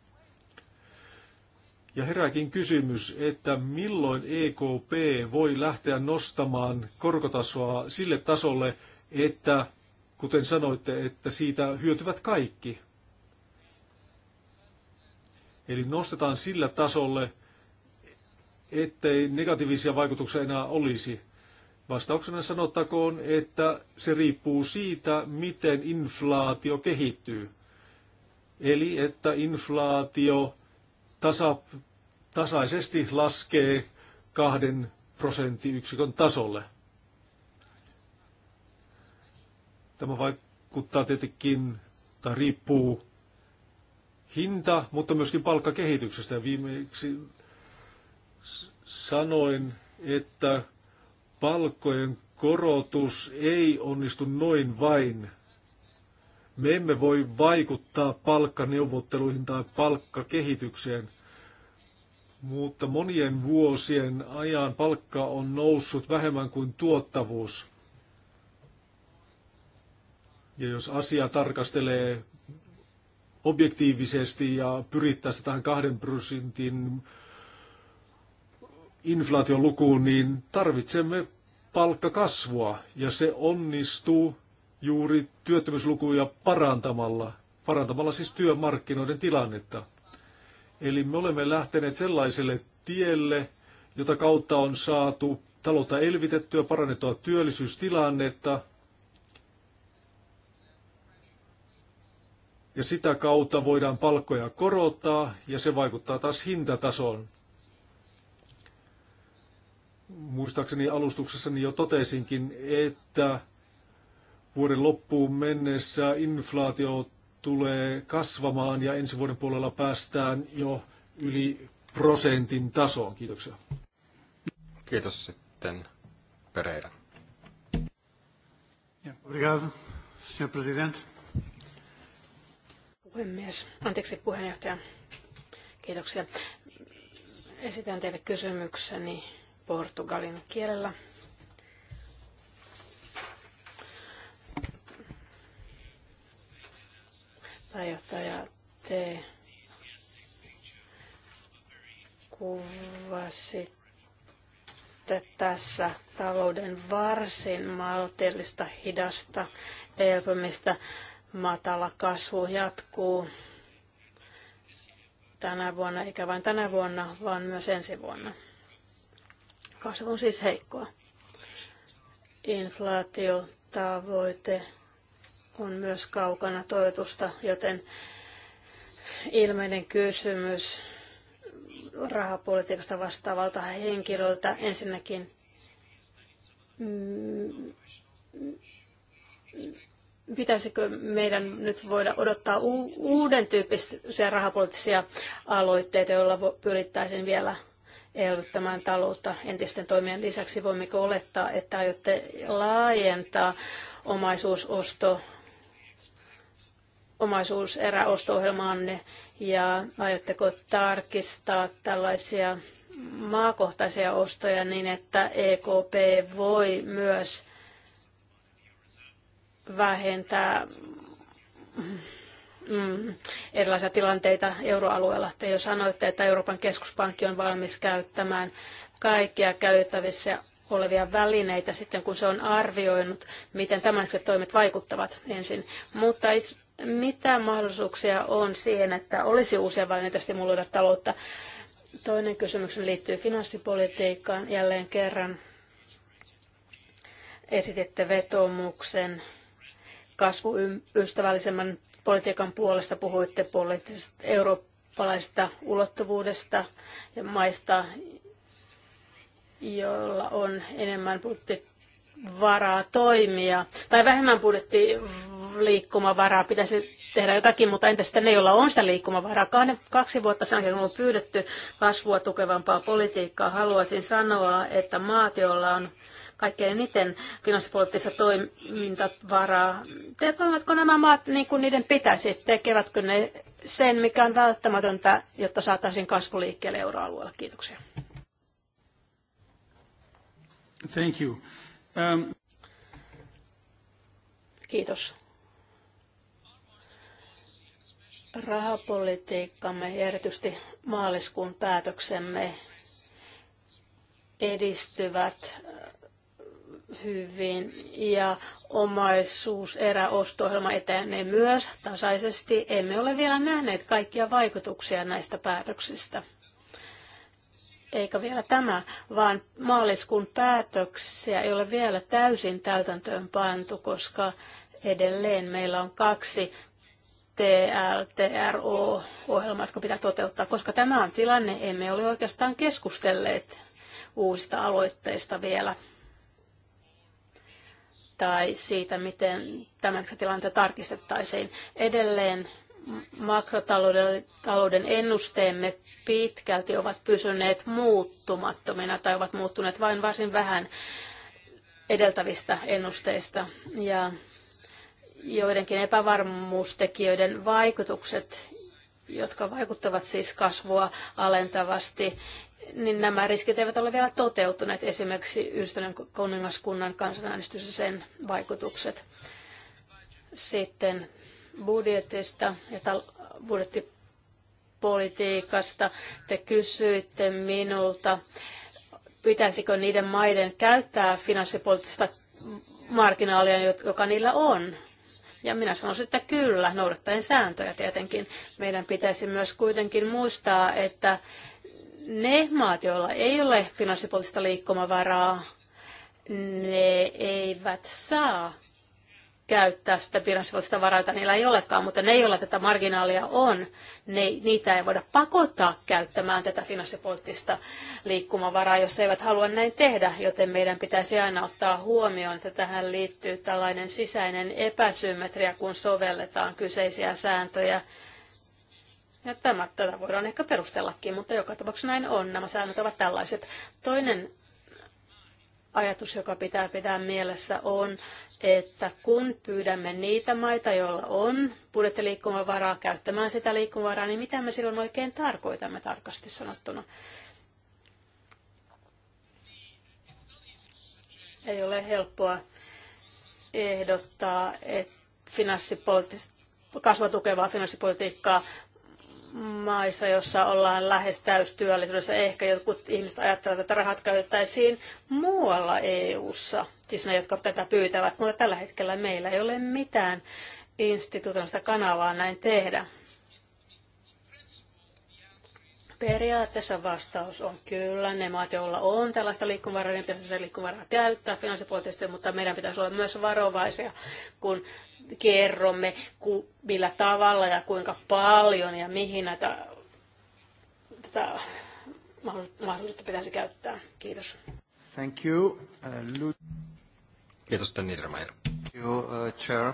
[SPEAKER 1] Ja herääkin kysymys, että milloin EKP voi lähteä nostamaan korkotasoa sille tasolle, että kuten sanoitte, että siitä hyötyvät kaikki. Eli nostetaan sillä tasolle, ettei negatiivisia vaikutuksia enää olisi. Vastauksena sanottakoon, että se riippuu siitä, miten inflaatio kehittyy. Eli että inflaatio tasa, tasaisesti laskee kahden prosenttiyksikön tasolle. Tämä vaikuttaa tietenkin, tai riippuu hinta, mutta myöskin palkkakehityksestä. Ja viimeksi sanoin, että palkkojen korotus ei onnistu noin vain. Me emme voi vaikuttaa palkkaneuvotteluihin tai palkkakehitykseen, mutta monien vuosien ajan palkka on noussut vähemmän kuin tuottavuus. Ja jos asia tarkastelee objektiivisesti ja pyrittäisiin tähän kahden prosentin lukuun, niin tarvitsemme palkkakasvua ja se onnistuu juuri työttömyyslukuja parantamalla, parantamalla siis työmarkkinoiden tilannetta. Eli me olemme lähteneet sellaiselle tielle, jota kautta on saatu taloutta elvitettyä, parannettua työllisyystilannetta ja sitä kautta voidaan palkkoja korottaa ja se vaikuttaa taas hintatasoon. Muistaakseni alustuksessani jo totesinkin, että vuoden loppuun mennessä inflaatio tulee kasvamaan ja ensi vuoden puolella päästään jo yli prosentin tasoon. Kiitoksia. Kiitos sitten Pereira. Obrigado, senhor presidente.
[SPEAKER 3] Puhemies, anteeksi puheenjohtaja. Kiitoksia. Esitän teille kysymykseni portugalin kielellä. Pääjohtaja, te kuvasitte tässä talouden varsin maltillista, hidasta elpymistä matala kasvu jatkuu tänä vuonna, eikä vain tänä vuonna, vaan myös ensi vuonna. Kasvu on siis heikkoa. Inflaatiotavoite on myös kaukana toivotusta, joten ilmeinen kysymys rahapolitiikasta vastaavalta henkilöltä ensinnäkin mm, pitäisikö meidän nyt voida odottaa u- uuden tyyppisiä rahapoliittisia aloitteita, joilla pyrittäisiin vielä elvyttämään taloutta entisten toimien lisäksi? Voimmeko olettaa, että aiotte laajentaa omaisuusosto omaisuuseräosto-ohjelmaanne ja aiotteko tarkistaa tällaisia maakohtaisia ostoja niin, että EKP voi myös vähentää mm, erilaisia tilanteita euroalueella. Te jo sanoitte, että Euroopan keskuspankki on valmis käyttämään kaikkia käytettävissä olevia välineitä sitten, kun se on arvioinut, miten tämänhetkiset toimet vaikuttavat ensin. Mutta itse, mitä mahdollisuuksia on siihen, että olisi uusia välineitä stimuloida taloutta? Toinen kysymys liittyy finanssipolitiikkaan. Jälleen kerran esititte vetomuksen kasvuystävällisemmän politiikan puolesta puhuitte poliittisesta eurooppalaisesta ulottuvuudesta ja maista, joilla on enemmän budjettivaraa toimia, tai vähemmän budjettiliikkumavaraa pitäisi tehdä jotakin, mutta entä sitten ne, joilla on sitä liikkumavaraa? Kaksi vuotta sen jälkeen, kun on pyydetty kasvua tukevampaa politiikkaa, haluaisin sanoa, että maat, joilla on kaikkein eniten finanssipoliittista toimintavaraa. Tekevätkö nämä maat niin kuin niiden pitäisi? Tekevätkö ne sen, mikä on välttämätöntä, jotta saataisiin kasvu liikkeelle euroalueella? Kiitoksia. Thank you. Um... Kiitos. Rahapolitiikkamme ja erityisesti maaliskuun päätöksemme edistyvät hyvin ja omaisuus eräostohjelma etenee myös tasaisesti. Emme ole vielä nähneet kaikkia vaikutuksia näistä päätöksistä. Eikä vielä tämä, vaan maaliskuun päätöksiä ei ole vielä täysin täytäntöön pantu, koska edelleen meillä on kaksi TLTRO-ohjelmaa, jotka pitää toteuttaa. Koska tämä on tilanne, emme ole oikeastaan keskustelleet uusista aloitteista vielä tai siitä, miten tämän tilannetta tarkistettaisiin. Edelleen makrotalouden ennusteemme pitkälti ovat pysyneet muuttumattomina tai ovat muuttuneet vain varsin vähän edeltävistä ennusteista. Ja joidenkin epävarmuustekijöiden vaikutukset, jotka vaikuttavat siis kasvua alentavasti niin nämä riskit eivät ole vielä toteutuneet, esimerkiksi Yhdistyneen kuningaskunnan kansanäänestys ja sen vaikutukset. Sitten budjetista ja tal- budjettipolitiikasta te kysyitte minulta, pitäisikö niiden maiden käyttää finanssipoliittista marginaalia, joka niillä on. Ja minä sanoisin, että kyllä, noudattaen sääntöjä tietenkin. Meidän pitäisi myös kuitenkin muistaa, että ne maat, joilla ei ole finanssipoliittista liikkumavaraa, ne eivät saa käyttää sitä finanssipoliittista jota niillä ei olekaan, mutta ne, joilla tätä marginaalia on, ne, niitä ei voida pakottaa käyttämään tätä finanssipoliittista liikkumavaraa, jos eivät halua näin tehdä, joten meidän pitäisi aina ottaa huomioon, että tähän liittyy tällainen sisäinen epäsymmetria, kun sovelletaan kyseisiä sääntöjä ja tämä, tätä voidaan ehkä perustellakin, mutta joka tapauksessa näin on. Nämä säännöt ovat tällaiset. Toinen ajatus, joka pitää pitää mielessä, on, että kun pyydämme niitä maita, joilla on budjettiliikkumavaraa käyttämään sitä liikkumavaraa, niin mitä me silloin oikein tarkoitamme tarkasti sanottuna? Ei ole helppoa ehdottaa, että finanssipoliittista kasvua finanssipolitiikkaa maissa, joissa ollaan lähes täystyöllisyydessä. Ehkä jotkut ihmiset ajattelevat, että rahat käytettäisiin muualla EU-ssa, siis ne, jotka tätä pyytävät, mutta tällä hetkellä meillä ei ole mitään instituutioista kanavaa näin tehdä. Periaatteessa vastaus on kyllä. Ne maat, joilla on tällaista liikkumavaraa, niin pitäisi sitä liikkumavaraa käyttää finanssipoliittisesti, mutta meidän pitäisi olla myös varovaisia, kun kerromme, ku, millä tavalla ja kuinka paljon ja mihin näitä tätä mahdollisuutta pitäisi käyttää. Kiitos. Thank you. Uh,
[SPEAKER 2] Kiitos, Tän Niedermayer. uh,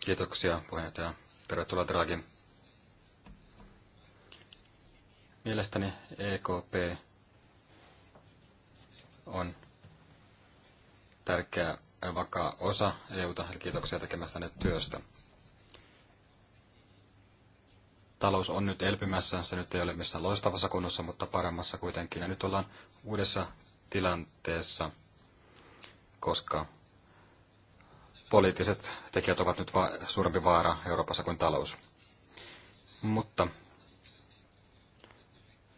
[SPEAKER 2] Kiitoksia, puheenjohtaja. Tervetuloa, Draghi. Mielestäni EKP on tärkeä vakaa osa EUta, eli kiitoksia tekemästänne työstä. Talous on nyt elpymässä, se nyt ei ole missään loistavassa kunnossa, mutta paremmassa kuitenkin. Ja nyt ollaan uudessa tilanteessa, koska poliittiset tekijät ovat nyt va- suurempi vaara Euroopassa kuin talous. Mutta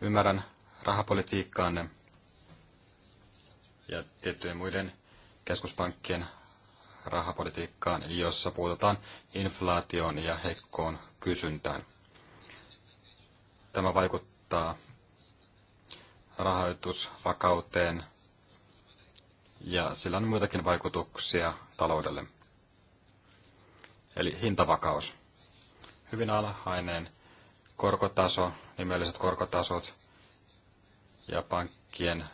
[SPEAKER 2] ymmärrän rahapolitiikkaanne ja tiettyjen muiden keskuspankkien rahapolitiikkaan, jossa puututaan inflaatioon ja heikkoon kysyntään. Tämä vaikuttaa rahoitusvakauteen ja sillä on muitakin vaikutuksia taloudelle. Eli hintavakaus. Hyvin alhainen korkotaso, nimelliset korkotasot ja pankkien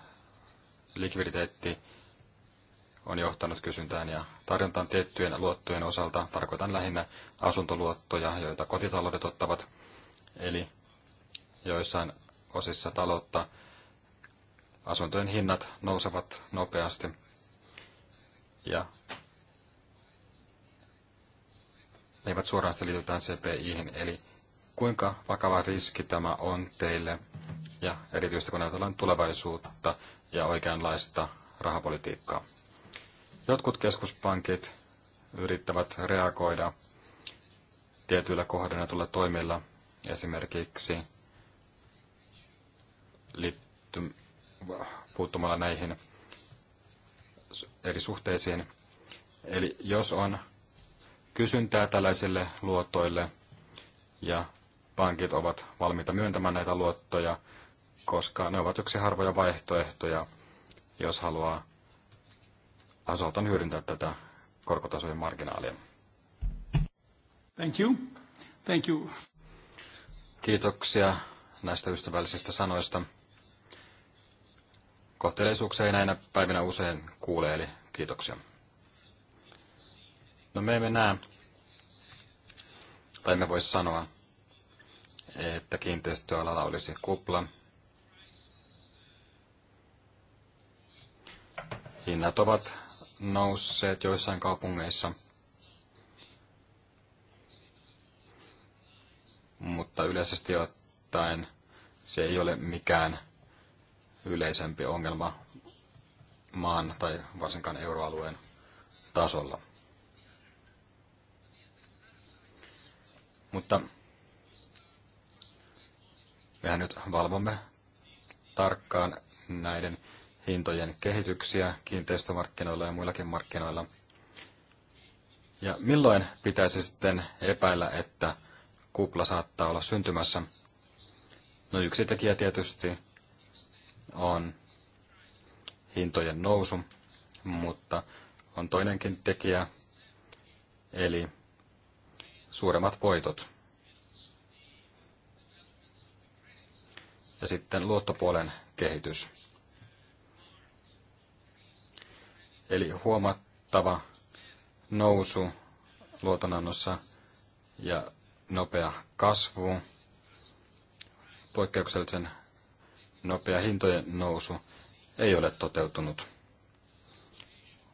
[SPEAKER 2] likviditeetti on johtanut kysyntään ja tarjontaan tiettyjen luottojen osalta. Tarkoitan lähinnä asuntoluottoja, joita kotitaloudet ottavat. Eli joissain osissa taloutta asuntojen hinnat nousevat nopeasti. Ja ne eivät suoraan sitä CPIhin. Eli kuinka vakava riski tämä on teille, ja erityisesti kun ajatellaan tulevaisuutta ja oikeanlaista rahapolitiikkaa. Jotkut keskuspankit yrittävät reagoida tietyillä kohdennetulla toimilla, esimerkiksi liitty, puuttumalla näihin eri suhteisiin. Eli jos on kysyntää tällaisille luotoille ja pankit ovat valmiita myöntämään näitä luottoja, koska ne ovat yksi harvoja vaihtoehtoja, jos haluaa osaltaan hyödyntää tätä korkotasojen marginaalia.
[SPEAKER 1] Thank you. Thank you.
[SPEAKER 2] Kiitoksia näistä ystävällisistä sanoista. Kohteleisuuksia ei näinä päivinä usein kuule, eli kiitoksia. No me emme näe, tai me voisi sanoa, että kiinteistöalalla olisi kupla. Hinnat ovat nousseet joissain kaupungeissa. Mutta yleisesti ottaen se ei ole mikään yleisempi ongelma maan tai varsinkaan euroalueen tasolla. Mutta mehän nyt valvomme tarkkaan näiden hintojen kehityksiä kiinteistömarkkinoilla ja muillakin markkinoilla. Ja milloin pitäisi sitten epäillä, että kupla saattaa olla syntymässä? No yksi tekijä tietysti on hintojen nousu, mutta on toinenkin tekijä, eli suuremmat voitot. Ja sitten luottopuolen kehitys. Eli huomattava nousu luotonannossa ja nopea kasvu, poikkeuksellisen nopea hintojen nousu ei ole toteutunut.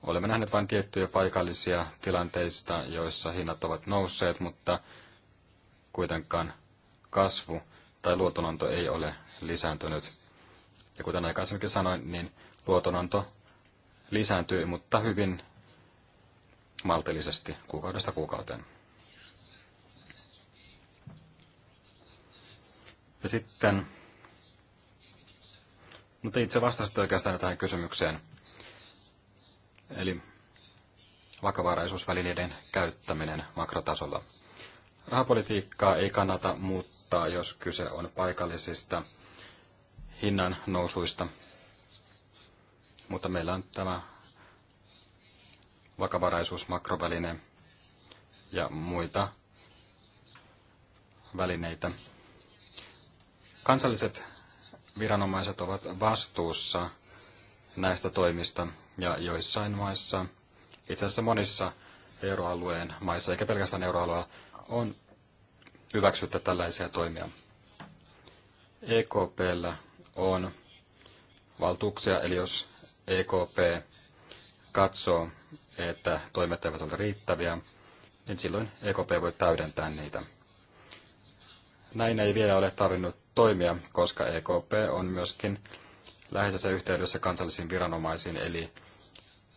[SPEAKER 2] Olemme nähneet vain tiettyjä paikallisia tilanteista, joissa hinnat ovat nousseet, mutta kuitenkaan kasvu tai luotonanto ei ole lisääntynyt. Ja kuten aikaisemminkin sanoin, niin luotonanto lisääntyi, mutta hyvin maltillisesti kuukaudesta kuukauteen. Ja sitten, mutta itse vastasit oikeastaan tähän kysymykseen. Eli vakavaraisuusvälineiden käyttäminen makrotasolla. Rahapolitiikkaa ei kannata muuttaa, jos kyse on paikallisista hinnan nousuista – mutta meillä on tämä vakavaraisuusmakroväline ja muita välineitä. Kansalliset viranomaiset ovat vastuussa näistä toimista ja joissain maissa, itse asiassa monissa euroalueen maissa, eikä pelkästään euroalueella, on hyväksyttä tällaisia toimia. EKPllä on valtuuksia, eli jos EKP katsoo, että toimet eivät ole riittäviä, niin silloin EKP voi täydentää niitä. Näin ei vielä ole tarvinnut toimia, koska EKP on myöskin läheisessä yhteydessä kansallisiin viranomaisiin, eli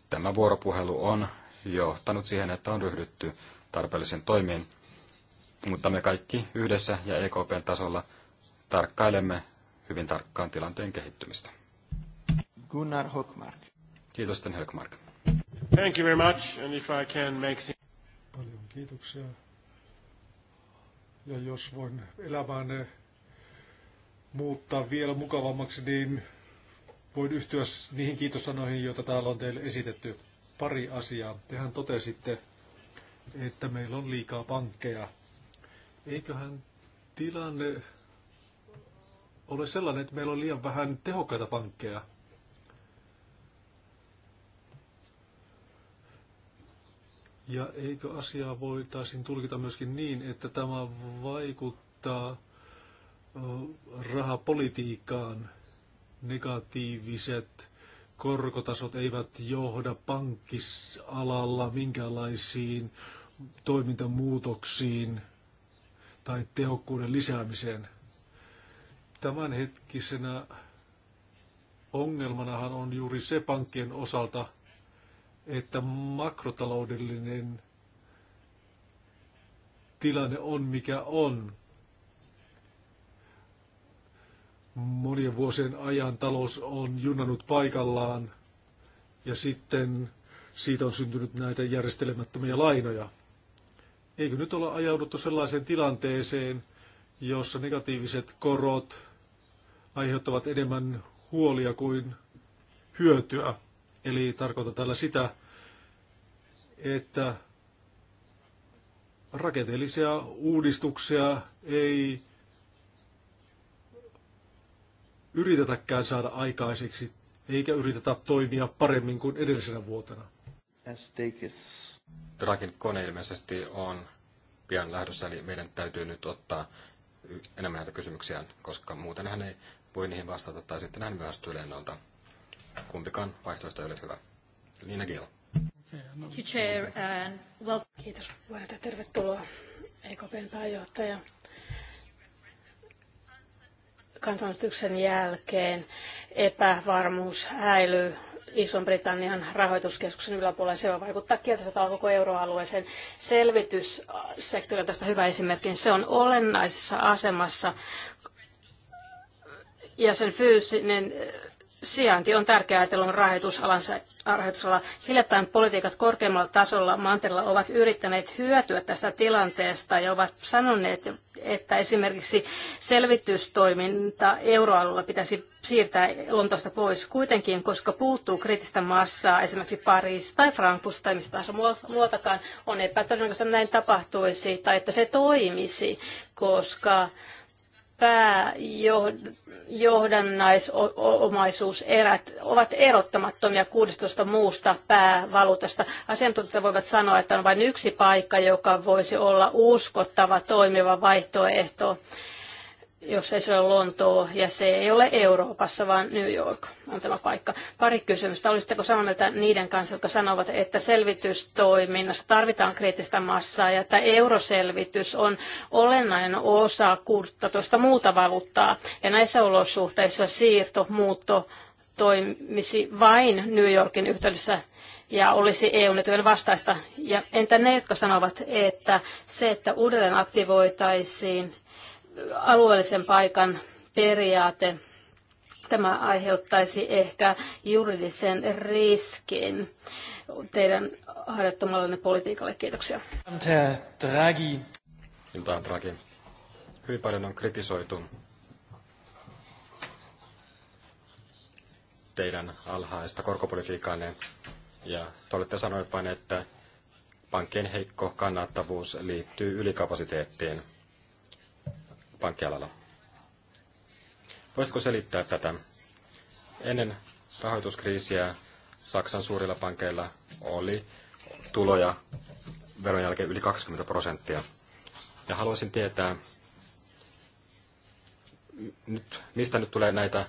[SPEAKER 2] tämä vuoropuhelu on johtanut siihen, että on ryhdytty tarpeellisiin toimiin, mutta me kaikki yhdessä ja EKPn tasolla tarkkailemme hyvin tarkkaan tilanteen kehittymistä.
[SPEAKER 1] Gunnar Hökmark.
[SPEAKER 2] Kiitos, Sten Hökmark.
[SPEAKER 1] Thank you very much, and if I can make... Paljon kiitoksia. Ja jos voin elämään eh, muuttaa vielä mukavammaksi, niin voin yhtyä niihin kiitosanoihin, joita täällä on teille esitetty. Pari asiaa. Tehän totesitte, että meillä on liikaa pankkeja. Eiköhän tilanne ole sellainen, että meillä on liian vähän tehokkaita pankkeja. Ja eikö asiaa voitaisiin tulkita myöskin niin, että tämä vaikuttaa rahapolitiikkaan? Negatiiviset korkotasot eivät johda pankkisalalla minkäänlaisiin toimintamuutoksiin tai tehokkuuden lisäämiseen. Tämänhetkisenä ongelmanahan on juuri se pankkien osalta, että makrotaloudellinen tilanne on mikä on. Monien vuosien ajan talous on junnanut paikallaan ja sitten siitä on syntynyt näitä järjestelemättömiä lainoja. Eikö nyt olla ajauduttu sellaiseen tilanteeseen, jossa negatiiviset korot aiheuttavat enemmän huolia kuin hyötyä? Eli tarkoitan tällä sitä, että rakenteellisia uudistuksia ei yritetäkään saada aikaiseksi, eikä yritetä toimia paremmin kuin edellisenä vuotena.
[SPEAKER 2] Drakin kone ilmeisesti on pian lähdössä, eli meidän täytyy nyt ottaa enemmän näitä kysymyksiä, koska muuten hän ei voi niihin vastata tai sitten hän myöhästyy lennolta. Kumpikaan vaihtoehto ei ole hyvä. Liina Gill.
[SPEAKER 3] Chair, and well... Kiitos puheenjohtaja. Tervetuloa EKPn pääjohtaja. Kansanostuksen jälkeen epävarmuus häilyy Ison-Britannian rahoituskeskuksen yläpuolella. Se voi vaikuttaa kielteisellä koko euroalueeseen. Selvityssektori on tästä hyvä esimerkki. Se on olennaisessa asemassa ja sen fyysinen sijainti on tärkeää ajatellun rahoitusala. Hiljattain politiikat korkeammalla tasolla mantereella ovat yrittäneet hyötyä tästä tilanteesta ja ovat sanoneet, että esimerkiksi selvitystoiminta euroalueella pitäisi siirtää Lontoosta pois kuitenkin, koska puuttuu kriittistä massaa esimerkiksi Pariisista tai Frankfurtista tai mistä tahansa muualtakaan, on epätodennäköistä, että näin tapahtuisi tai että se toimisi, koska pääjohdannaisomaisuuserät ovat erottamattomia 16 muusta päävaluutasta. Asiantuntijat voivat sanoa, että on vain yksi paikka, joka voisi olla uskottava toimiva vaihtoehto jos ei se ole Lontoo ja se ei ole Euroopassa, vaan New York on tämä paikka. Pari kysymystä. Olisitteko samaa mieltä niiden kanssa, jotka sanovat, että selvitystoiminnassa tarvitaan kriittistä massaa ja että euroselvitys on olennainen osa kurtta tuosta muuta valuuttaa ja näissä olosuhteissa siirto, muutto toimisi vain New Yorkin yhteydessä ja olisi eu netujen vastaista. Ja entä ne, jotka sanovat, että se, että uudelleen aktivoitaisiin alueellisen paikan periaate. Tämä aiheuttaisi ehkä juridisen riskin teidän harjoittamallanne politiikalle. Kiitoksia.
[SPEAKER 1] Draghi. Iltaan
[SPEAKER 2] Draghi. Hyvin paljon on kritisoitu teidän alhaista korkopolitiikkaanne. Ja te olette sanoneet vain, että pankkien heikko kannattavuus liittyy ylikapasiteettiin pankkialalla. Voisitko selittää tätä? Ennen rahoituskriisiä Saksan suurilla pankeilla oli tuloja veron jälkeen yli 20 prosenttia. Ja haluaisin tietää, nyt, mistä nyt tulee näitä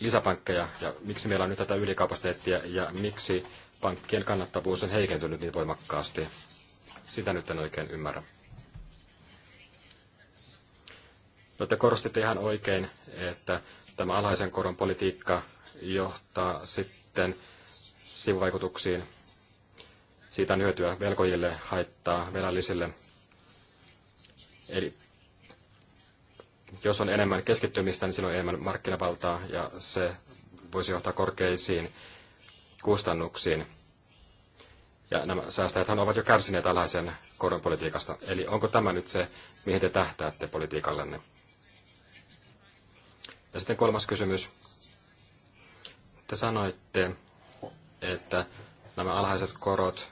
[SPEAKER 2] lisäpankkeja ja miksi meillä on nyt tätä ylikapasiteettia ja miksi pankkien kannattavuus on heikentynyt niin voimakkaasti. Sitä nyt en oikein ymmärrä. No te korostitte ihan oikein, että tämä alhaisen koron politiikka johtaa sitten sivuvaikutuksiin. Siitä on hyötyä velkojille, haittaa velallisille. Eli jos on enemmän keskittymistä, niin silloin on enemmän markkinavaltaa ja se voisi johtaa korkeisiin kustannuksiin. Ja nämä säästäjäthän ovat jo kärsineet alaisen koron politiikasta. Eli onko tämä nyt se, mihin te tähtäätte politiikallanne? Ja sitten kolmas kysymys. Te sanoitte, että nämä alhaiset korot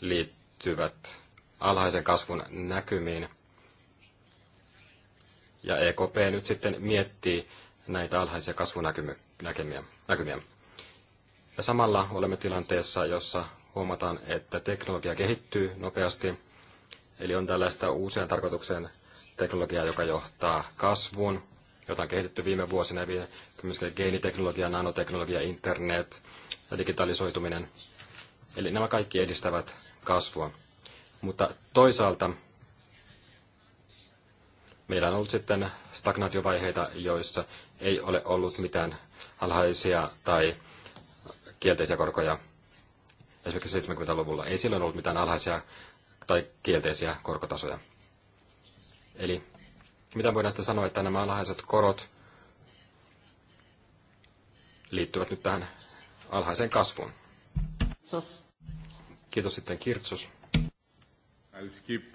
[SPEAKER 2] liittyvät alhaisen kasvun näkymiin. Ja EKP nyt sitten miettii näitä alhaisia kasvunäkymiä. Ja samalla olemme tilanteessa, jossa huomataan, että teknologia kehittyy nopeasti, eli on tällaista uusien tarkoitukseen teknologiaa, joka johtaa kasvuun, jota on kehitetty viime vuosina, esimerkiksi geeniteknologia, nanoteknologia, internet ja digitalisoituminen. Eli nämä kaikki edistävät kasvua. Mutta toisaalta meillä on ollut sitten stagnaatiovaiheita, joissa ei ole ollut mitään alhaisia tai kielteisiä korkoja. Esimerkiksi 70-luvulla ei silloin ollut mitään alhaisia tai kielteisiä korkotasoja. Eli mitä voidaan sitten sanoa, että nämä alhaiset korot liittyvät nyt tähän alhaiseen kasvuun? Kiitos. Kiitos sitten Kirtsos. I'll skip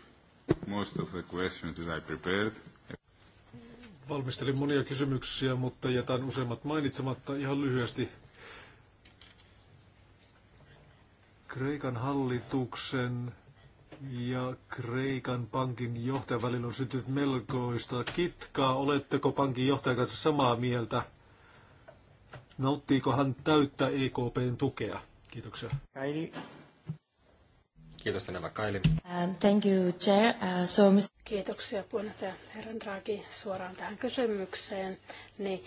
[SPEAKER 1] most of the questions that I prepared. Valmistelin monia kysymyksiä, mutta jätän useimmat mainitsematta ihan lyhyesti. Kreikan hallituksen ja Kreikan pankin johtajan välillä on syntynyt melkoista kitkaa. Oletteko pankin johtajan kanssa samaa mieltä? Nauttiiko hän täyttä EKPn tukea? Kiitoksia. Kaili. Kiitos nämä Kaili.
[SPEAKER 3] Um, thank you, Chair. Uh, so, Kiitoksia puheenjohtaja Herran Draghi suoraan tähän kysymykseen. Niin,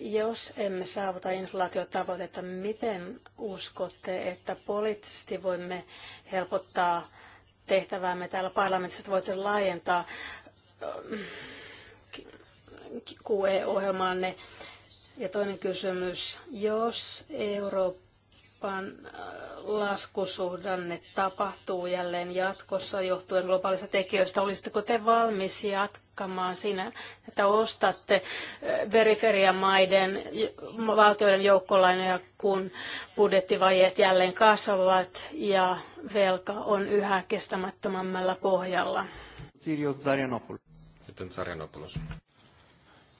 [SPEAKER 3] jos emme saavuta inflaatiotavoitetta, miten uskotte, että poliittisesti voimme helpottaa tehtäväämme täällä parlamentissa, voitte laajentaa ähm, QE-ohjelmaanne. Ja toinen kysymys, jos Euroopan äh, laskusuhdanne tapahtuu jälleen jatkossa johtuen globaalista tekijöistä, olisitteko te valmis jatkamaan siinä, että ostatte äh, periferiamaiden valtioiden joukkolainoja, kun budjettivajeet jälleen kasvavat ja velka on yhä kestämättömämmällä pohjalla.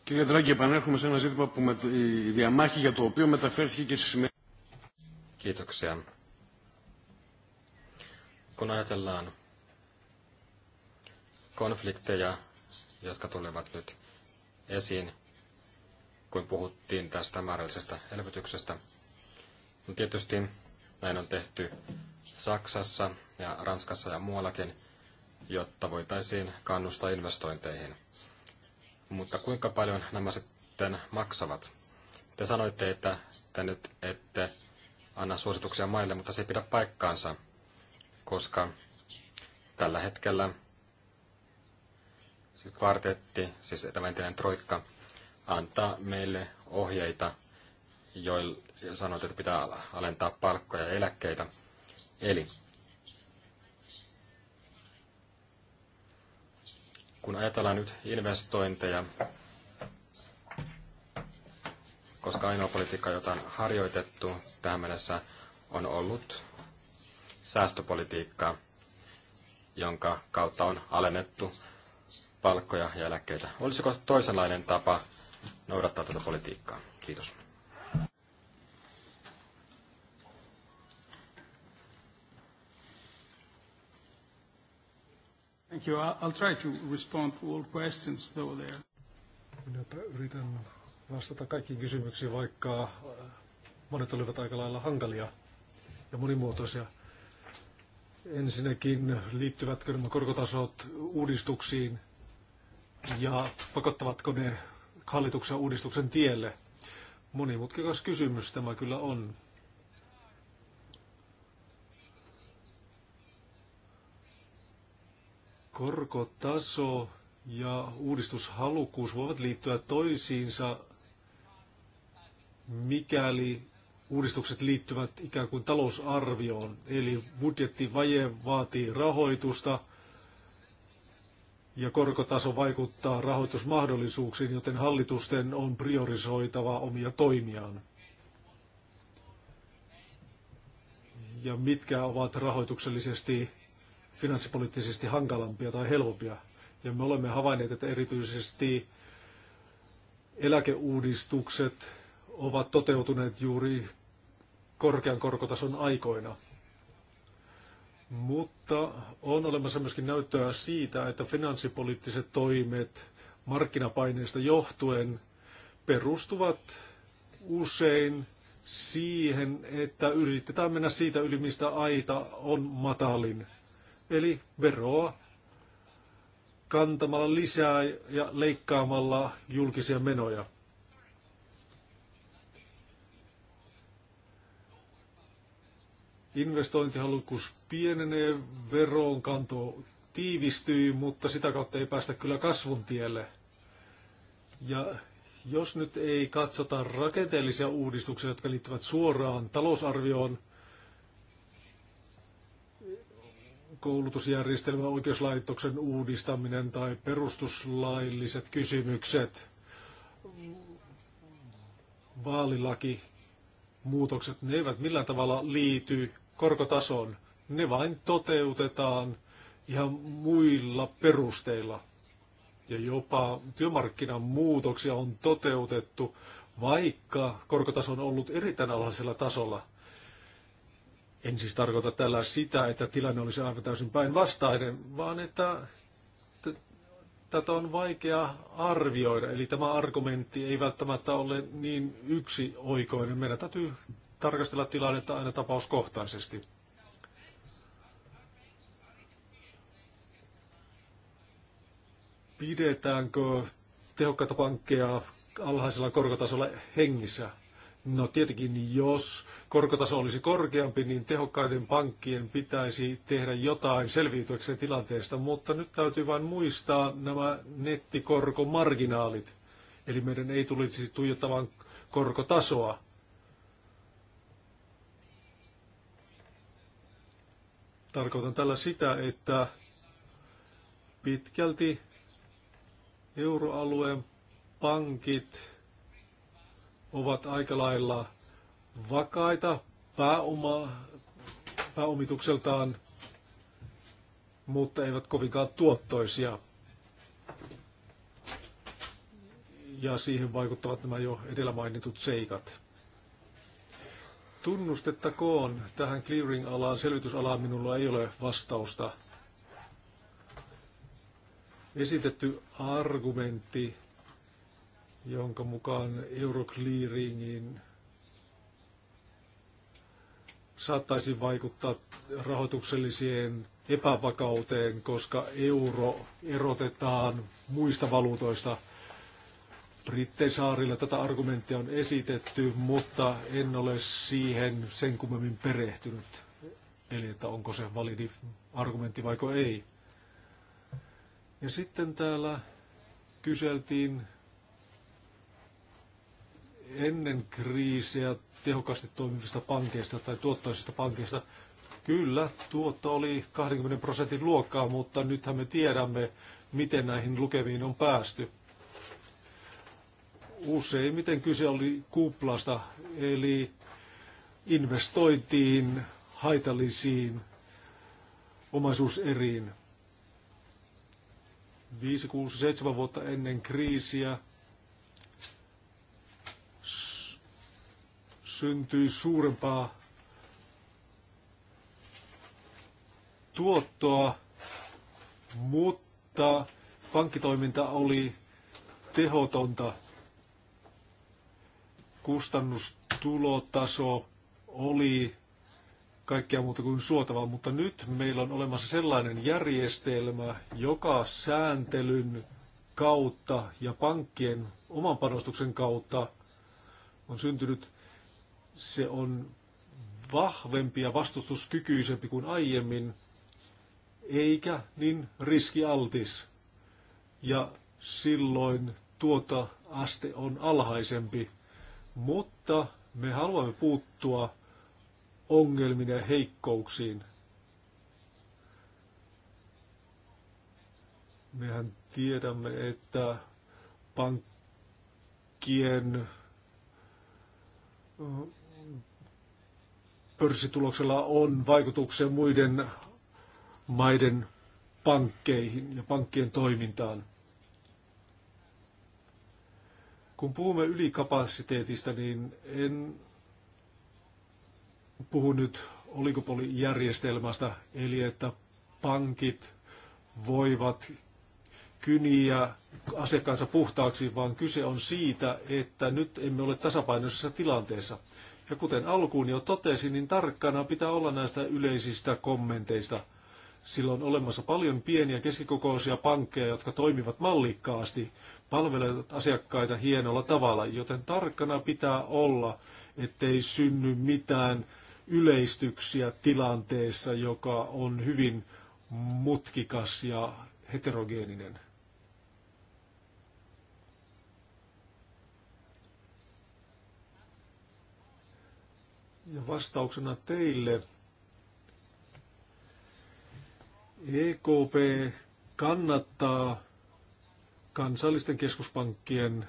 [SPEAKER 2] Κύριε Δράγκη, επανέρχομαι
[SPEAKER 1] σε ένα ζήτημα που με, η διαμάχη για το οποίο μεταφέρθηκε και στη σημερινή.
[SPEAKER 2] Kiitoksia. Kun ajatellaan konflikteja, jotka tulevat nyt esiin, kun puhuttiin tästä määrällisestä elvytyksestä, niin tietysti näin on tehty Saksassa ja Ranskassa ja muuallakin, jotta voitaisiin kannustaa investointeihin. Mutta kuinka paljon nämä sitten maksavat? Te sanoitte, että te nyt ette anna suosituksia maille, mutta se ei pidä paikkaansa, koska tällä hetkellä siis kvartetti, siis tämä entinen troikka, antaa meille ohjeita, joilla sanoit, että pitää alentaa palkkoja ja eläkkeitä. Eli kun ajatellaan nyt investointeja, koska ainoa politiikka, jota on harjoitettu tähän mennessä, on ollut säästöpolitiikkaa, jonka kautta on alennettu palkkoja ja eläkkeitä. Olisiko toisenlainen tapa noudattaa tätä politiikkaa? Kiitos.
[SPEAKER 1] Thank you. I'll try to respond to all questions though there. Minä yritän vastata kaikkiin kysymyksiin, vaikka äh, monet olivat aika lailla hankalia ja monimuotoisia. Ensinnäkin liittyvätkö nämä korkotasot uudistuksiin ja pakottavatko ne hallituksen uudistuksen tielle? Monimutkikas kysymys tämä kyllä on. Korkotaso ja uudistushalukkuus voivat liittyä toisiinsa, mikäli uudistukset liittyvät ikään kuin talousarvioon. Eli budjettivaje vaatii rahoitusta ja korkotaso vaikuttaa rahoitusmahdollisuuksiin, joten hallitusten on priorisoitava omia toimiaan. Ja mitkä ovat rahoituksellisesti finanssipoliittisesti hankalampia tai helpompia. Ja me olemme havainneet, että erityisesti eläkeuudistukset ovat toteutuneet juuri korkean korkotason aikoina. Mutta on olemassa myöskin näyttöä siitä, että finanssipoliittiset toimet markkinapaineista johtuen perustuvat usein siihen, että yritetään mennä siitä yli, mistä aita on matalin. Eli veroa kantamalla lisää ja leikkaamalla julkisia menoja. Investointihalukkuus pienenee, veroonkanto tiivistyy, mutta sitä kautta ei päästä kyllä kasvun tielle. Ja jos nyt ei katsota rakenteellisia uudistuksia, jotka liittyvät suoraan talousarvioon, koulutusjärjestelmä, oikeuslaitoksen uudistaminen tai perustuslailliset kysymykset, vaalilaki, muutokset, ne eivät millään tavalla liity korkotasoon. Ne vain toteutetaan ihan muilla perusteilla. Ja jopa työmarkkinan muutoksia on toteutettu, vaikka korkotaso on ollut erittäin alhaisella tasolla – en siis tarkoita tällä sitä, että tilanne olisi aivan täysin päinvastainen, vaan että tätä on vaikea arvioida. Eli tämä argumentti ei välttämättä ole niin yksi oikoinen. Meidän täytyy tarkastella tilannetta aina tapauskohtaisesti. Pidetäänkö tehokkaita pankkeja alhaisella korkotasolla hengissä? No tietenkin, jos korkotaso olisi korkeampi, niin tehokkaiden pankkien pitäisi tehdä jotain selviytyäkseen tilanteesta, mutta nyt täytyy vain muistaa nämä nettikorkomarginaalit. Eli meidän ei tulisi tuijottamaan korkotasoa. Tarkoitan tällä sitä, että pitkälti euroalueen pankit ovat aika lailla vakaita pääoma, pääomitukseltaan, mutta eivät kovinkaan tuottoisia. Ja siihen vaikuttavat nämä jo edellä mainitut seikat. Tunnustettakoon tähän clearing-alaan, selvitysalaan minulla ei ole vastausta. Esitetty argumentti jonka mukaan Euroclearingin saattaisi vaikuttaa rahoitukselliseen epävakauteen, koska euro erotetaan muista valuutoista. Britteisaarilla tätä argumenttia on esitetty, mutta en ole siihen sen kummemmin perehtynyt. Eli että onko se validi argumentti vaiko ei. Ja sitten täällä kyseltiin ennen kriisiä tehokkaasti toimivista pankeista tai tuottoisista pankeista. Kyllä, tuotto oli 20 prosentin luokkaa, mutta nythän me tiedämme, miten näihin lukemiin on päästy. Useimmiten kyse oli kuplasta, eli investointiin haitallisiin omaisuuseriin. 5, 6, 7 vuotta ennen kriisiä syntyi suurempaa tuottoa, mutta pankkitoiminta oli tehotonta. Kustannustulotaso oli kaikkea muuta kuin suotavaa, mutta nyt meillä on olemassa sellainen järjestelmä, joka sääntelyn kautta ja pankkien oman panostuksen kautta on syntynyt se on vahvempi ja vastustuskykyisempi kuin aiemmin, eikä niin riskialtis. Ja silloin tuota aste on alhaisempi. Mutta me haluamme puuttua ongelmiin ja heikkouksiin. Mehän tiedämme, että pankkien pörssituloksella on vaikutuksia muiden maiden pankkeihin ja pankkien toimintaan. Kun puhumme ylikapasiteetista, niin en puhu nyt oligopolijärjestelmästä, eli että pankit voivat kyniä asiakkaansa puhtaaksi, vaan kyse on siitä, että nyt emme ole tasapainoisessa tilanteessa. Ja kuten alkuun jo totesin, niin tarkkana pitää olla näistä yleisistä kommenteista. Sillä on olemassa paljon pieniä keskikokoisia pankkeja, jotka toimivat mallikkaasti, palvelevat asiakkaita hienolla tavalla, joten tarkkana pitää olla, ettei synny mitään yleistyksiä tilanteessa, joka on hyvin mutkikas ja heterogeeninen. Ja vastauksena teille EKP kannattaa kansallisten keskuspankkien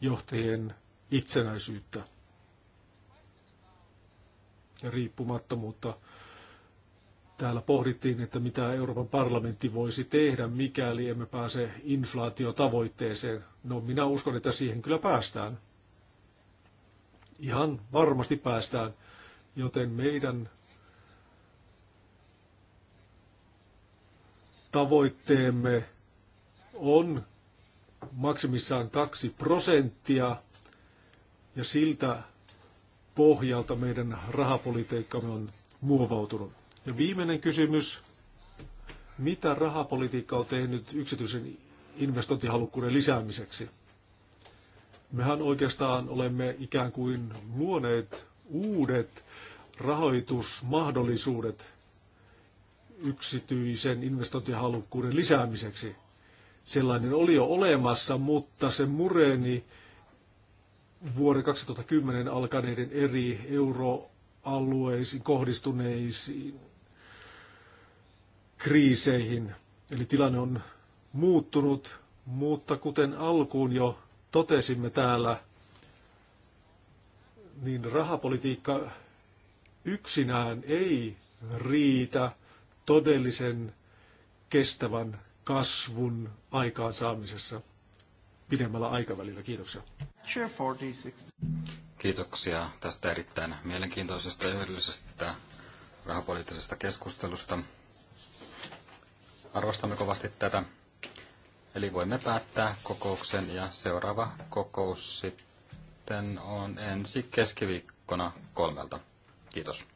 [SPEAKER 1] johtajien itsenäisyyttä ja riippumattomuutta. Täällä pohdittiin, että mitä Euroopan parlamentti voisi tehdä, mikäli emme pääse inflaatiotavoitteeseen. No minä uskon, että siihen kyllä päästään. Ihan varmasti päästään, joten meidän tavoitteemme on maksimissaan 2 prosenttia ja siltä pohjalta meidän rahapolitiikkamme on muovautunut. Ja viimeinen kysymys. Mitä rahapolitiikka on tehnyt yksityisen investointihalukkuuden lisäämiseksi? Mehän oikeastaan olemme ikään kuin luoneet uudet rahoitusmahdollisuudet yksityisen investointihalukkuuden lisäämiseksi. Sellainen oli jo olemassa, mutta se mureni vuoden 2010 alkaneiden eri euroalueisiin kohdistuneisiin kriiseihin. Eli tilanne on muuttunut, mutta kuten alkuun jo totesimme täällä, niin rahapolitiikka yksinään ei riitä todellisen kestävän kasvun aikaansaamisessa pidemmällä aikavälillä. Kiitoksia.
[SPEAKER 2] Kiitoksia tästä erittäin mielenkiintoisesta ja hyödyllisestä rahapoliittisesta keskustelusta. Arvostamme kovasti tätä. Eli voimme päättää kokouksen ja seuraava kokous sitten on ensi keskiviikkona kolmelta. Kiitos.